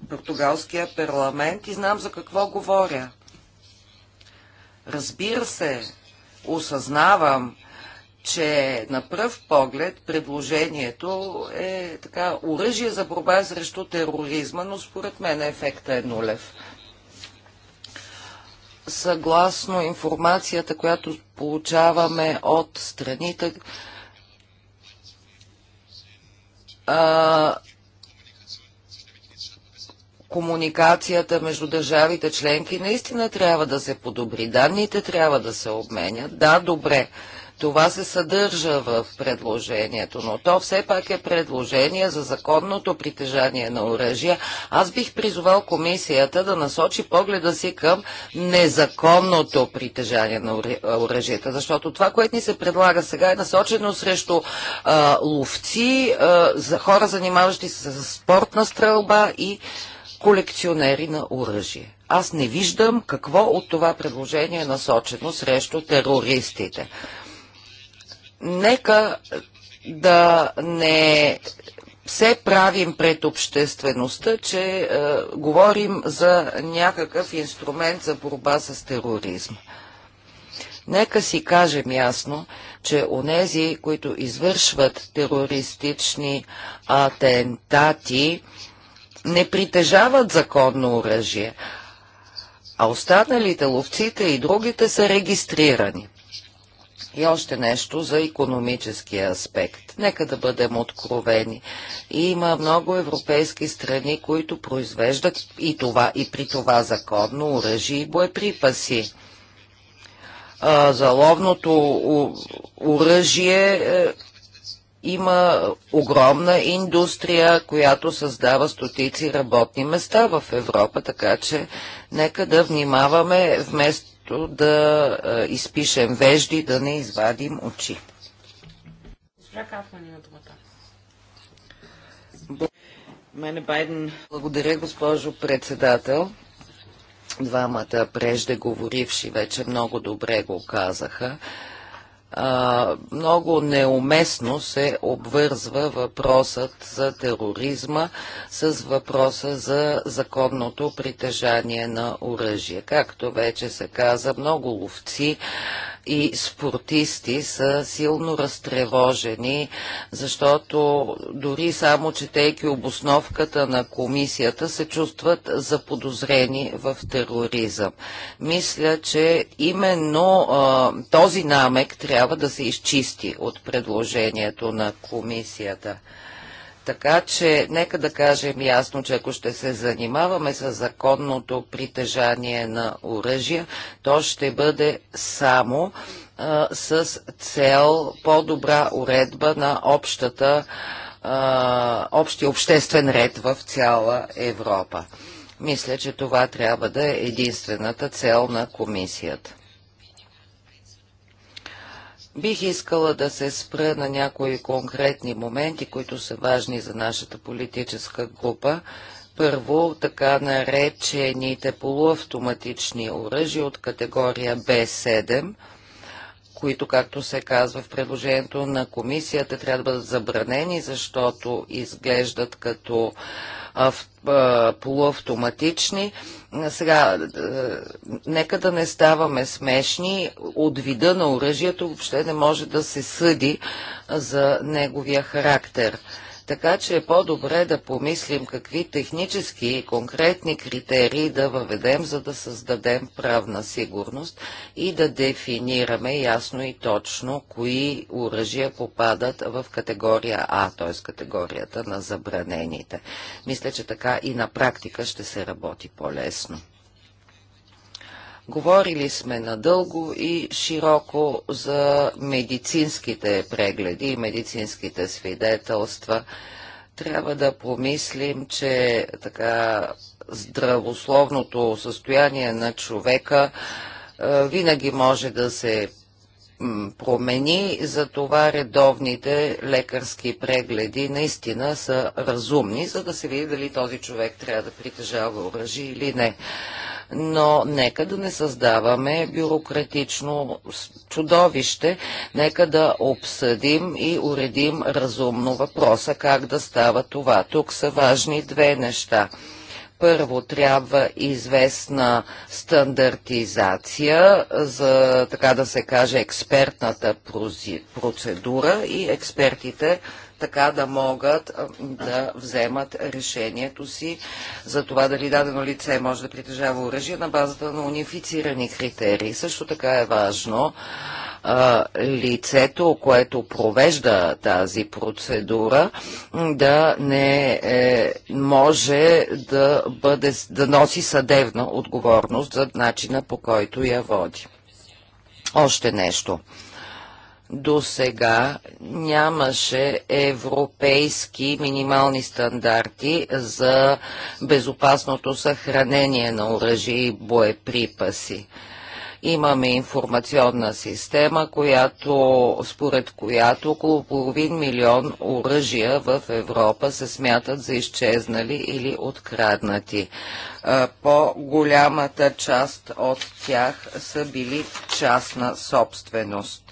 S3: португалския парламент и знам за какво говоря. Разбира се, осъзнавам, че на пръв поглед предложението е така оръжие за борба срещу тероризма, но според мен ефекта е нулев. Съгласно информацията, която получаваме от страните, а, комуникацията между държавите членки наистина трябва да се подобри. Данните трябва да се обменят. Да, добре. Това се съдържа в предложението, но то все пак е предложение за законното притежание на оръжия. Аз бих призовал комисията да насочи погледа си към незаконното притежание на оръжията, защото това, което ни се предлага сега е насочено срещу а, ловци, а, за хора, занимаващи се с спортна стрелба и колекционери на оръжие. Аз не виждам какво от това предложение е насочено срещу терористите. Нека да не се правим пред обществеността, че е, говорим за някакъв инструмент за борба с тероризма. Нека си кажем ясно, че онези, които извършват терористични атентати, не притежават законно оръжие, а останалите ловците и другите са регистрирани. И още нещо за економическия аспект. Нека да бъдем откровени. Има много европейски страни, които произвеждат и, това, и при това законно оръжие и боеприпаси. А, за ловното оръжие е, има огромна индустрия, която създава стотици работни места в Европа, така че нека да внимаваме вместо да е, изпишем вежди, да не извадим очи. Благодаря, госпожо председател. Двамата преждеговоривши вече много добре го казаха много неуместно се обвързва въпросът за тероризма с въпроса за законното притежание на оръжие. Както вече се каза, много ловци и спортисти са силно разтревожени, защото дори само четейки обосновката на комисията се чувстват заподозрени в тероризъм. Мисля, че именно а, този намек трябва трябва да се изчисти от предложението на комисията. Така че нека да кажем ясно, че ако ще се занимаваме с законното притежание на оръжия, то ще бъде само а, с цел по-добра уредба на общата, а, общи обществен ред в цяла Европа. Мисля, че това трябва да е единствената цел на комисията. Бих искала да се спра на някои конкретни моменти, които са важни за нашата политическа група. Първо, така наречените полуавтоматични оръжия от категория Б7 – които, както се казва в предложението на комисията, трябва да бъдат забранени, защото изглеждат като полуавтоматични. Сега, нека да не ставаме смешни. От вида на оръжието въобще не може да се съди за неговия характер. Така че е по-добре да помислим какви технически и конкретни критерии да въведем, за да създадем правна сигурност и да дефинираме ясно и точно кои оръжия попадат в категория А, т.е. категорията на забранените. Мисля, че така и на практика ще се работи по-лесно. Говорили сме надълго и широко за медицинските прегледи и медицинските свидетелства. Трябва да помислим, че така здравословното състояние на човека е, винаги може да се промени, затова редовните лекарски прегледи наистина са разумни, за да се види дали този човек трябва да притежава оръжие или не но нека да не създаваме бюрократично чудовище, нека да обсъдим и уредим разумно въпроса как да става това. Тук са важни две неща първо трябва известна стандартизация за, така да се каже, експертната процедура и експертите така да могат да вземат решението си за това дали дадено лице може да притежава оръжие на базата на унифицирани критерии. Също така е важно лицето, което провежда тази процедура, да не е, може да, бъде, да носи съдебна отговорност за начина по който я води. Още нещо – до сега нямаше европейски минимални стандарти за безопасното съхранение на оръжие и боеприпаси. Имаме информационна система, която, според която около половин милион оръжия в Европа се смятат за изчезнали или откраднати. По-голямата част от тях са били частна собственост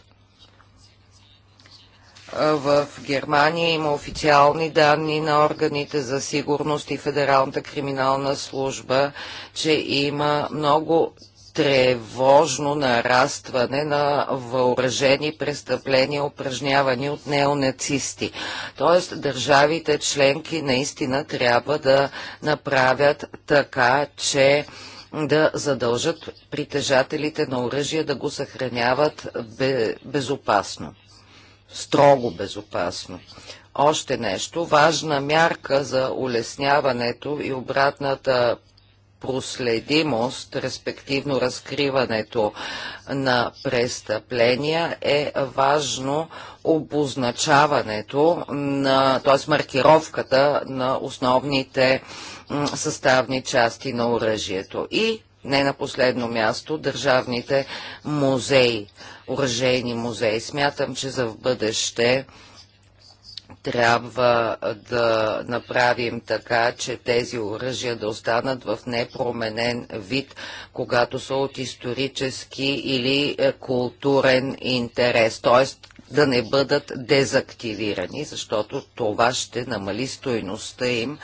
S3: в Германия има официални данни на органите за сигурност и Федералната криминална служба, че има много тревожно нарастване на въоръжени престъпления, упражнявани от неонацисти. Тоест, държавите членки наистина трябва да направят така, че да задължат притежателите на оръжие да го съхраняват безопасно строго безопасно. Още нещо, важна мярка за улесняването и обратната проследимост, респективно разкриването на престъпления, е важно обозначаването, на, т.е. маркировката на основните съставни части на оръжието. И не на последно място държавните музеи оръжейни музеи. Смятам, че за в бъдеще трябва да направим така, че тези оръжия да останат в непроменен вид, когато са от исторически или е, културен интерес, т.е. да не бъдат дезактивирани, защото това ще намали стойността им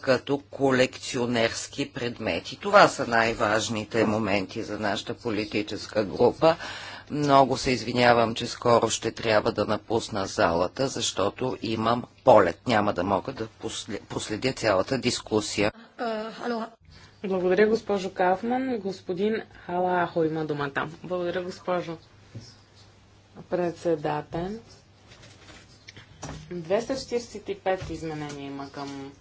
S3: като колекционерски предмети. Това са най-важните моменти за нашата политическа група. Много се извинявам, че скоро ще трябва да напусна залата, защото имам полет. Няма да мога да проследя цялата дискусия.
S2: Благодаря, госпожо Кафман. Господин Халахо има думата. Благодаря, госпожо председател. 245 изменения има към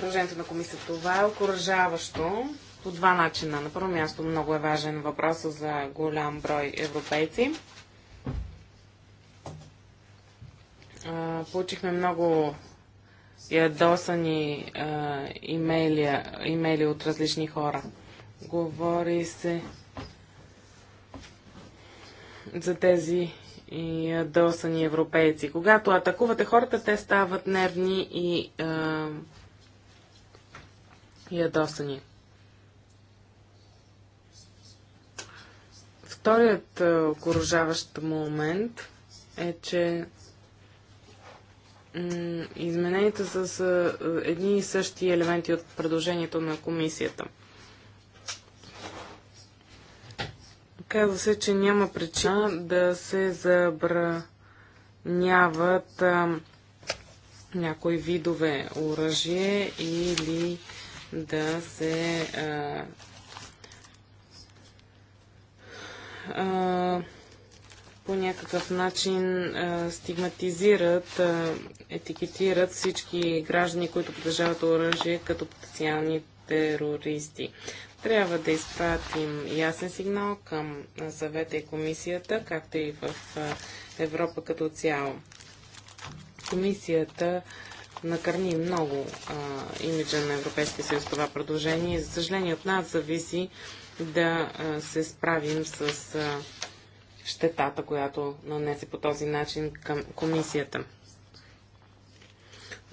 S2: Прожението на комисията. Това е окоръжаващо по два начина. На първо място много е важен въпрос за голям брой европейци. получихме много ядосани имейли, имейли от различни хора. Говори се за тези ядосани европейци. Когато атакувате хората, те стават нервни и а, ядосани. Вторият е, окоръжаващ момент е, че измененията са с е, едни и същи елементи от предложението на комисията. Казва се, че няма причина да се забраняват а, е, някои видове оръжие или да се а, а, по някакъв начин а, стигматизират, а, етикетират всички граждани, които подлежават оръжие като потенциални терористи. Трябва да изпратим ясен сигнал към съвета и комисията, както и в Европа като цяло. Комисията накърни много а, имиджа на Европейския съюз това предложение. За съжаление от нас зависи да се справим с щетата, която нанесе по този начин към комисията.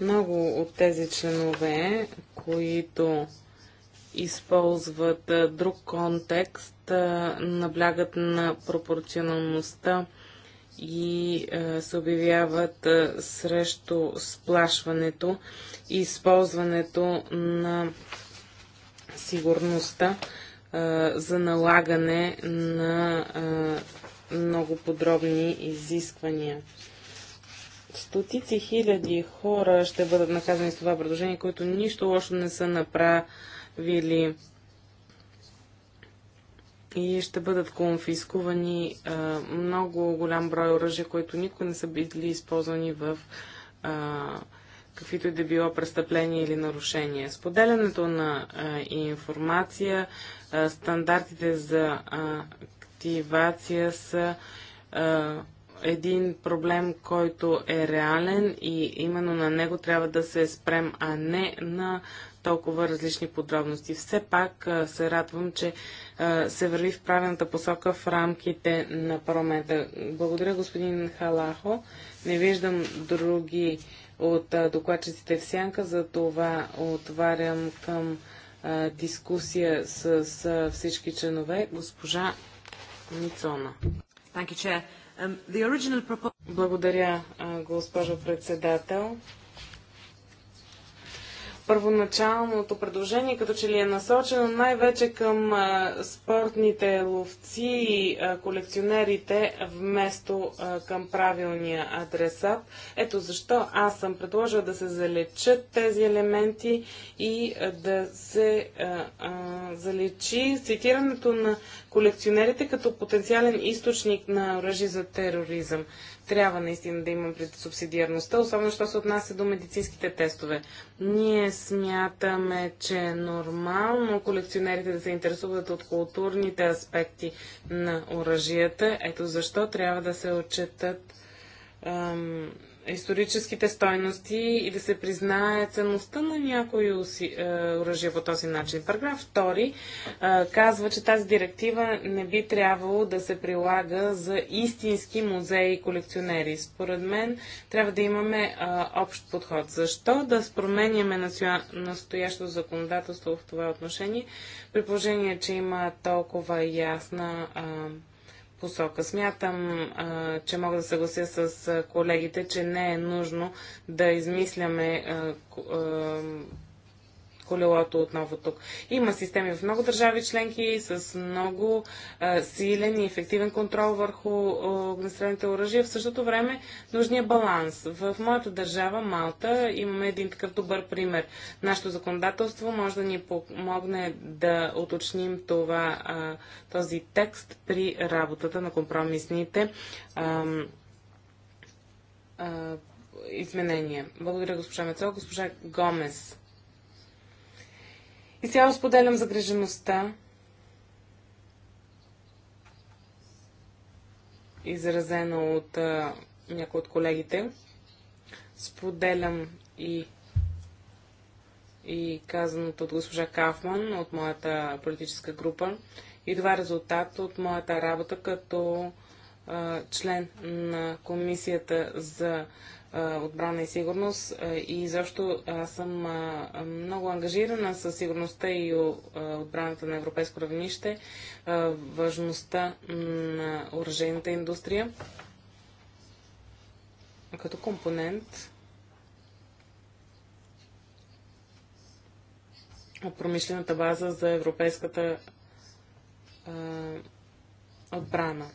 S2: Много от тези членове, които използват друг контекст, наблягат на пропорционалността и се обявяват срещу сплашването и използването на сигурността за налагане на много подробни изисквания. Стотици хиляди хора ще бъдат наказани с това предложение, които нищо лошо не са направили и ще бъдат конфискувани много голям брой оръжия, които никога не са били използвани в а, каквито и да било престъпления или нарушения. Споделянето на а, информация, а, стандартите за активация са а, един проблем, който е реален и именно на него трябва да се спрем, а не на толкова различни подробности. Все пак се радвам, че се върви в правилната посока в рамките на парламента. Благодаря, господин Халахо. Не виждам други от докладчиците в сянка, за това отварям към а, дискусия с, с всички членове. Госпожа Мицона. Um, Благодаря, госпожо председател първоначалното предложение, като че ли е насочено най-вече към а, спортните ловци и колекционерите, вместо а, към правилния адресат. Ето защо аз съм предложила да се залечат тези елементи и да се залечи цитирането на колекционерите като потенциален източник на оръжие за тероризъм трябва наистина да имам пред субсидиарността, особено що се отнася до медицинските тестове. Ние смятаме, че е нормално колекционерите да се интересуват от културните аспекти на оръжията. Ето защо трябва да се отчетат ам, историческите стойности и да се признае ценността на някои е, оръжия по този начин. Параграф 2 е, казва, че тази директива не би трябвало да се прилага за истински музеи и колекционери. Според мен трябва да имаме е, общ подход. Защо да променяме настоящото законодателство в това отношение, при положение, че има толкова ясна а, посока. Смятам, че мога да съглася с колегите, че не е нужно да измисляме колелото отново тук. Има системи в много държави членки с много а, силен и ефективен контрол върху огнестрелните оръжия. В същото време нужния баланс. В моята държава, Малта, имаме един такъв добър пример. Нашето законодателство може да ни помогне да уточним това, а, този текст при работата на компромисните а, изменения. Благодаря, госпожа Мецел. Госпожа Гомес. И сега споделям загрижеността изразено от а, някои от колегите. Споделям и, и казаното от госпожа Кафман от моята политическа група. И това е резултат от моята работа като а, член на Комисията за отбрана и сигурност и защо аз съм много ангажирана с сигурността и отбраната на европейско равнище, важността на оръжейната индустрия като компонент от промишлената база за европейската отбрана.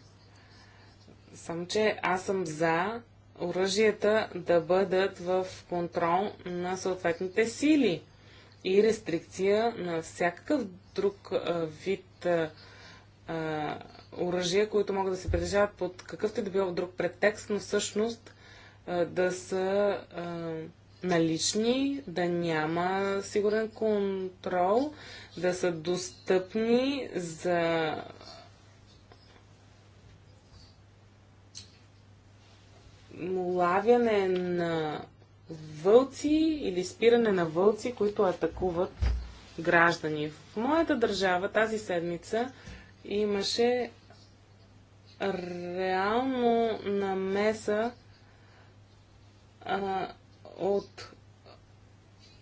S2: Само, че аз съм за оръжията да бъдат в контрол на съответните сили и рестрикция на всякакъв друг вид оръжия, които могат да се притежават под какъвто и да било друг претекст, но всъщност да са налични, да няма сигурен контрол, да са достъпни за лавяне на вълци или спиране на вълци, които атакуват граждани. В моята държава тази седмица имаше реално намеса а, от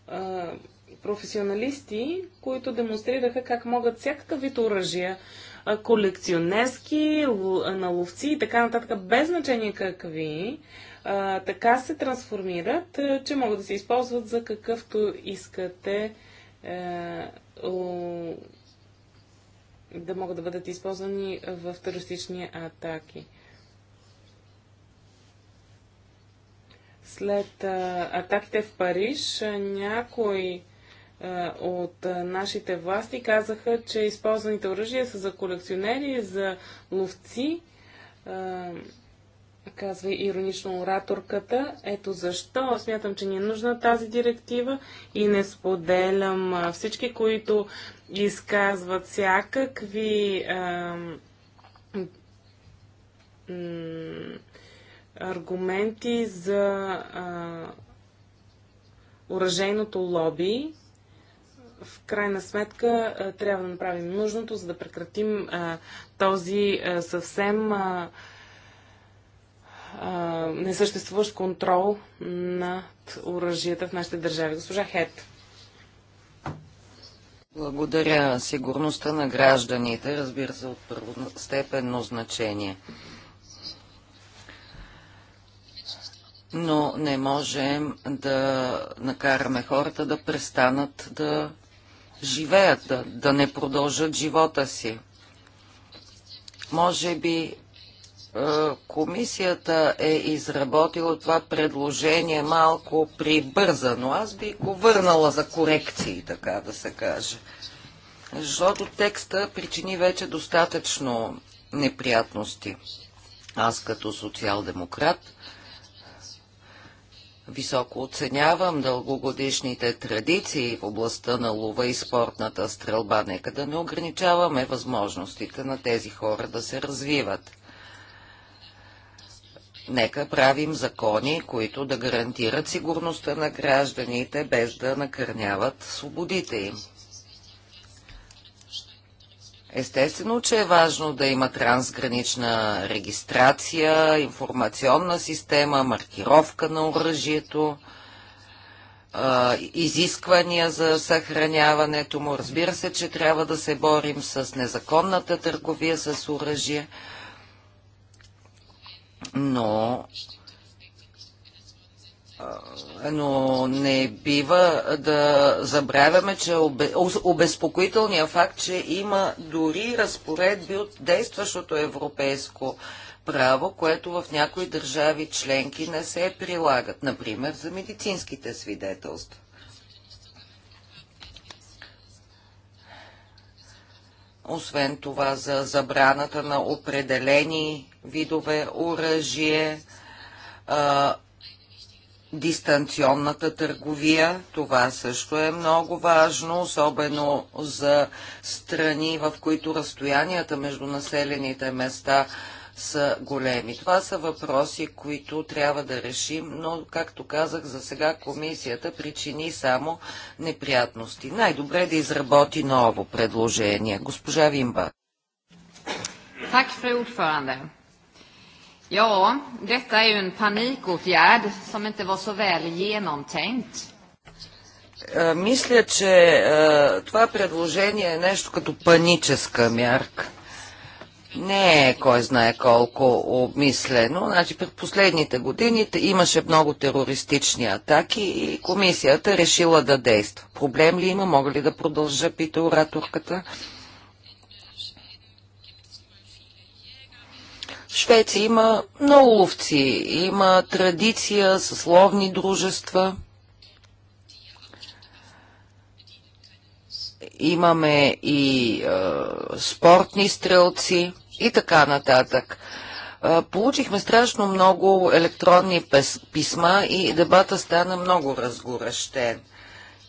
S2: а, професионалисти, които демонстрираха как могат всякакъв вид оръжия, колекционерски, на ловци и така нататък, без значение какви, така се трансформират, че могат да се използват за какъвто искате е, да могат да бъдат използвани в терористични атаки. След атаките в Париж някои от нашите власти казаха, че използваните оръжия са за колекционери, за ловци, казва иронично ораторката. Ето защо смятам, че ни е нужна тази директива и не споделям всички, които изказват всякакви аргументи за оръжейното лоби в крайна сметка трябва да направим нужното, за да прекратим този съвсем несъществуващ контрол над оръжията в нашите държави. Госпожа Хет.
S3: Благодаря. Сигурността на гражданите, разбира се, от първостепенно значение. Но не можем да накараме хората да престанат да живеят, да, да не продължат живота си. Може би е, комисията е изработила това предложение малко прибързано. Аз би го върнала за корекции, така да се каже. Защото текста причини вече достатъчно неприятности. Аз като социал-демократ Високо оценявам дългогодишните традиции в областта на лова и спортната стрелба. Нека да не ограничаваме възможностите на тези хора да се развиват. Нека правим закони, които да гарантират сигурността на гражданите, без да накърняват свободите им. Естествено, че е важно да има трансгранична регистрация, информационна система, маркировка на оръжието, изисквания за съхраняването му. Разбира се, че трябва да се борим с незаконната търговия с оръжие, но но не бива да забравяме, че обезпокоителният факт, че има дори разпоредби от действащото европейско право, което в някои държави членки не се прилагат, например за медицинските свидетелства. Освен това за забраната на определени видове оръжие, дистанционната търговия. Това също е много важно, особено за страни, в които разстоянията между населените места са големи. Това са въпроси, които трябва да решим, но, както казах, за сега комисията причини само неприятности. Най-добре е да изработи ново предложение. Госпожа Вимба. Так, фру Ja, detta är ju en panikåtgärd som inte var så väl genomtänkt. Е, мисля, че е, това предложение е нещо като паническа мярка. Не е кой знае колко обмислено. Значи, пред последните години имаше много терористични атаки и комисията решила да действа. Проблем ли има? Мога ли да продължа, пита ораторката? В Швеция има много ловци, има традиция, съсловни дружества. Имаме и е, спортни стрелци и така нататък. Е, получихме страшно много електронни пес, писма и дебата стана много разгорещен.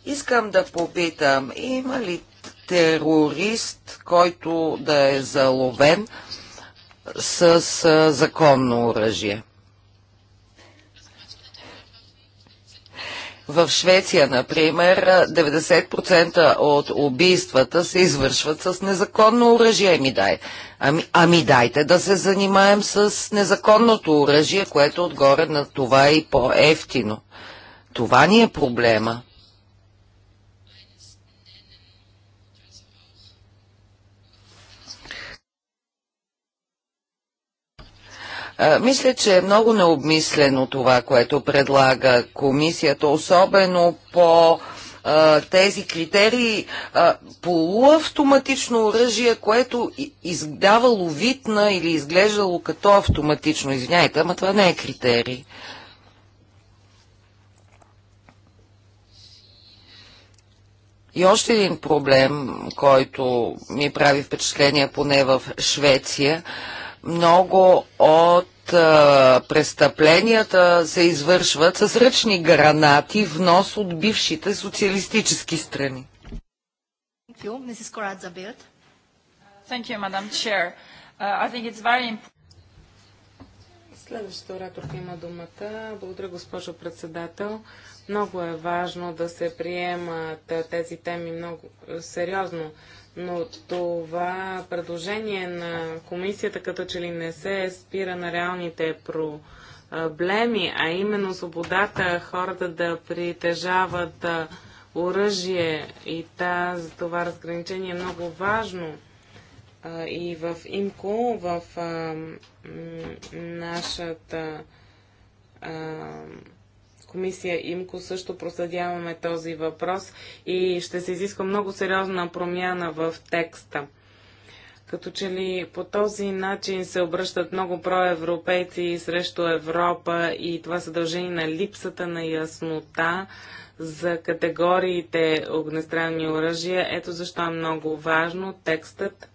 S3: Искам да попитам, има ли терорист, който да е заловен? с законно оръжие. В Швеция, например, 90% от убийствата се извършват с незаконно оръжие. Ами, дай, ами, ами дайте да се занимаем с незаконното оръжие, което отгоре на това е и по-ефтино. Това ни е проблема. Мисля, че е много необмислено това, което предлага комисията, особено по тези критерии полуавтоматично оръжие, което издавало вид на или изглеждало като автоматично. Извиняйте, ама това не е критерий. И още един проблем, който ми прави впечатление поне в Швеция – много от престъпленията се извършват с ръчни гранати в нос от бившите социалистически страни. Uh,
S2: Следващата ораторка има думата. Благодаря, госпожо председател. Много е важно да се приемат тези теми много сериозно но това предложение на комисията като че ли не се спира на реалните проблеми, а именно свободата хората да притежават оръжие и за това разграничение е много важно. И в ИМКО, в нашата комисия ИМКО също проследяваме този въпрос и ще се изисква много сериозна промяна в текста. Като че ли по този начин се обръщат много проевропейци срещу Европа и това съдължение на липсата на яснота за категориите огнестрелни оръжия. Ето защо е много важно текстът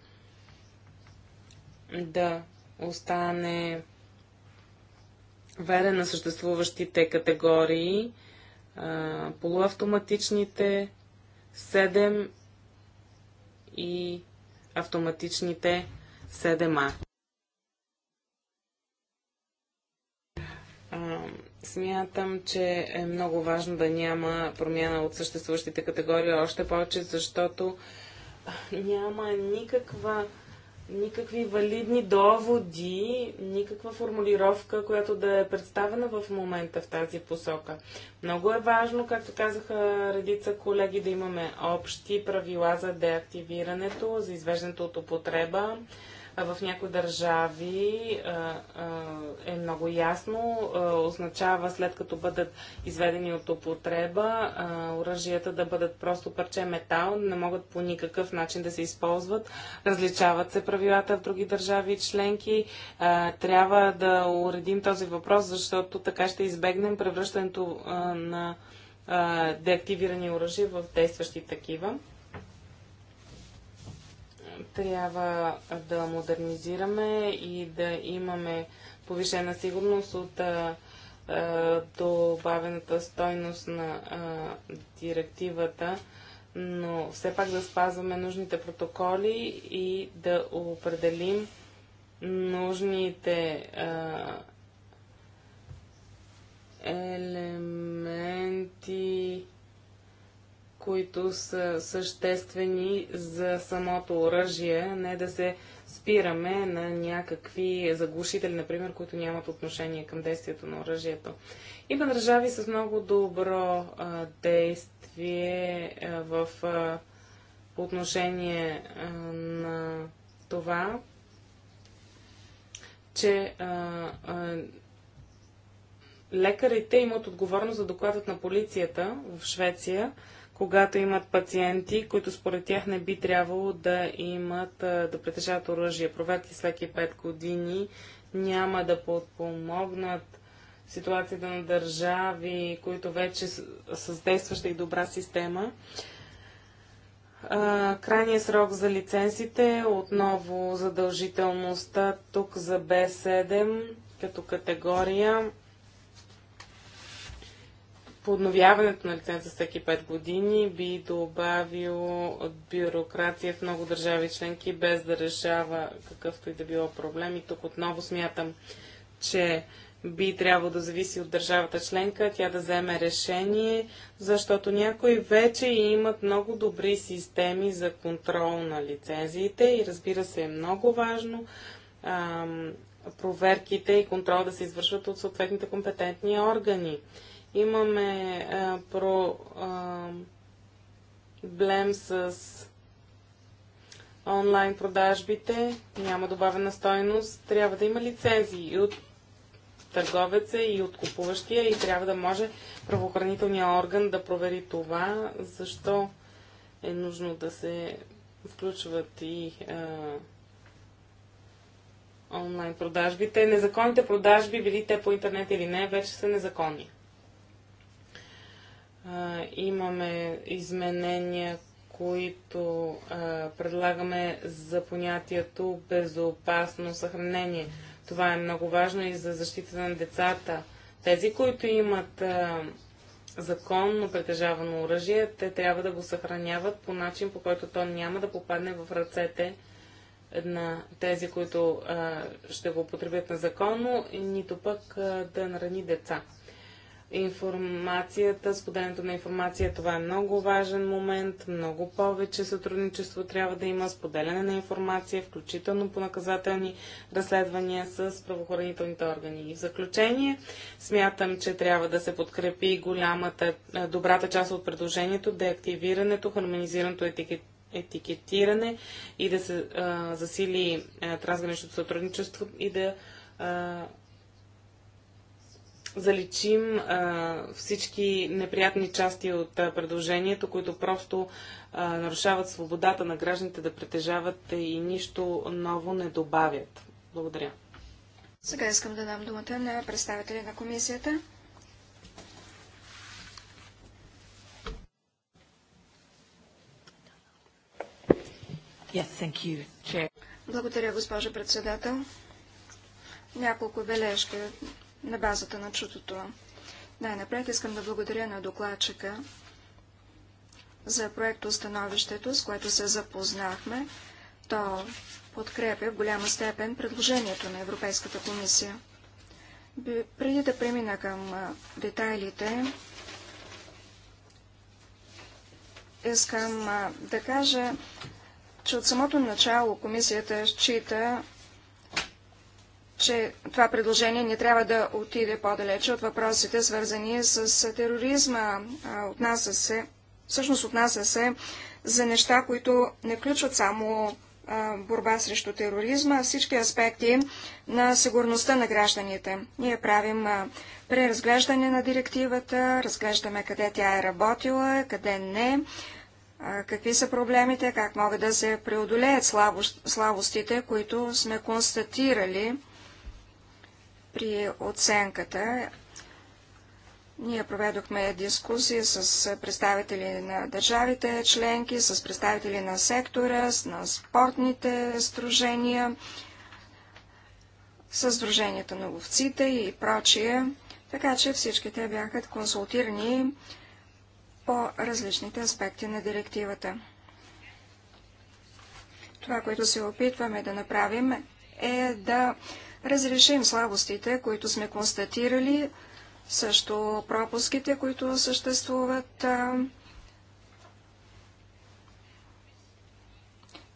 S2: да остане верен на съществуващите категории, полуавтоматичните 7 и автоматичните 7А. А, смятам, че е много важно да няма промяна от съществуващите категории, още повече, защото няма никаква никакви валидни доводи, никаква формулировка, която да е представена в момента в тази посока. Много е важно, както казаха редица колеги, да имаме общи правила за деактивирането, за извеждането от употреба, в някои държави е много ясно. Означава след като бъдат изведени от употреба, оръжията да бъдат просто парче метал, не могат по никакъв начин да се използват. Различават се правилата в други държави и членки. Трябва да уредим този въпрос, защото така ще избегнем превръщането на деактивирани оръжия в действащи такива трябва да модернизираме и да имаме повишена сигурност от а, добавената стойност на а, директивата, но все пак да спазваме нужните протоколи и да определим нужните а, елементи които са съществени за самото оръжие, не да се спираме на някакви заглушители, например, които нямат отношение към действието на оръжието. Има държави с много добро а, действие а, в а, по отношение а, на това, че а, а, лекарите имат отговорност за докладът на полицията в Швеция когато имат пациенти, които според тях не би трябвало да имат, да притежават оръжие. Проверки всеки 5 години няма да подпомогнат ситуацията на държави, които вече са с действаща и добра система. Крайният срок за лицензите, е отново задължителността тук за B7 като категория подновяването на лиценза всеки 5 години би добавило бюрокрация в много държави членки, без да решава какъвто и да било проблем. И тук отново смятам, че би трябвало да зависи от държавата членка, тя да вземе решение, защото някои вече имат много добри системи за контрол на лицензиите и разбира се е много важно ам, проверките и контрол да се извършват от съответните компетентни органи. Имаме а, про, а, проблем с онлайн продажбите, няма добавена стойност, трябва да има лицензии и от търговеца, и от купуващия, и трябва да може правоохранителния орган да провери това, защо е нужно да се включват и а, онлайн продажбите. Незаконните продажби, били те по интернет или не, вече са незаконни имаме изменения, които предлагаме за понятието безопасно съхранение. Това е много важно и за защита на децата. Тези, които имат законно притежавано оръжие, те трябва да го съхраняват по начин, по който то няма да попадне в ръцете на тези, които а, ще го употребят незаконно, нито пък а, да нарани деца информацията, споделянето на информация, това е много важен момент. Много повече сътрудничество трябва да има, споделяне на информация, включително по наказателни разследвания с правоохранителните органи. И в заключение, смятам, че трябва да се подкрепи голямата, е, добрата част от предложението, деактивирането, хармонизираното етикет, етикетиране и да се а, е, засили а, е, трансграничното сътрудничество и да а, заличим а, всички неприятни части от а, предложението, които просто а, нарушават свободата на гражданите да притежават и нищо ново не добавят. Благодаря.
S1: Сега искам да дам думата на представителя на комисията. Yes, you, Благодаря, госпожо председател. Няколко бележки на базата на чутото. Най-напред искам да благодаря на докладчика за проектостановището, с което се запознахме. То подкрепя в голяма степен предложението на Европейската комисия. Преди да премина към детайлите, искам да кажа, че от самото начало комисията счита, че това предложение не трябва да отиде по-далече от въпросите, свързани с тероризма. Отнася се, всъщност отнася се за неща, които не включват само борба срещу тероризма, всички аспекти на сигурността на гражданите. Ние правим преразглеждане на директивата, разглеждаме къде тя е работила, къде не, какви са проблемите, как могат да се преодолеят слабостите, които сме констатирали при оценката ние проведохме дискусии с представители на държавите членки, с представители на сектора, на спортните сдружения, с сдруженията на ловците и прочие. Така че всички те бяха консултирани по различните аспекти на директивата. Това, което се опитваме да направим е да разрешим слабостите, които сме констатирали, също пропуските, които съществуват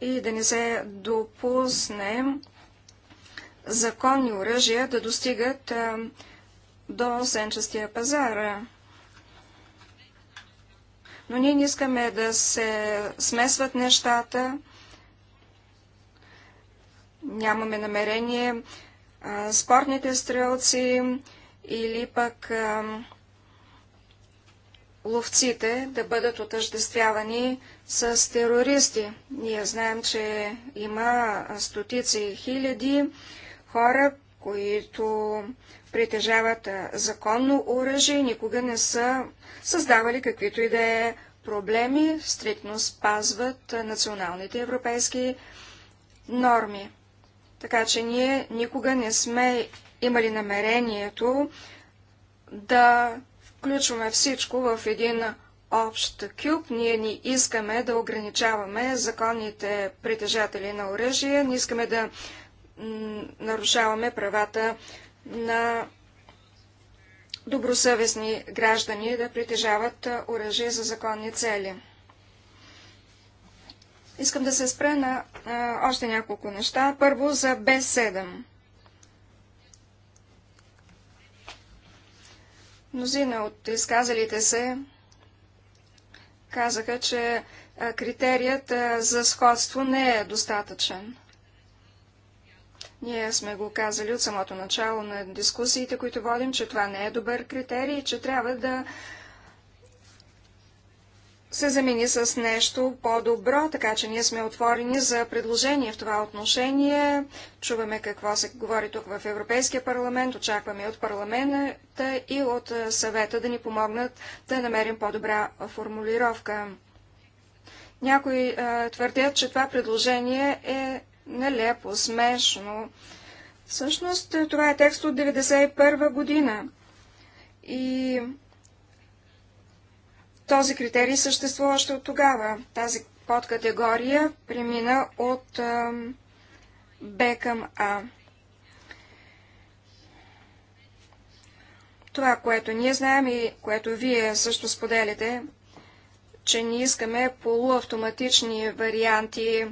S1: и да не се допусне законни оръжия да достигат до сенчестия пазар. Но ние не искаме да се смесват нещата. Нямаме намерение спортните стрелци или пък ловците да бъдат отъждествявани с терористи. Ние знаем, че има стотици хиляди хора, които притежават законно оръжие и никога не са създавали каквито и да е проблеми, стриктно спазват националните европейски норми. Така че ние никога не сме имали намерението да включваме всичко в един общ кюб. Ние ни искаме да ограничаваме законните притежатели на оръжие, не искаме да нарушаваме правата на добросъвестни граждани да притежават оръжие за законни цели. Искам да се спра на а, още няколко неща. Първо за Б7. Мнозина от изказалите се казаха, че а, критерият а, за сходство не е достатъчен. Ние сме го казали от самото начало на дискусиите, които водим, че това не е добър критерий, че трябва да се замени с нещо по-добро, така че ние сме отворени за предложение в това отношение. Чуваме какво се говори тук в Европейския парламент, очакваме от парламента и от съвета да ни помогнат да намерим по-добра формулировка. Някои твърдят, че това предложение е нелепо, смешно. Всъщност това е текст от 1991 година. И този критерий съществува още от тогава. Тази подкатегория премина от Б към А. Това, което ние знаем и което вие също споделите, че ние искаме полуавтоматични варианти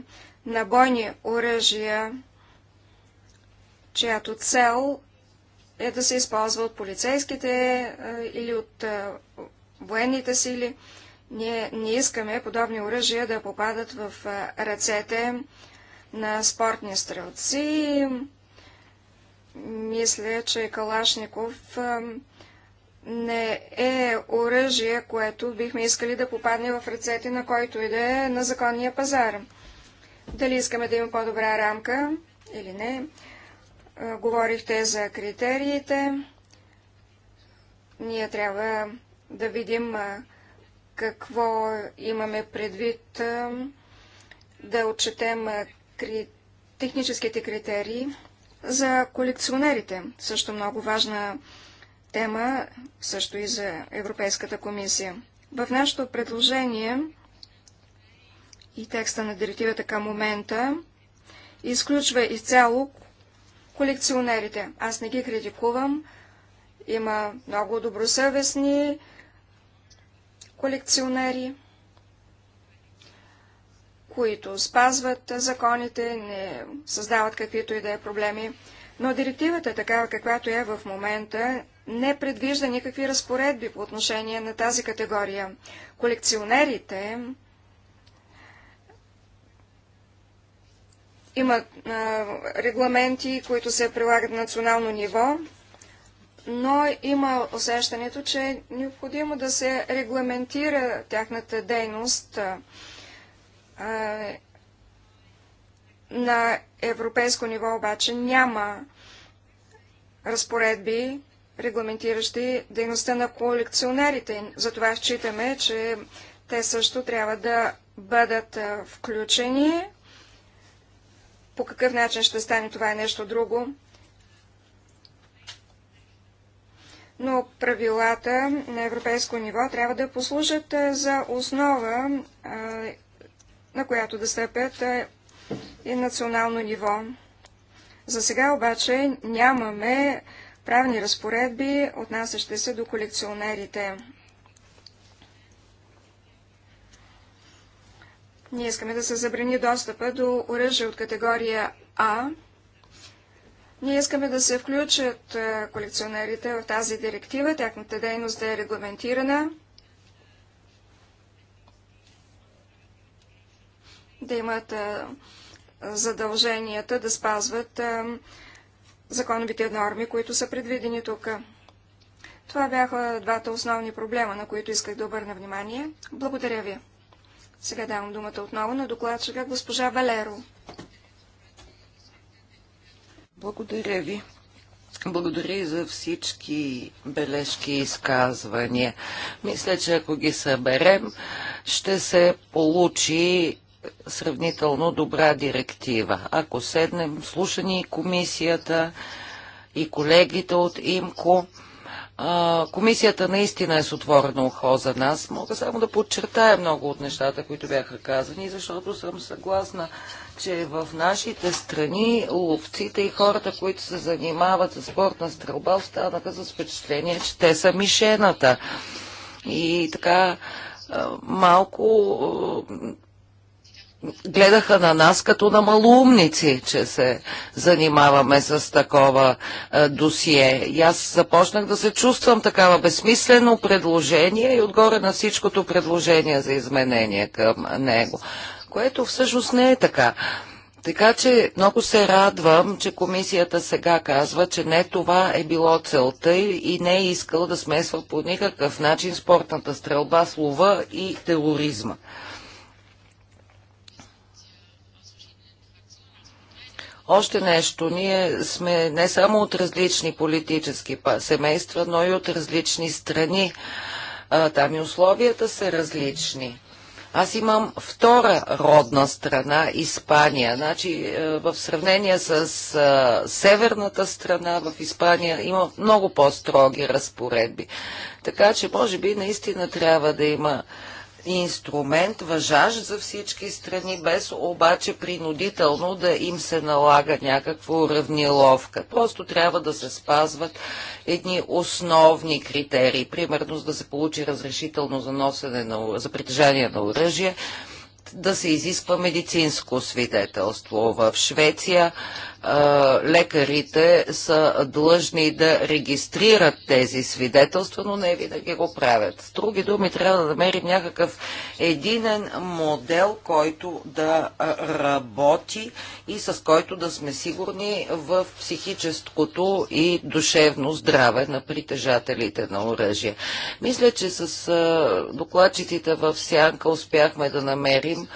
S1: на бойни оръжия, чиято цел е да се използва от полицейските или от военните сили. Ние не искаме подобни оръжия да попадат в ръцете на спортни стрелци. Мисля, че Калашников не е оръжие, което бихме искали да попадне в ръцете на който и да е на законния пазар. Дали искаме да има по-добра рамка или не. Говорихте за критериите. Ние трябва да видим какво имаме предвид, да отчетем техническите критерии за колекционерите. Също много важна тема, също и за Европейската комисия. В нашето предложение и текста на директивата към момента изключва изцяло колекционерите. Аз не ги критикувам. Има много добросъвестни колекционери, които спазват законите, не създават каквито и да е проблеми. Но директивата, такава каквато е в момента, не предвижда никакви разпоредби по отношение на тази категория. Колекционерите имат а, регламенти, които се прилагат на национално ниво, но има усещането, че е необходимо да се регламентира тяхната дейност на европейско ниво, обаче няма разпоредби, регламентиращи дейността на колекционерите. Затова считаме, че те също трябва да бъдат включени. По какъв начин ще стане това е нещо друго. но правилата на европейско ниво трябва да послужат за основа, на която да стъпят и национално ниво. За сега обаче нямаме правни разпоредби, отнасящи се до колекционерите. Ние искаме да се забрани достъпа до оръжие от категория А, ние искаме да се включат е, колекционерите в тази директива, тяхната дейност да е регламентирана, да имат е, задълженията да спазват е, законовите норми, които са предвидени тук. Това бяха двата основни проблема, на които исках да обърна внимание. Благодаря ви. Сега давам думата отново на докладчика госпожа Валеро. Благодаря ви.
S3: Благодаря и за всички бележки и изказвания. Мисля, че ако ги съберем, ще се получи сравнително добра директива. Ако седнем, слушани и комисията, и колегите от ИМКО, комисията наистина е с отворено ухо за нас. Мога само да подчертая много от нещата, които бяха казани, защото съм съгласна че в нашите страни ловците и хората, които се занимават с спортна стрелба, останаха с впечатление, че те са мишената. И така малко гледаха на нас като на малумници, че се занимаваме с такова досие. И аз започнах да се чувствам такава безсмислено предложение и отгоре на всичкото предложение за изменение към него което всъщност не е така. Така че много се радвам, че комисията сега казва, че не това е било целта и не е искала да смесва по никакъв начин спортната стрелба, слова и тероризма. Още нещо, ние сме не само от различни политически семейства, но и от различни страни. Там и условията са различни. Аз имам втора родна страна, Испания. Значи, е, в сравнение с е, северната страна в Испания има много по-строги разпоредби. Така че, може би, наистина трябва да има инструмент, въжаж за всички страни, без обаче принудително да им се налага някаква уравниловка. Просто трябва да се спазват едни основни критерии. Примерно, за да се получи разрешително за носене на, за притежание на оръжие, да се изисква медицинско свидетелство. В Швеция лекарите са длъжни да регистрират тези свидетелства, но не винаги го правят. С други думи, трябва да намерим някакъв единен модел, който да работи и с който да сме сигурни в психическото и душевно здраве на притежателите на оръжие. Мисля, че с докладчиците в Сянка успяхме да намерим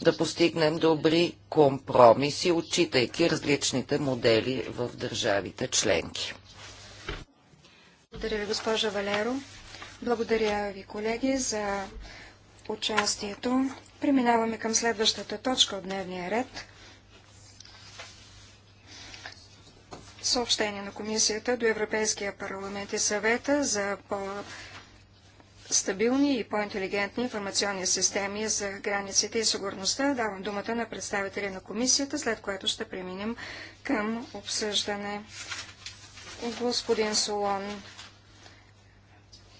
S3: да постигнем добри компромиси, отчитайки различните модели в държавите членки.
S1: Благодаря ви, госпожа Валеро. Благодаря ви, колеги, за участието. Преминаваме към следващата точка от дневния ред. Съобщение на Комисията до Европейския парламент и съвета за по стабилни и по-интелигентни информационни системи за границите и сигурността. Давам думата на представители на комисията, след което ще преминем към обсъждане. Господин Солон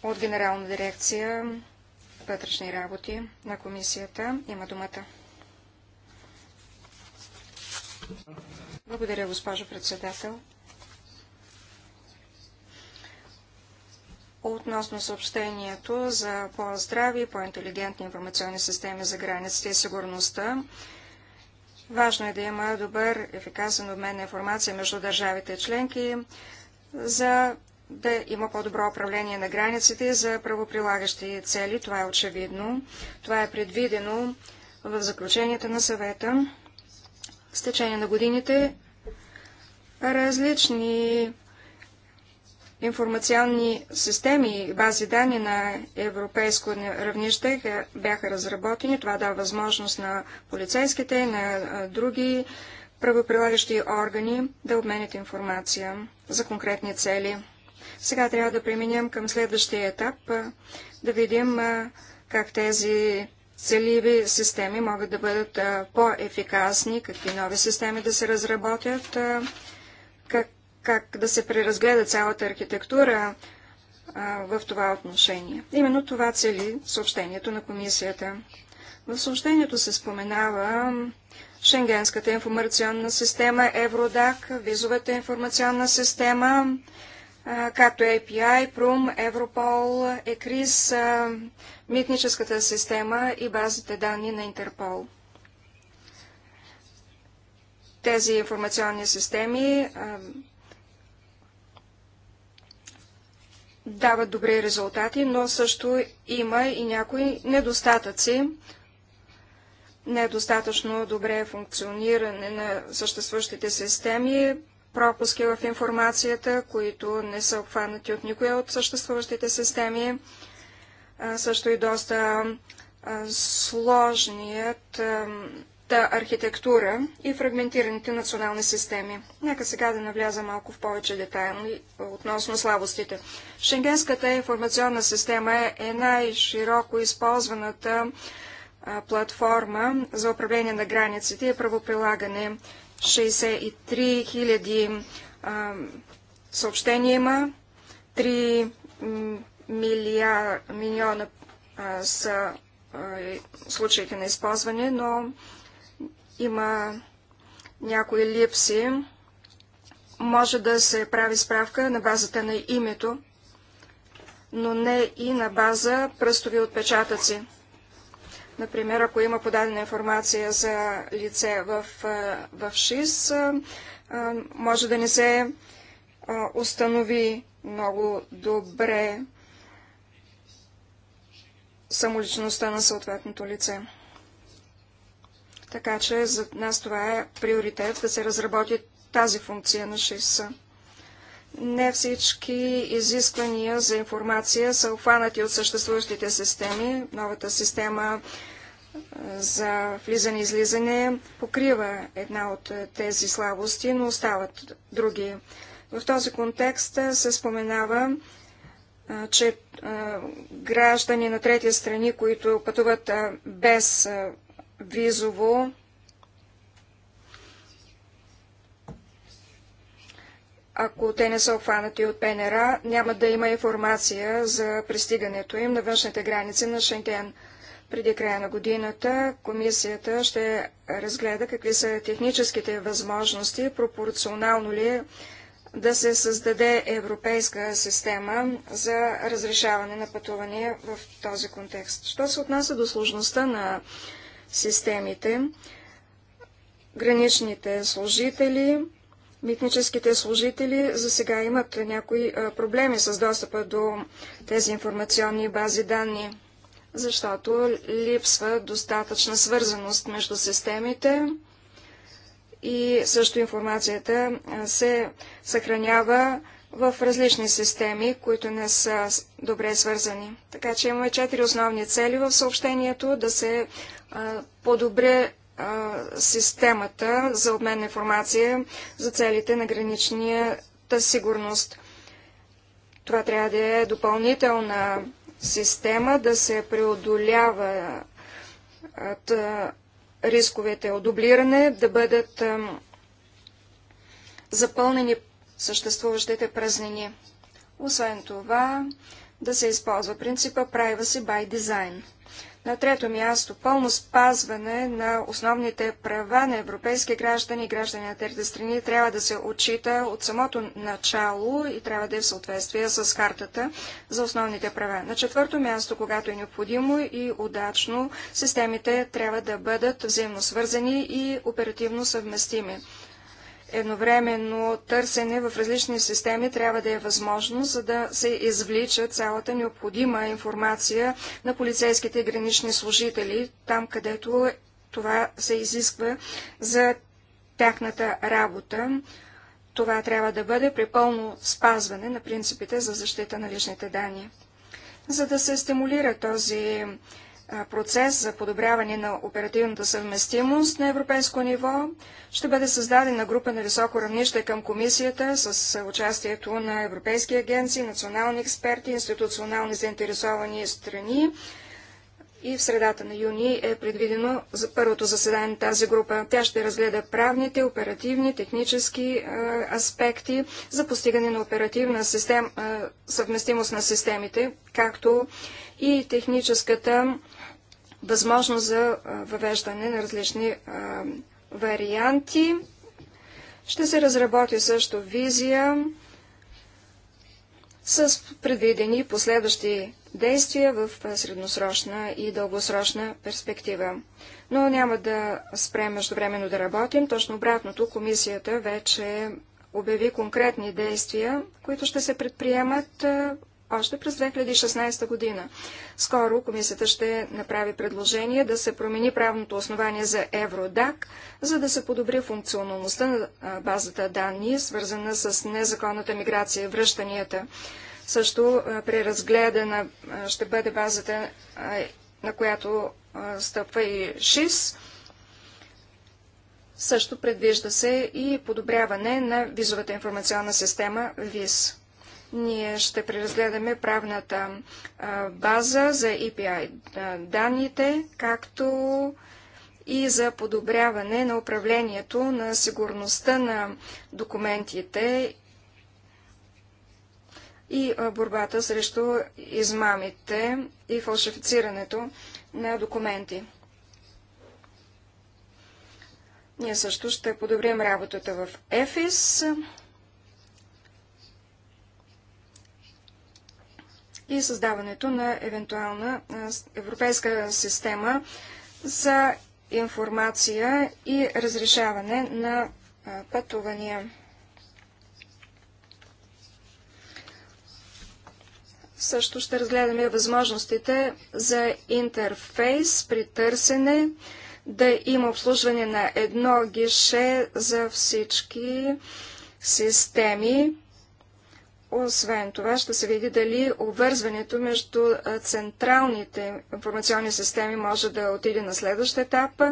S1: от Генерална дирекция вътрешни работи на комисията има думата. Благодаря, госпожо председател. относно съобщението за по-здрави и по-интелигентни информационни системи за границите и сигурността. Важно е да има добър, ефикасен обмен на информация между държавите и членки, за да има по-добро управление на границите и за правоприлагащи цели. Това е очевидно. Това е предвидено в заключенията на съвета. С течение на годините различни информационни системи и бази данни на европейско равнище бяха разработени. Това дава възможност на полицейските и на други правоприлагащи органи да обменят информация за конкретни цели. Сега трябва да преминем към следващия етап, да видим как тези целиви системи могат да бъдат по-ефикасни, какви нови системи да се разработят, как как да се преразгледа цялата архитектура а, в това отношение. Именно това цели съобщението на комисията. В съобщението се споменава Шенгенската информационна система, Евродак, визовата информационна система, както API, Прум, Европол, ЕКРИС, митническата система и базите данни на Интерпол тези информационни системи дават добри резултати, но също има и някои недостатъци. Недостатъчно добре функциониране на съществуващите системи, пропуски в информацията, които не са обхванати от никоя от съществуващите системи, също и доста сложният архитектура и фрагментираните национални системи. Нека сега да навляза малко в повече детайли относно слабостите. Шенгенската информационна система е, е най-широко използваната платформа за управление на границите и правоприлагане. 63 000 съобщения има, 3 милиона а, са случаите на използване, но има някои липси. Може да се прави справка на базата на името, но не и на база пръстови отпечатъци. Например, ако има подадена информация за лице в, в ШИС, може да не се установи много добре самоличността на съответното лице. Така че за нас това е приоритет да се разработи тази функция на ШИС. Не всички изисквания за информация са обхванати от съществуващите системи. Новата система за влизане и излизане покрива една от тези слабости, но остават други. В този контекст се споменава, че граждани на трети страни, които пътуват без визово ако те не са обхванати от ПНРА, няма да има информация за пристигането им на външните граници на Шенген. Преди края на годината комисията ще разгледа какви са техническите възможности, пропорционално ли е да се създаде европейска система за разрешаване на пътувания в този контекст. Що се отнася до сложността на системите, граничните служители, митническите служители за сега имат някои проблеми с достъпа до тези информационни бази данни, защото липсва достатъчна свързаност между системите и също информацията се съхранява в различни системи, които не са добре свързани. Така че имаме четири основни цели в съобщението да се подобре системата за обмен на информация за целите на граничната сигурност. Това трябва да е допълнителна система, да се преодолява рисковете от дублиране, да бъдат запълнени съществуващите празнини. Освен това, да се използва принципа privacy by design. На трето място, пълно спазване на основните права на европейски граждани и граждани на трети страни трябва да се отчита от самото начало и трябва да е в съответствие с картата за основните права. На четвърто място, когато е необходимо и удачно, системите трябва да бъдат взаимно свързани и оперативно съвместими едновременно търсене в различни системи трябва да е възможно, за да се извлича цялата необходима информация на полицейските гранични служители, там където това се изисква за тяхната работа. Това трябва да бъде при пълно спазване на принципите за защита на личните данни. За да се стимулира този процес за подобряване на оперативната съвместимост на европейско ниво. Ще бъде създадена група на високо равнище към комисията с участието на европейски агенции, национални експерти, институционални заинтересовани страни. И в средата на юни е предвидено за първото заседание на тази група. Тя ще разгледа правните, оперативни, технически е, аспекти за постигане на оперативна систем, е, съвместимост на системите, както и техническата възможност за въвеждане на различни варианти. Ще се разработи също визия с предвидени последващи действия в средносрочна и дългосрочна перспектива. Но няма да спрем междувременно да работим. Точно обратното, комисията вече обяви конкретни действия, които ще се предприемат още през 2016 година. Скоро комисията ще направи предложение да се промени правното основание за Евродак, за да се подобри функционалността на базата данни, свързана с незаконната миграция и връщанията. Също преразгледана ще бъде базата, на която стъпва и ШИС. Също предвижда се и подобряване на визовата информационна система ВИС. Ние ще преразгледаме правната база за EPI данните, както и за подобряване на управлението на сигурността на документите и борбата срещу измамите и фалшифицирането на документи. Ние също ще подобрим работата в EFIS. и създаването на евентуална европейска система за информация и разрешаване на пътувания. Също ще разгледаме възможностите за интерфейс при търсене, да има обслужване на едно гише за всички системи освен това, ще се види дали обвързването между централните информационни системи може да отиде на следващ етап,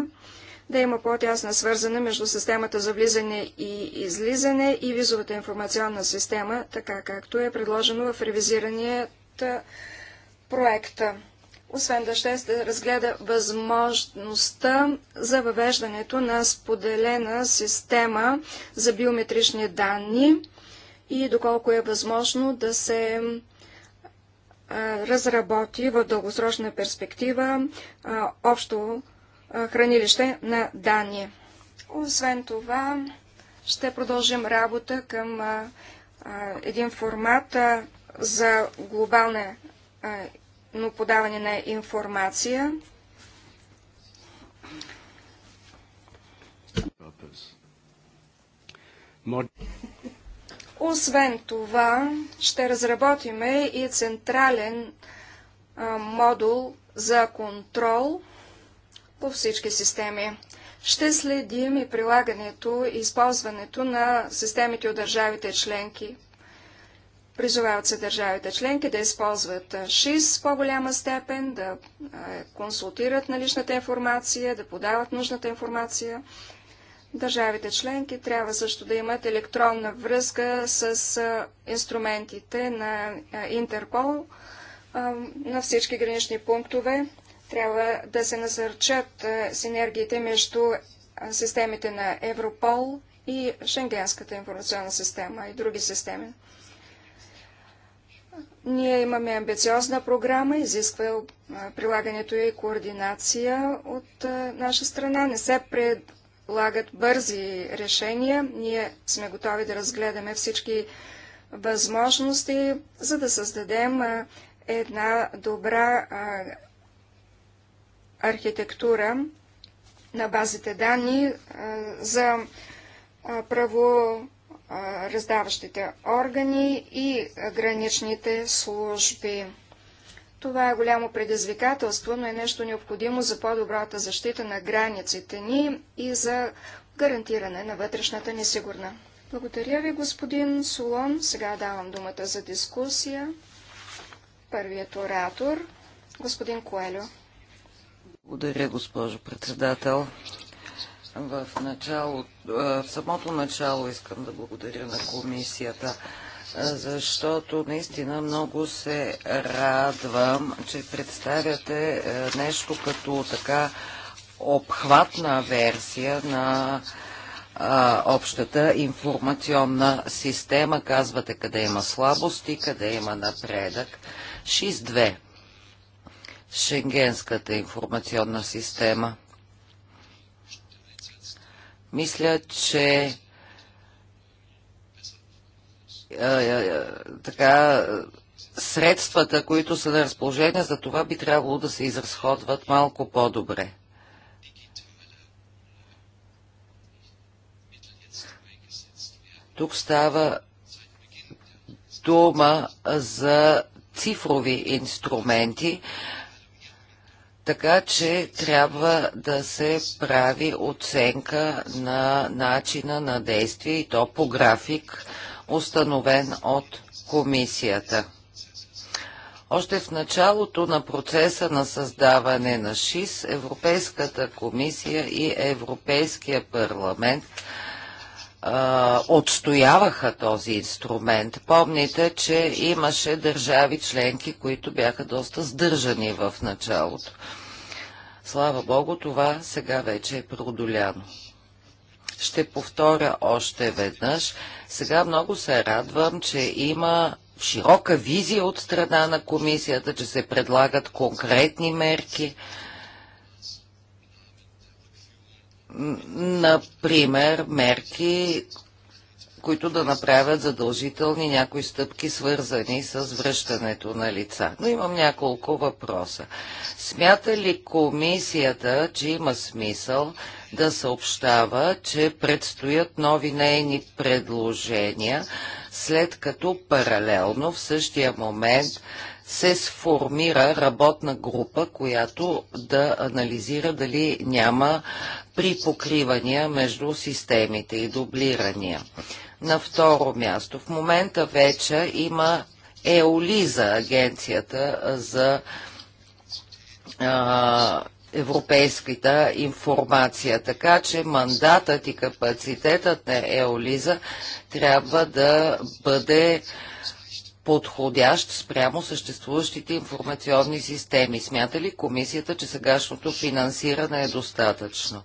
S1: да има по-тясна свързане между системата за влизане и излизане и визовата информационна система, така както е предложено в ревизираният проект. Освен да ще се разгледа възможността за въвеждането на споделена система за биометрични данни, и доколко е възможно да се разработи в дългосрочна перспектива общо хранилище на данни. Освен това, ще продължим работа към един формат за глобална но подаване на информация. Освен това, ще разработиме и централен а, модул за контрол по всички системи. Ще следим и прилагането и използването на системите от държавите членки. Призовават се държавите членки да използват ШИС в по-голяма степен, да консултират наличната информация, да подават нужната информация Държавите членки трябва също да имат електронна връзка с инструментите на Интерпол на всички гранични пунктове. Трябва да се насърчат синергиите между системите на Европол и Шенгенската информационна система и други системи. Ние имаме амбициозна програма, изисква прилагането и координация от наша страна. Не се пред предлагат бързи решения. Ние сме готови да разгледаме всички възможности, за да създадем една добра архитектура на базите данни за раздаващите органи и граничните служби. Това е голямо предизвикателство, но е нещо необходимо за по-добрата защита на границите ни и за гарантиране на вътрешната ни сигурна. Благодаря ви, господин Солон. Сега давам думата за дискусия. Първият оратор, господин Коелю.
S3: Благодаря, госпожо председател. В, начало, в самото начало искам да благодаря на комисията защото наистина много се радвам, че представяте е, нещо като така обхватна версия на общата информационна система. Казвате къде има слабости, къде има напредък. 6.2. Шенгенската информационна система. Мисля, че така, средствата, които са на разположение, за това би трябвало да се изразходват малко по-добре. Тук става дума за цифрови инструменти, така че трябва да се прави оценка на начина на действие и то по график, установен от комисията. Още в началото на процеса на създаване на ШИС, Европейската комисия и Европейския парламент отстояваха този инструмент. Помните, че имаше държави членки, които бяха доста сдържани в началото. Слава Богу, това сега вече е продоляно. Ще повторя още веднъж, сега много се радвам, че има широка визия от страна на комисията, че се предлагат конкретни мерки. Например, мерки, които да направят задължителни някои стъпки, свързани с връщането на лица. Но имам няколко въпроса. Смята ли комисията, че има смисъл да съобщава, че предстоят нови нейни предложения, след като паралелно в същия момент се сформира работна група, която да анализира дали няма припокривания между системите и дублирания. На второ място, в момента вече има ЕОЛИЗа, агенцията за а, европейската информация. Така че мандатът и капацитетът на ЕОЛИЗа трябва да бъде подходящ спрямо съществуващите информационни системи. Смята ли комисията, че сегашното финансиране е достатъчно?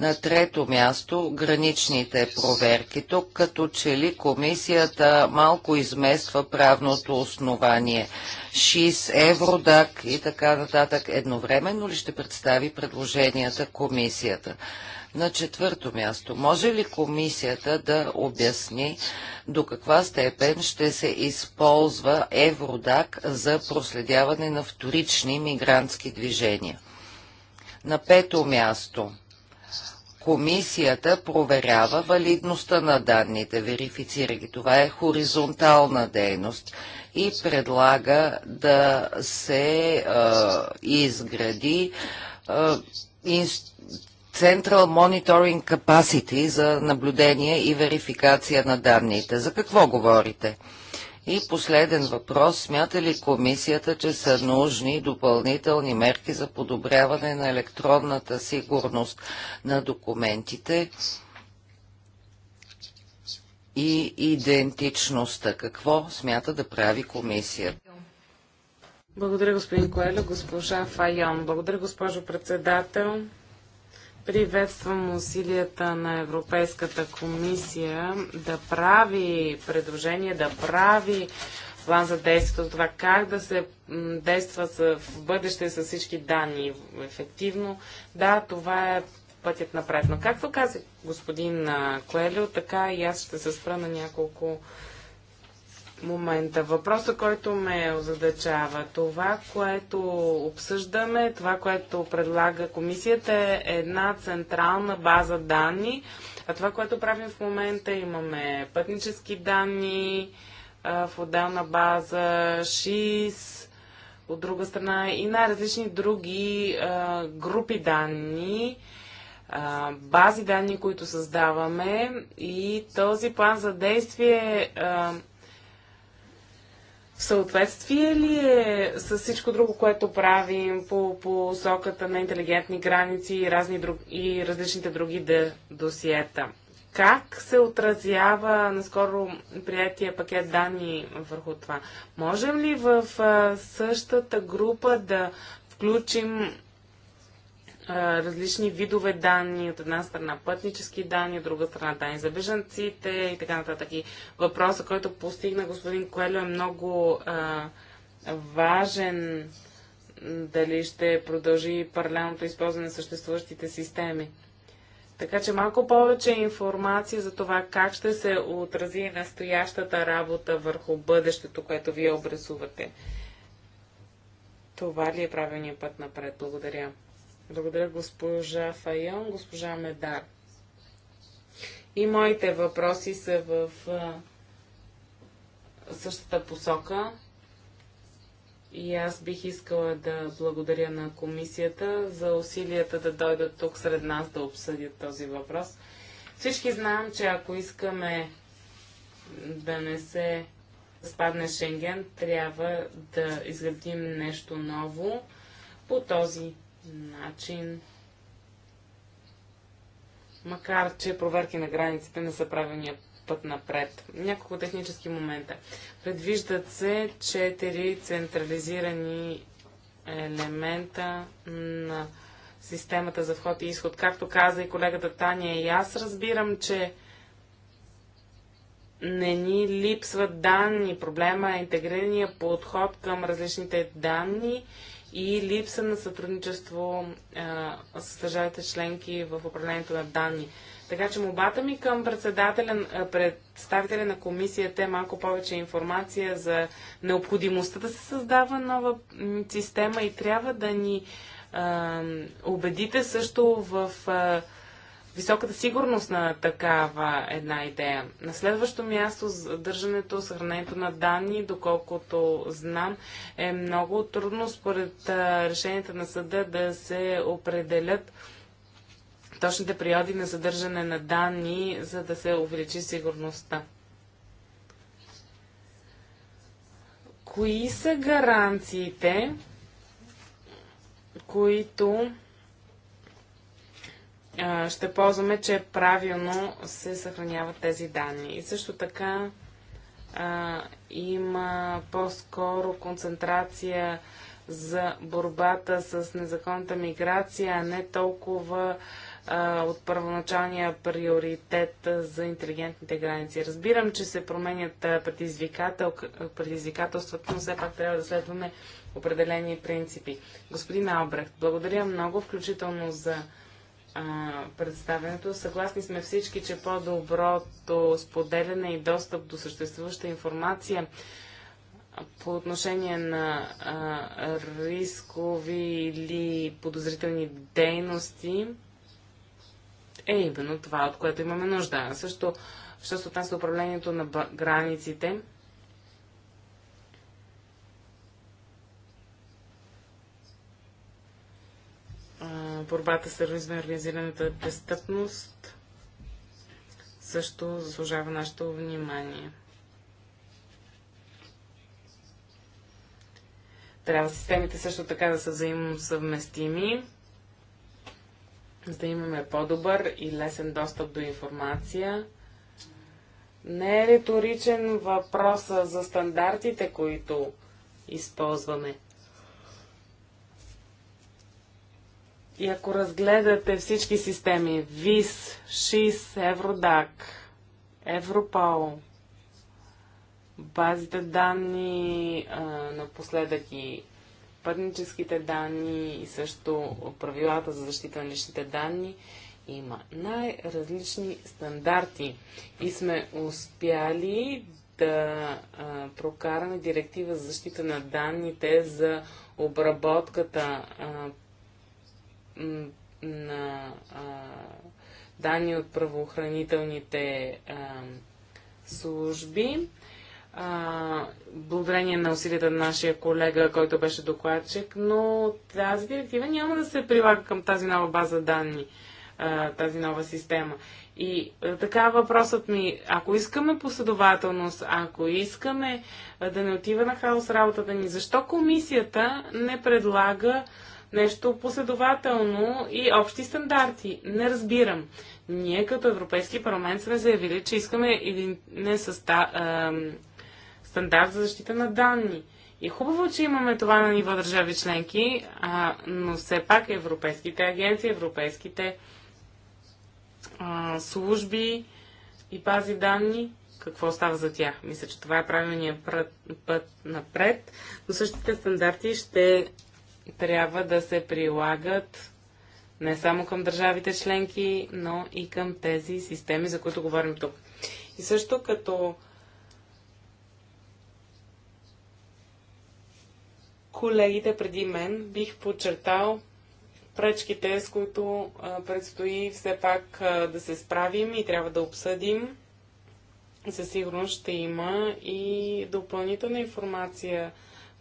S3: На трето място граничните проверки. Тук като че ли комисията малко измества правното основание. ШИС, Евродак и така нататък едновременно ли ще представи предложенията комисията? На четвърто място, може ли комисията да обясни до каква степен ще се използва Евродак за проследяване на вторични мигрантски движения? На пето място, Комисията проверява валидността на данните, верифицира ги. Това е хоризонтална дейност и предлага да се а, изгради а, Central Monitoring Capacity за наблюдение и верификация на данните. За какво говорите? И последен въпрос. Смята ли комисията, че са нужни допълнителни мерки за подобряване на електронната сигурност на документите и идентичността? Какво смята да прави комисията?
S2: Благодаря, господин Коелю. Госпожа Файон. Благодаря, госпожо председател. Приветствам усилията на Европейската комисия да прави предложение, да прави план за действието, това как да се действа в бъдеще с всички данни ефективно. Да, това е пътят напред. Но както каза господин Клелио, така и аз ще се спра на няколко момента. Въпросът, който ме озадачава, това, което обсъждаме, това, което предлага комисията е една централна база данни, а това, което правим в момента, имаме пътнически данни а, в отделна база, ШИС, от друга страна и най-различни други а, групи данни, а, бази данни, които създаваме и този план за действие съответствие ли е с всичко друго, което правим по посоката на интелигентни граници и, разни друг, и различните други де, досиета? Как се отразява наскоро приятия пакет данни върху това? Можем ли в същата група да включим различни видове данни, от една страна пътнически данни, от друга страна данни за бежанците и така нататък. И въпросът, който постигна господин Коелю е много а, важен дали ще продължи паралелното използване на съществуващите системи. Така че малко повече информация за това как ще се отрази настоящата работа върху бъдещето, което вие обрисувате. Това ли е правилният път напред? Благодаря. Благодаря госпожа Файон, госпожа Медар. И моите въпроси са в а, същата посока. И аз бих искала да благодаря на комисията за усилията да дойдат тук сред нас да обсъдят този въпрос. Всички знаем, че ако искаме да не се спадне Шенген, трябва да изградим нещо ново. По този начин. Макар, че проверки на границите не са правилният път напред. Няколко технически момента. Предвиждат се четири централизирани елемента на системата за вход и изход. Както каза и колегата Таня, и аз разбирам, че не ни липсват данни. Проблема е интегрирания подход към различните данни и липса на сътрудничество а, с държавите членки в управлението на данни. Така че мобата ми към председателя, представителя на комисията е малко повече информация за необходимостта да се създава нова система и трябва да ни а, убедите също в а, високата сигурност на такава една идея. На следващо място, задържането, съхранението на данни, доколкото знам, е много трудно според решенията на съда да се определят точните периоди на задържане на данни, за да се увеличи сигурността. Кои са гаранциите, които ще ползваме, че правилно се съхраняват тези данни. И също така а, има по-скоро концентрация за борбата с незаконната миграция, а не толкова а, от първоначалния приоритет за интелигентните граници. Разбирам, че се променят предизвикател, предизвикателствата, но все пак трябва да следваме определени принципи. Господин Албрехт, благодаря много, включително за Представянето, Съгласни сме всички, че по-доброто споделяне и достъп до съществуваща информация по отношение на а, рискови или подозрителни дейности е именно това, от което имаме нужда. Също, що се отнася до управлението на границите, борбата с тероризма и организираната престъпност също заслужава нашето внимание. Трябва системите също така да са взаимно съвместими, за да имаме по-добър и лесен достъп до информация. Не е риторичен въпроса за стандартите, които използваме. И ако разгледате всички системи, ВИС, ШИС, Евродак, Европол, базите данни а, напоследък и пътническите данни и също правилата за защита на личните данни, има най-различни стандарти и сме успяли да а, прокараме директива за защита на данните за обработката, а, на а, данни от правоохранителните а, служби. А, благодарение на усилията на нашия колега, който беше докладчик, но тази директива няма да се прилага към тази нова база данни, а, тази нова система. И така въпросът ми, ако искаме последователност, ако искаме да не отива на хаос работата ни, защо комисията не предлага нещо последователно и общи стандарти. Не разбирам. Ние като Европейски парламент сме заявили, че искаме един е, стандарт за защита на данни. И хубаво, че имаме това на ниво държави членки, а, но все пак европейските агенции, европейските а, служби и бази данни, какво става за тях? Мисля, че това е правилният път напред, но същите стандарти ще трябва да се прилагат не само към държавите членки, но и към тези системи, за които говорим тук. И също като колегите преди мен бих подчертал пречките, с които предстои все пак да се справим и трябва да обсъдим. Със сигурност ще има и допълнителна информация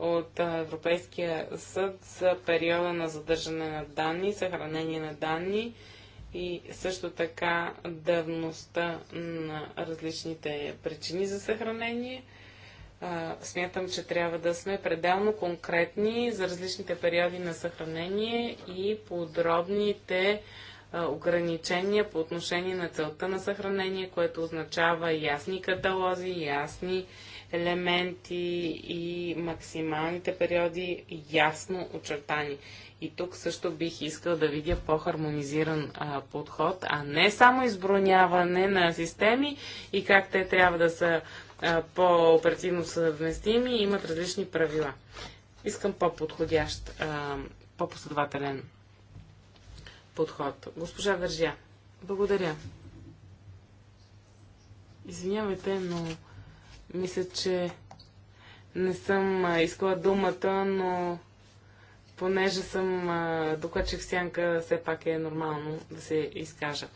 S2: от Европейския съд за периода на задържане на данни, съхранение на данни и също така давността на различните причини за съхранение. смятам, че трябва да сме пределно конкретни за различните периоди на съхранение и подробните ограничения по отношение на целта на съхранение, което означава ясни каталози, ясни елементи и максималните периоди ясно очертани. И тук също бих искал да видя по-хармонизиран подход, а не само изброняване на системи и как те трябва да са по-оперативно съвместими и имат различни правила. Искам по-подходящ, по-последователен подход. Госпожа Вържя, благодаря. Извинявайте, но мисля, че не съм искала думата, но понеже съм докачих сянка, все пак е нормално да се изкажа.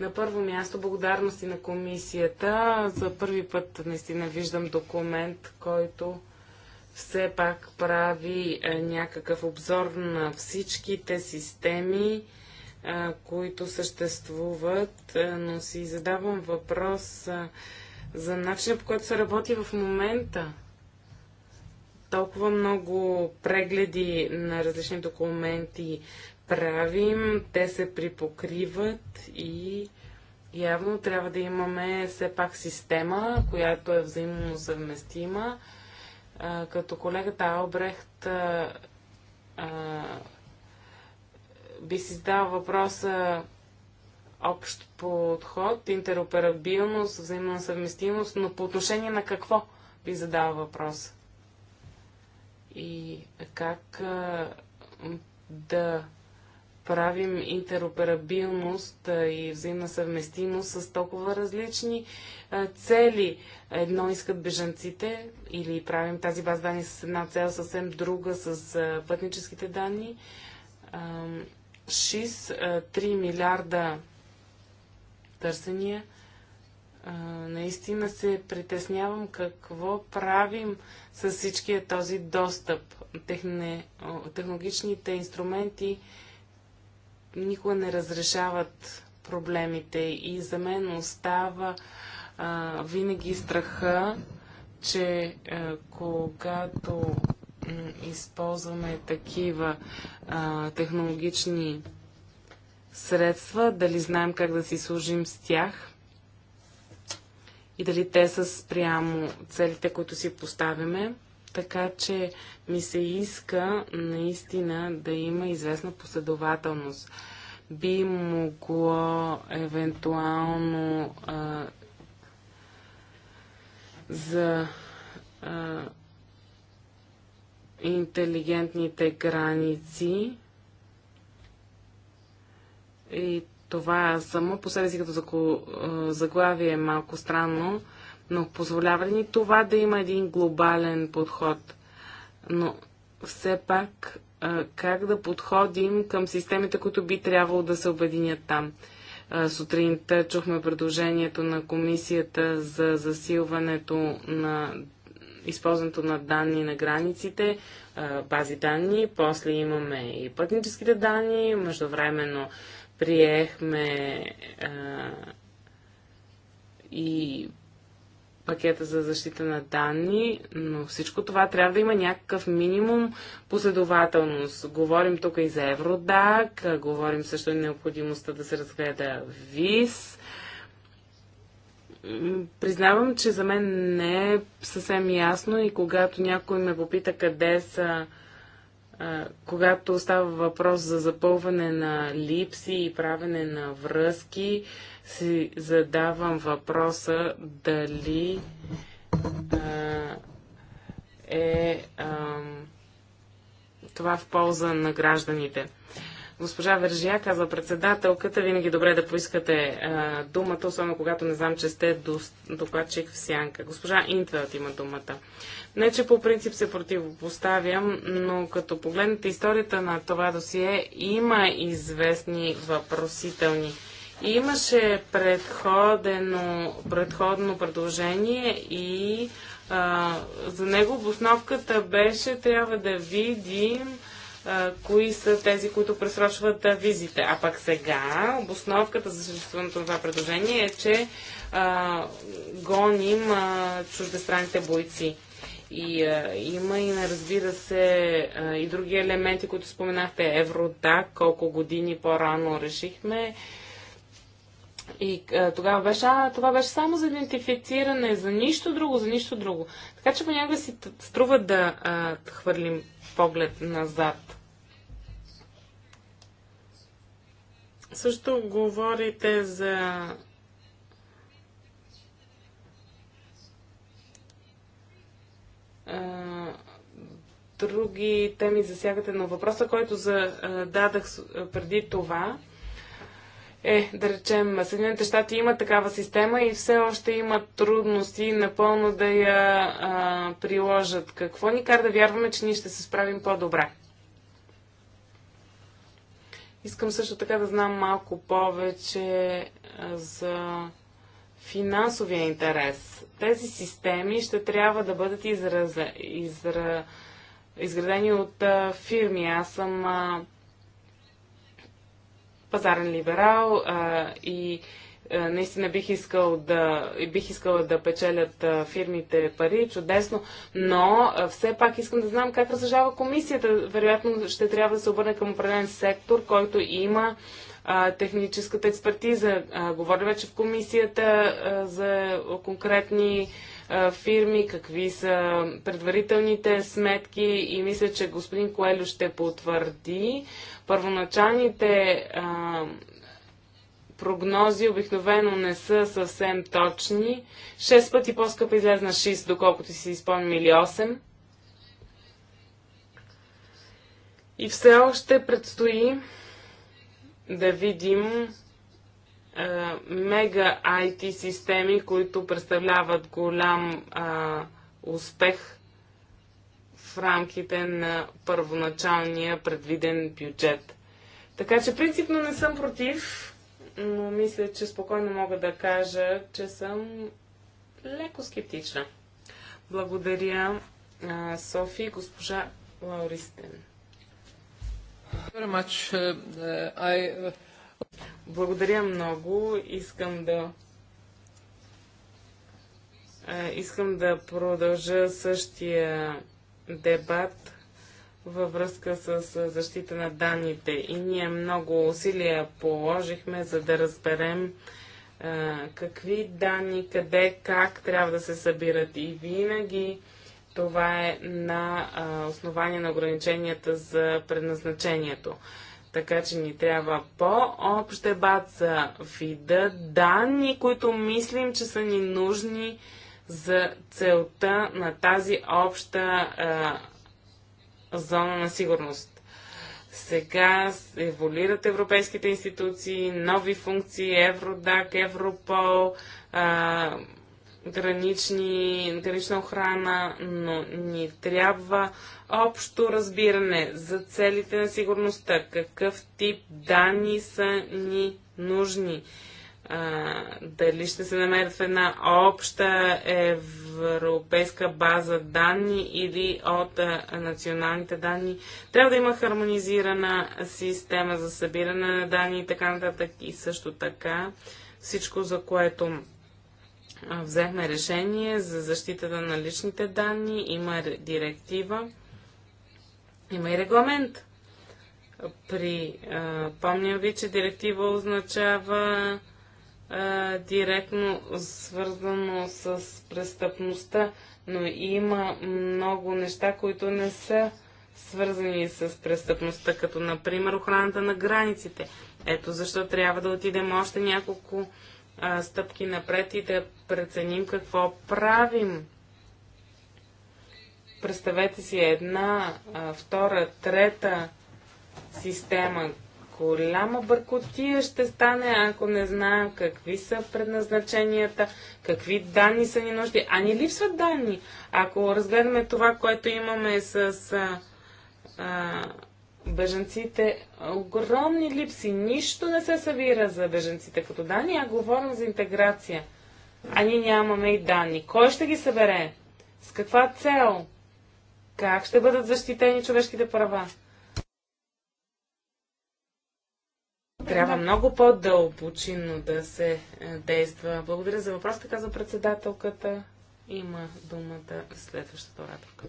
S2: На първо място, благодарности на комисията. За първи път наистина виждам документ, който все пак прави някакъв обзор на всичките системи, които съществуват, но си задавам въпрос за начина по който се работи в момента. Толкова много прегледи на различни документи правим, те се припокриват и явно трябва да имаме все пак система, която е взаимно съвместима. като колегата Албрехт а, а, би си задал въпроса общ подход, интероперабилност, взаимна съвместимост, но по отношение на какво ви задава въпрос? И как да правим интероперабилност и взаимна съвместимост с толкова различни цели. Едно искат бежанците или правим тази база данни с една цел, съвсем друга с пътническите данни. 6 3 милиарда търсения. А, наистина се притеснявам какво правим с всичкия този достъп. Техне, технологичните инструменти никога не разрешават проблемите и за мен остава а, винаги страха, че а, когато използваме такива а, технологични средства, дали знаем как да си служим с тях и дали те са спрямо целите, които си поставяме. Така че ми се иска наистина да има известна последователност. Би могло евентуално а, за а, интелигентните граници и това само по себе си като заглавие е малко странно, но позволява ли ни това да има един глобален подход? Но все пак как да подходим към системите, които би трябвало да се обединят там? Сутринта чухме предложението на комисията за засилването на използването на данни на границите, бази данни, после имаме и пътническите данни, междувременно Приехме а, и пакета за защита на данни, но всичко това трябва да има някакъв минимум последователност. Говорим тук и за Евродак, говорим също и необходимостта да се разгледа ВИС. Признавам, че за мен не е съвсем ясно и когато някой ме попита къде са когато става въпрос за запълване на липси и правене на връзки, си задавам въпроса дали а, е а, това в полза на гражданите. Госпожа Вержия, казва председателката, винаги добре да поискате а, думата, особено когато не знам, че сте докладчик в сянка. Госпожа Интвелт има думата. Не, че по принцип се противопоставям, но като погледнете историята на това досие, има известни въпросителни. Имаше предходено, предходно предложение и а, за него обосновката беше трябва да видим кои са тези, които пресрочват визите. А пък сега обосновката за съществуването на това предложение е, че а, гоним а, чуждестранните бойци. И а, има и, разбира се, а, и други елементи, които споменахте. Евродак, колко години по-рано решихме. И а, тогава беше, а, това беше само за идентифициране, за нищо друго, за нищо друго. Така че понякога си струва да а, хвърлим поглед назад. Също говорите за други теми засягате, но въпроса, който зададах преди това, е, да речем, Съединените щати имат такава система и все още имат трудности напълно да я а, приложат. Какво ни кара да вярваме, че ние ще се справим по-добре? Искам също така да знам малко повече за финансовия интерес. Тези системи ще трябва да бъдат израза, изра, изградени от а, фирми. Аз съм а, пазарен либерал а, и а, наистина бих, искал да, бих искала да печелят а, фирмите пари, чудесно, но а, все пак искам да знам как разрешава комисията. Вероятно ще трябва да се обърне към определен сектор, който има а, техническата експертиза. А, говоря вече в комисията а, за конкретни а, фирми, какви са предварителните сметки и мисля, че господин Коелю ще потвърди. Първоначалните а, прогнози обикновено не са съвсем точни. Шест пъти по-скъпа излезна 6, доколкото си изпомним, или 8. И все още предстои да видим е, мега IT системи, които представляват голям а, успех в рамките на първоначалния предвиден бюджет. Така че принципно не съм против, но мисля, че спокойно мога да кажа, че съм леко скептична. Благодаря, а, Софи, госпожа Лауристен. Very much. Uh, uh I, uh... Благодаря много. Искам да е, искам да продължа същия дебат във връзка с защита на данните. И ние много усилия положихме, за да разберем е, какви данни, къде, как трябва да се събират. И винаги това е на е, основание на ограниченията за предназначението. Така че ни трябва по-общ дебат за вида данни, които мислим, че са ни нужни за целта на тази обща а, зона на сигурност. Сега еволюират европейските институции, нови функции, Евродак, Европол, а, гранични, гранична охрана, но ни трябва общо разбиране за целите на сигурността, какъв тип данни са ни нужни. А, дали ще се намерят в една обща европейска база данни или от а, националните данни. Трябва да има хармонизирана система за събиране на данни и така нататък. И също така всичко, за което взехме решение за защитата на личните данни, има директива, има и регламент. При, а, помня ви, че директива означава а, директно свързано с престъпността, но има много неща, които не са свързани с престъпността, като например охраната на границите. Ето защо трябва да отидем още няколко а, стъпки напред и да преценим какво правим. Представете си една, а, втора, трета система. Голяма бъркотия ще стане, ако не знаем какви са предназначенията, какви данни са ни нужди. А ни липсват данни. Ако разгледаме това, което имаме с. А, а, бежанците, Огромни липси. Нищо не се събира за беженците. Като данни, а говорим за интеграция. А ние нямаме и данни. Кой ще ги събере? С каква цел? Как ще бъдат защитени човешките права? Трябва много по-дълбочинно да се е, действа. Благодаря за въпросите, каза председателката. Има думата следващата радовка.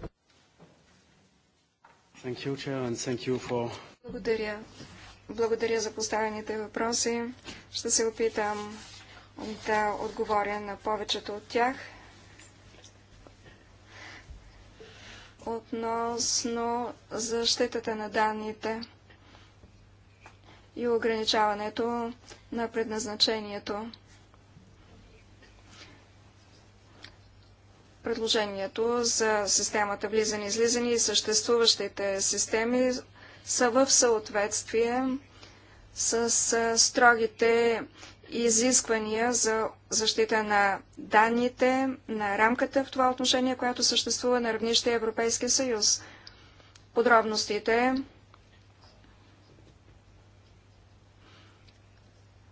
S2: You, Chair, for... Благодаря.
S1: Благодаря за поставените въпроси. Ще се опитам да отговоря на повечето от тях. Относно защитата на данните и ограничаването на предназначението. предложението за системата влизане-излизане и и съществуващите системи са в съответствие с строгите изисквания за защита на данните, на рамката в това отношение, която съществува на равнище Европейския съюз. Подробностите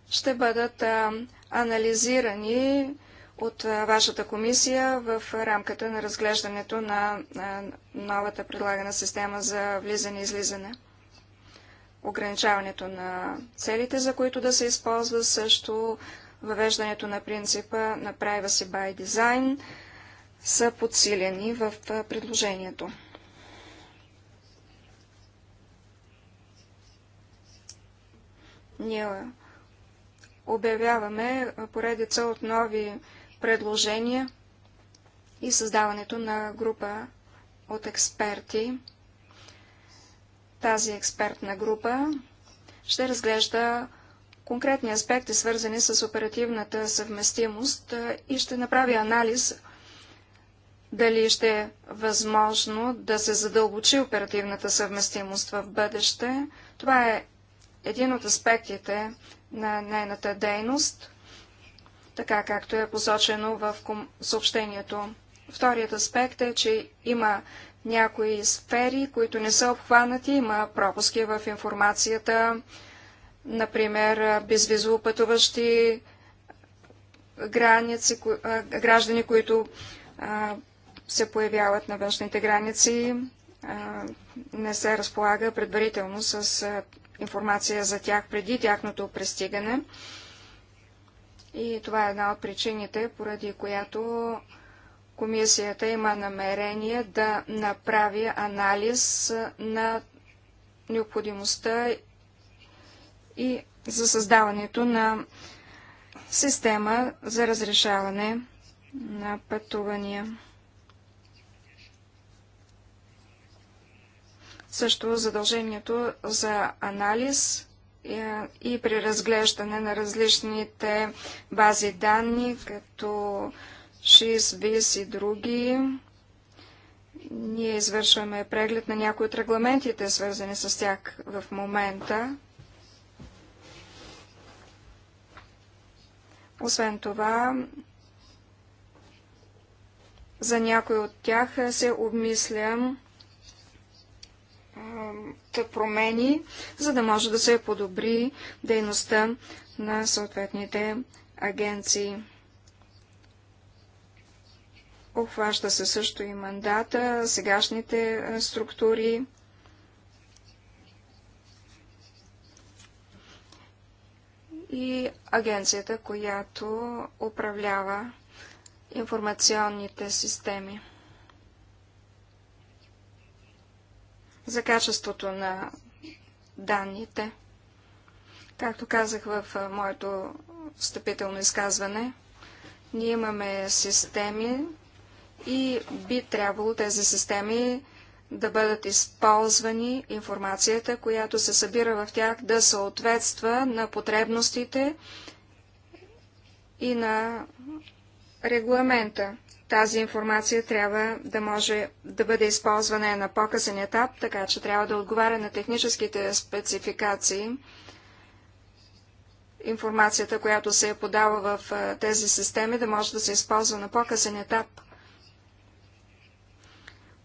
S1: ще бъдат анализирани от вашата комисия в рамката на разглеждането на новата предлагана система за влизане и излизане. Ограничаването на целите, за които да се използва също въвеждането на принципа на privacy by design са подсилени в предложението. Ние обявяваме поредица от нови предложения и създаването на група от експерти. Тази експертна група ще разглежда конкретни аспекти, свързани с оперативната съвместимост и ще направи анализ дали ще е възможно да се задълбочи оперативната съвместимост в бъдеще. Това е един от аспектите на нейната дейност – така както е посочено в съобщението. Вторият аспект е, че има някои сфери, които не са обхванати, има пропуски в информацията, например безвизово пътуващи граници, граждани, които се появяват на външните граници, не се разполага предварително с информация за тях преди тяхното пристигане. И това е една от причините, поради която комисията има намерение да направи анализ на необходимостта и за създаването на система за разрешаване на пътувания. Също задължението за анализ е, и при разглеждане на различните бази данни, като ШИС, БИС и други. Ние извършваме преглед на някои от регламентите, свързани с тях в момента. Освен това, за някои от тях се обмислям промени, за да може да се подобри дейността на съответните агенции. Охваща се също и мандата, сегашните структури. И агенцията, която управлява информационните системи. за качеството на данните. Както казах в моето встъпително изказване, ние имаме системи и би трябвало тези системи да бъдат използвани, информацията, която се събира в тях, да съответства на потребностите и на регламента. Тази информация трябва да може да бъде използвана на по-късен етап, така че трябва да отговаря на техническите спецификации. Информацията, която се е подава в тези системи, да може да се използва на по-късен етап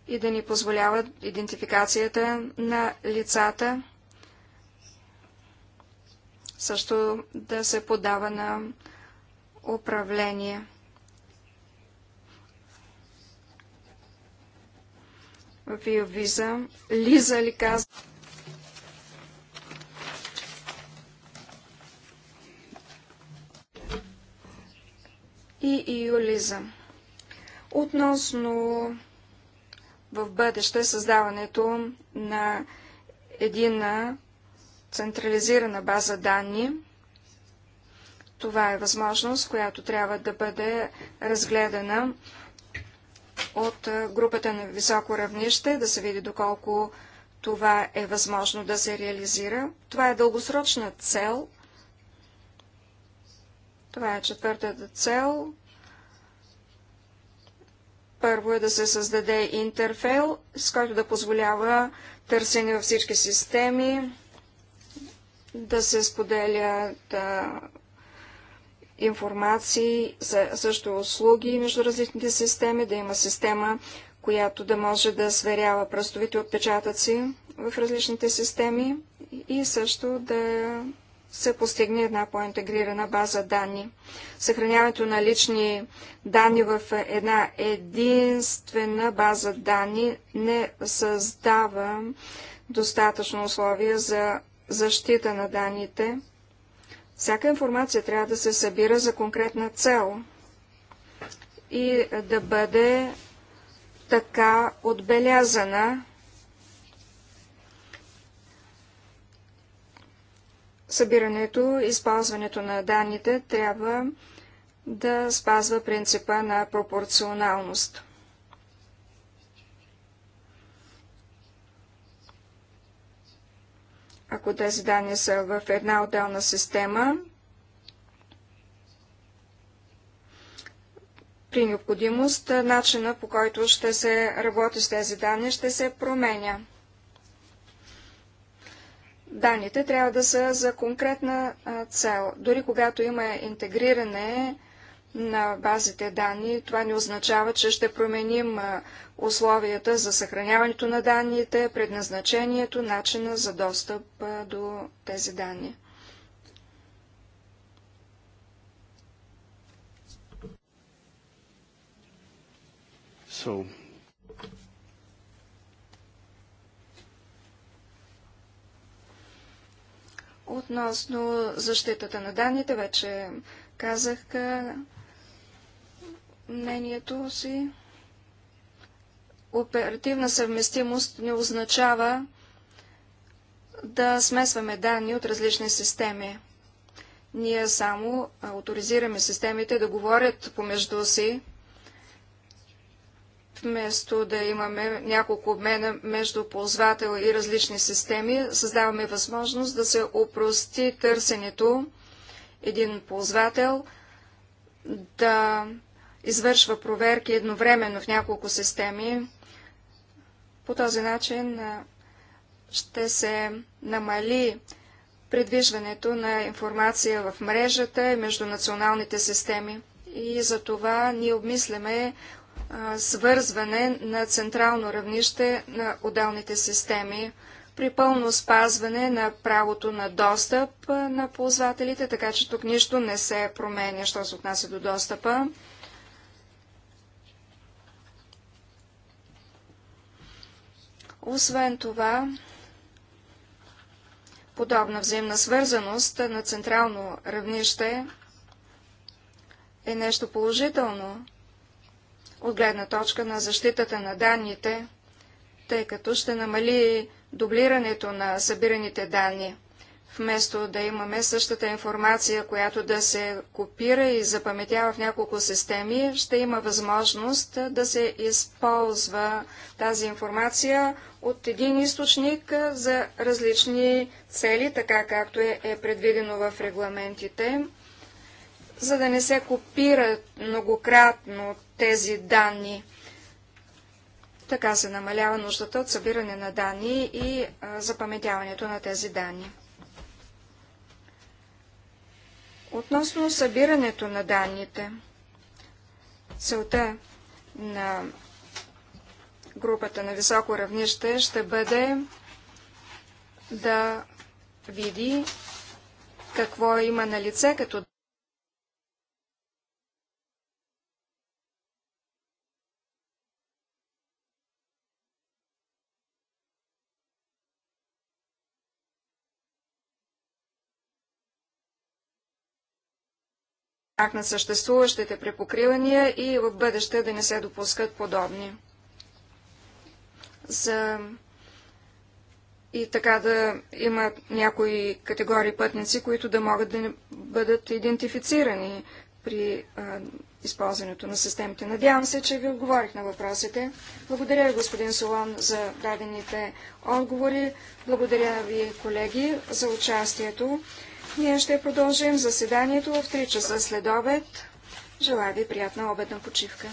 S1: и да ни позволява идентификацията на лицата, също да се подава на управление. Виза, Лиза ли казва? И Юлиза. Относно в бъдеще създаването на едина централизирана база данни, това е възможност, която трябва да бъде разгледана от групата на високо равнище, да се види доколко това е възможно да се реализира. Това е дългосрочна цел. Това е четвъртата цел. Първо е да се създаде интерфейл, с който да позволява търсене във всички системи, да се споделят да, информации, за също услуги между различните системи, да има система, която да може да сверява пръстовите отпечатъци в различните системи и също да се постигне една по-интегрирана база данни. Съхраняването на лични данни в една единствена база данни не създава достатъчно условия за защита на данните, всяка информация трябва да се събира за конкретна цел и да бъде така отбелязана. Събирането и използването на данните трябва да спазва принципа на пропорционалност. ако тези данни са в една отделна система, при необходимост начина по който ще се работи с тези данни ще се променя. Данните трябва да са за конкретна цел. Дори когато има интегриране на базите данни. Това не означава, че ще променим условията за съхраняването на данните, предназначението, начина за достъп до тези данни. So. Относно защитата на данните, вече казах мнението си. Оперативна съвместимост не означава да смесваме данни от различни системи. Ние само авторизираме системите да говорят помежду си, вместо да имаме няколко обмена между ползвател и различни системи, създаваме възможност да се опрости търсенето един ползвател да извършва проверки едновременно в няколко системи. По този начин ще се намали предвижването на информация в мрежата и между националните системи. И за това ние обмисляме свързване на централно равнище на отделните системи при пълно спазване на правото на достъп на ползвателите, така че тук нищо не се променя, що се отнася до достъпа. Освен това, подобна взаимна свързаност на централно равнище е нещо положително от гледна точка на защитата на данните, тъй като ще намали дублирането на събираните данни вместо да имаме същата информация, която да се копира и запаметява в няколко системи, ще има възможност да се използва тази информация от един източник за различни цели, така както е, е предвидено в регламентите, за да не се копират многократно тези данни. Така се намалява нуждата от събиране на данни и запаметяването на тези данни. Относно събирането на данните, целта на групата на високо равнище ще бъде да види какво има на лице като акт на съществуващите препокривания и в бъдеще да не се допускат подобни. За... И така да има някои категории пътници, които да могат да бъдат идентифицирани при а, използването на системите. Надявам се, че ви отговорих на въпросите. Благодаря ви, господин Солон, за дадените отговори. Благодаря ви, колеги, за участието. Ние ще продължим заседанието в 3 часа след обед. Желая ви приятна обедна почивка.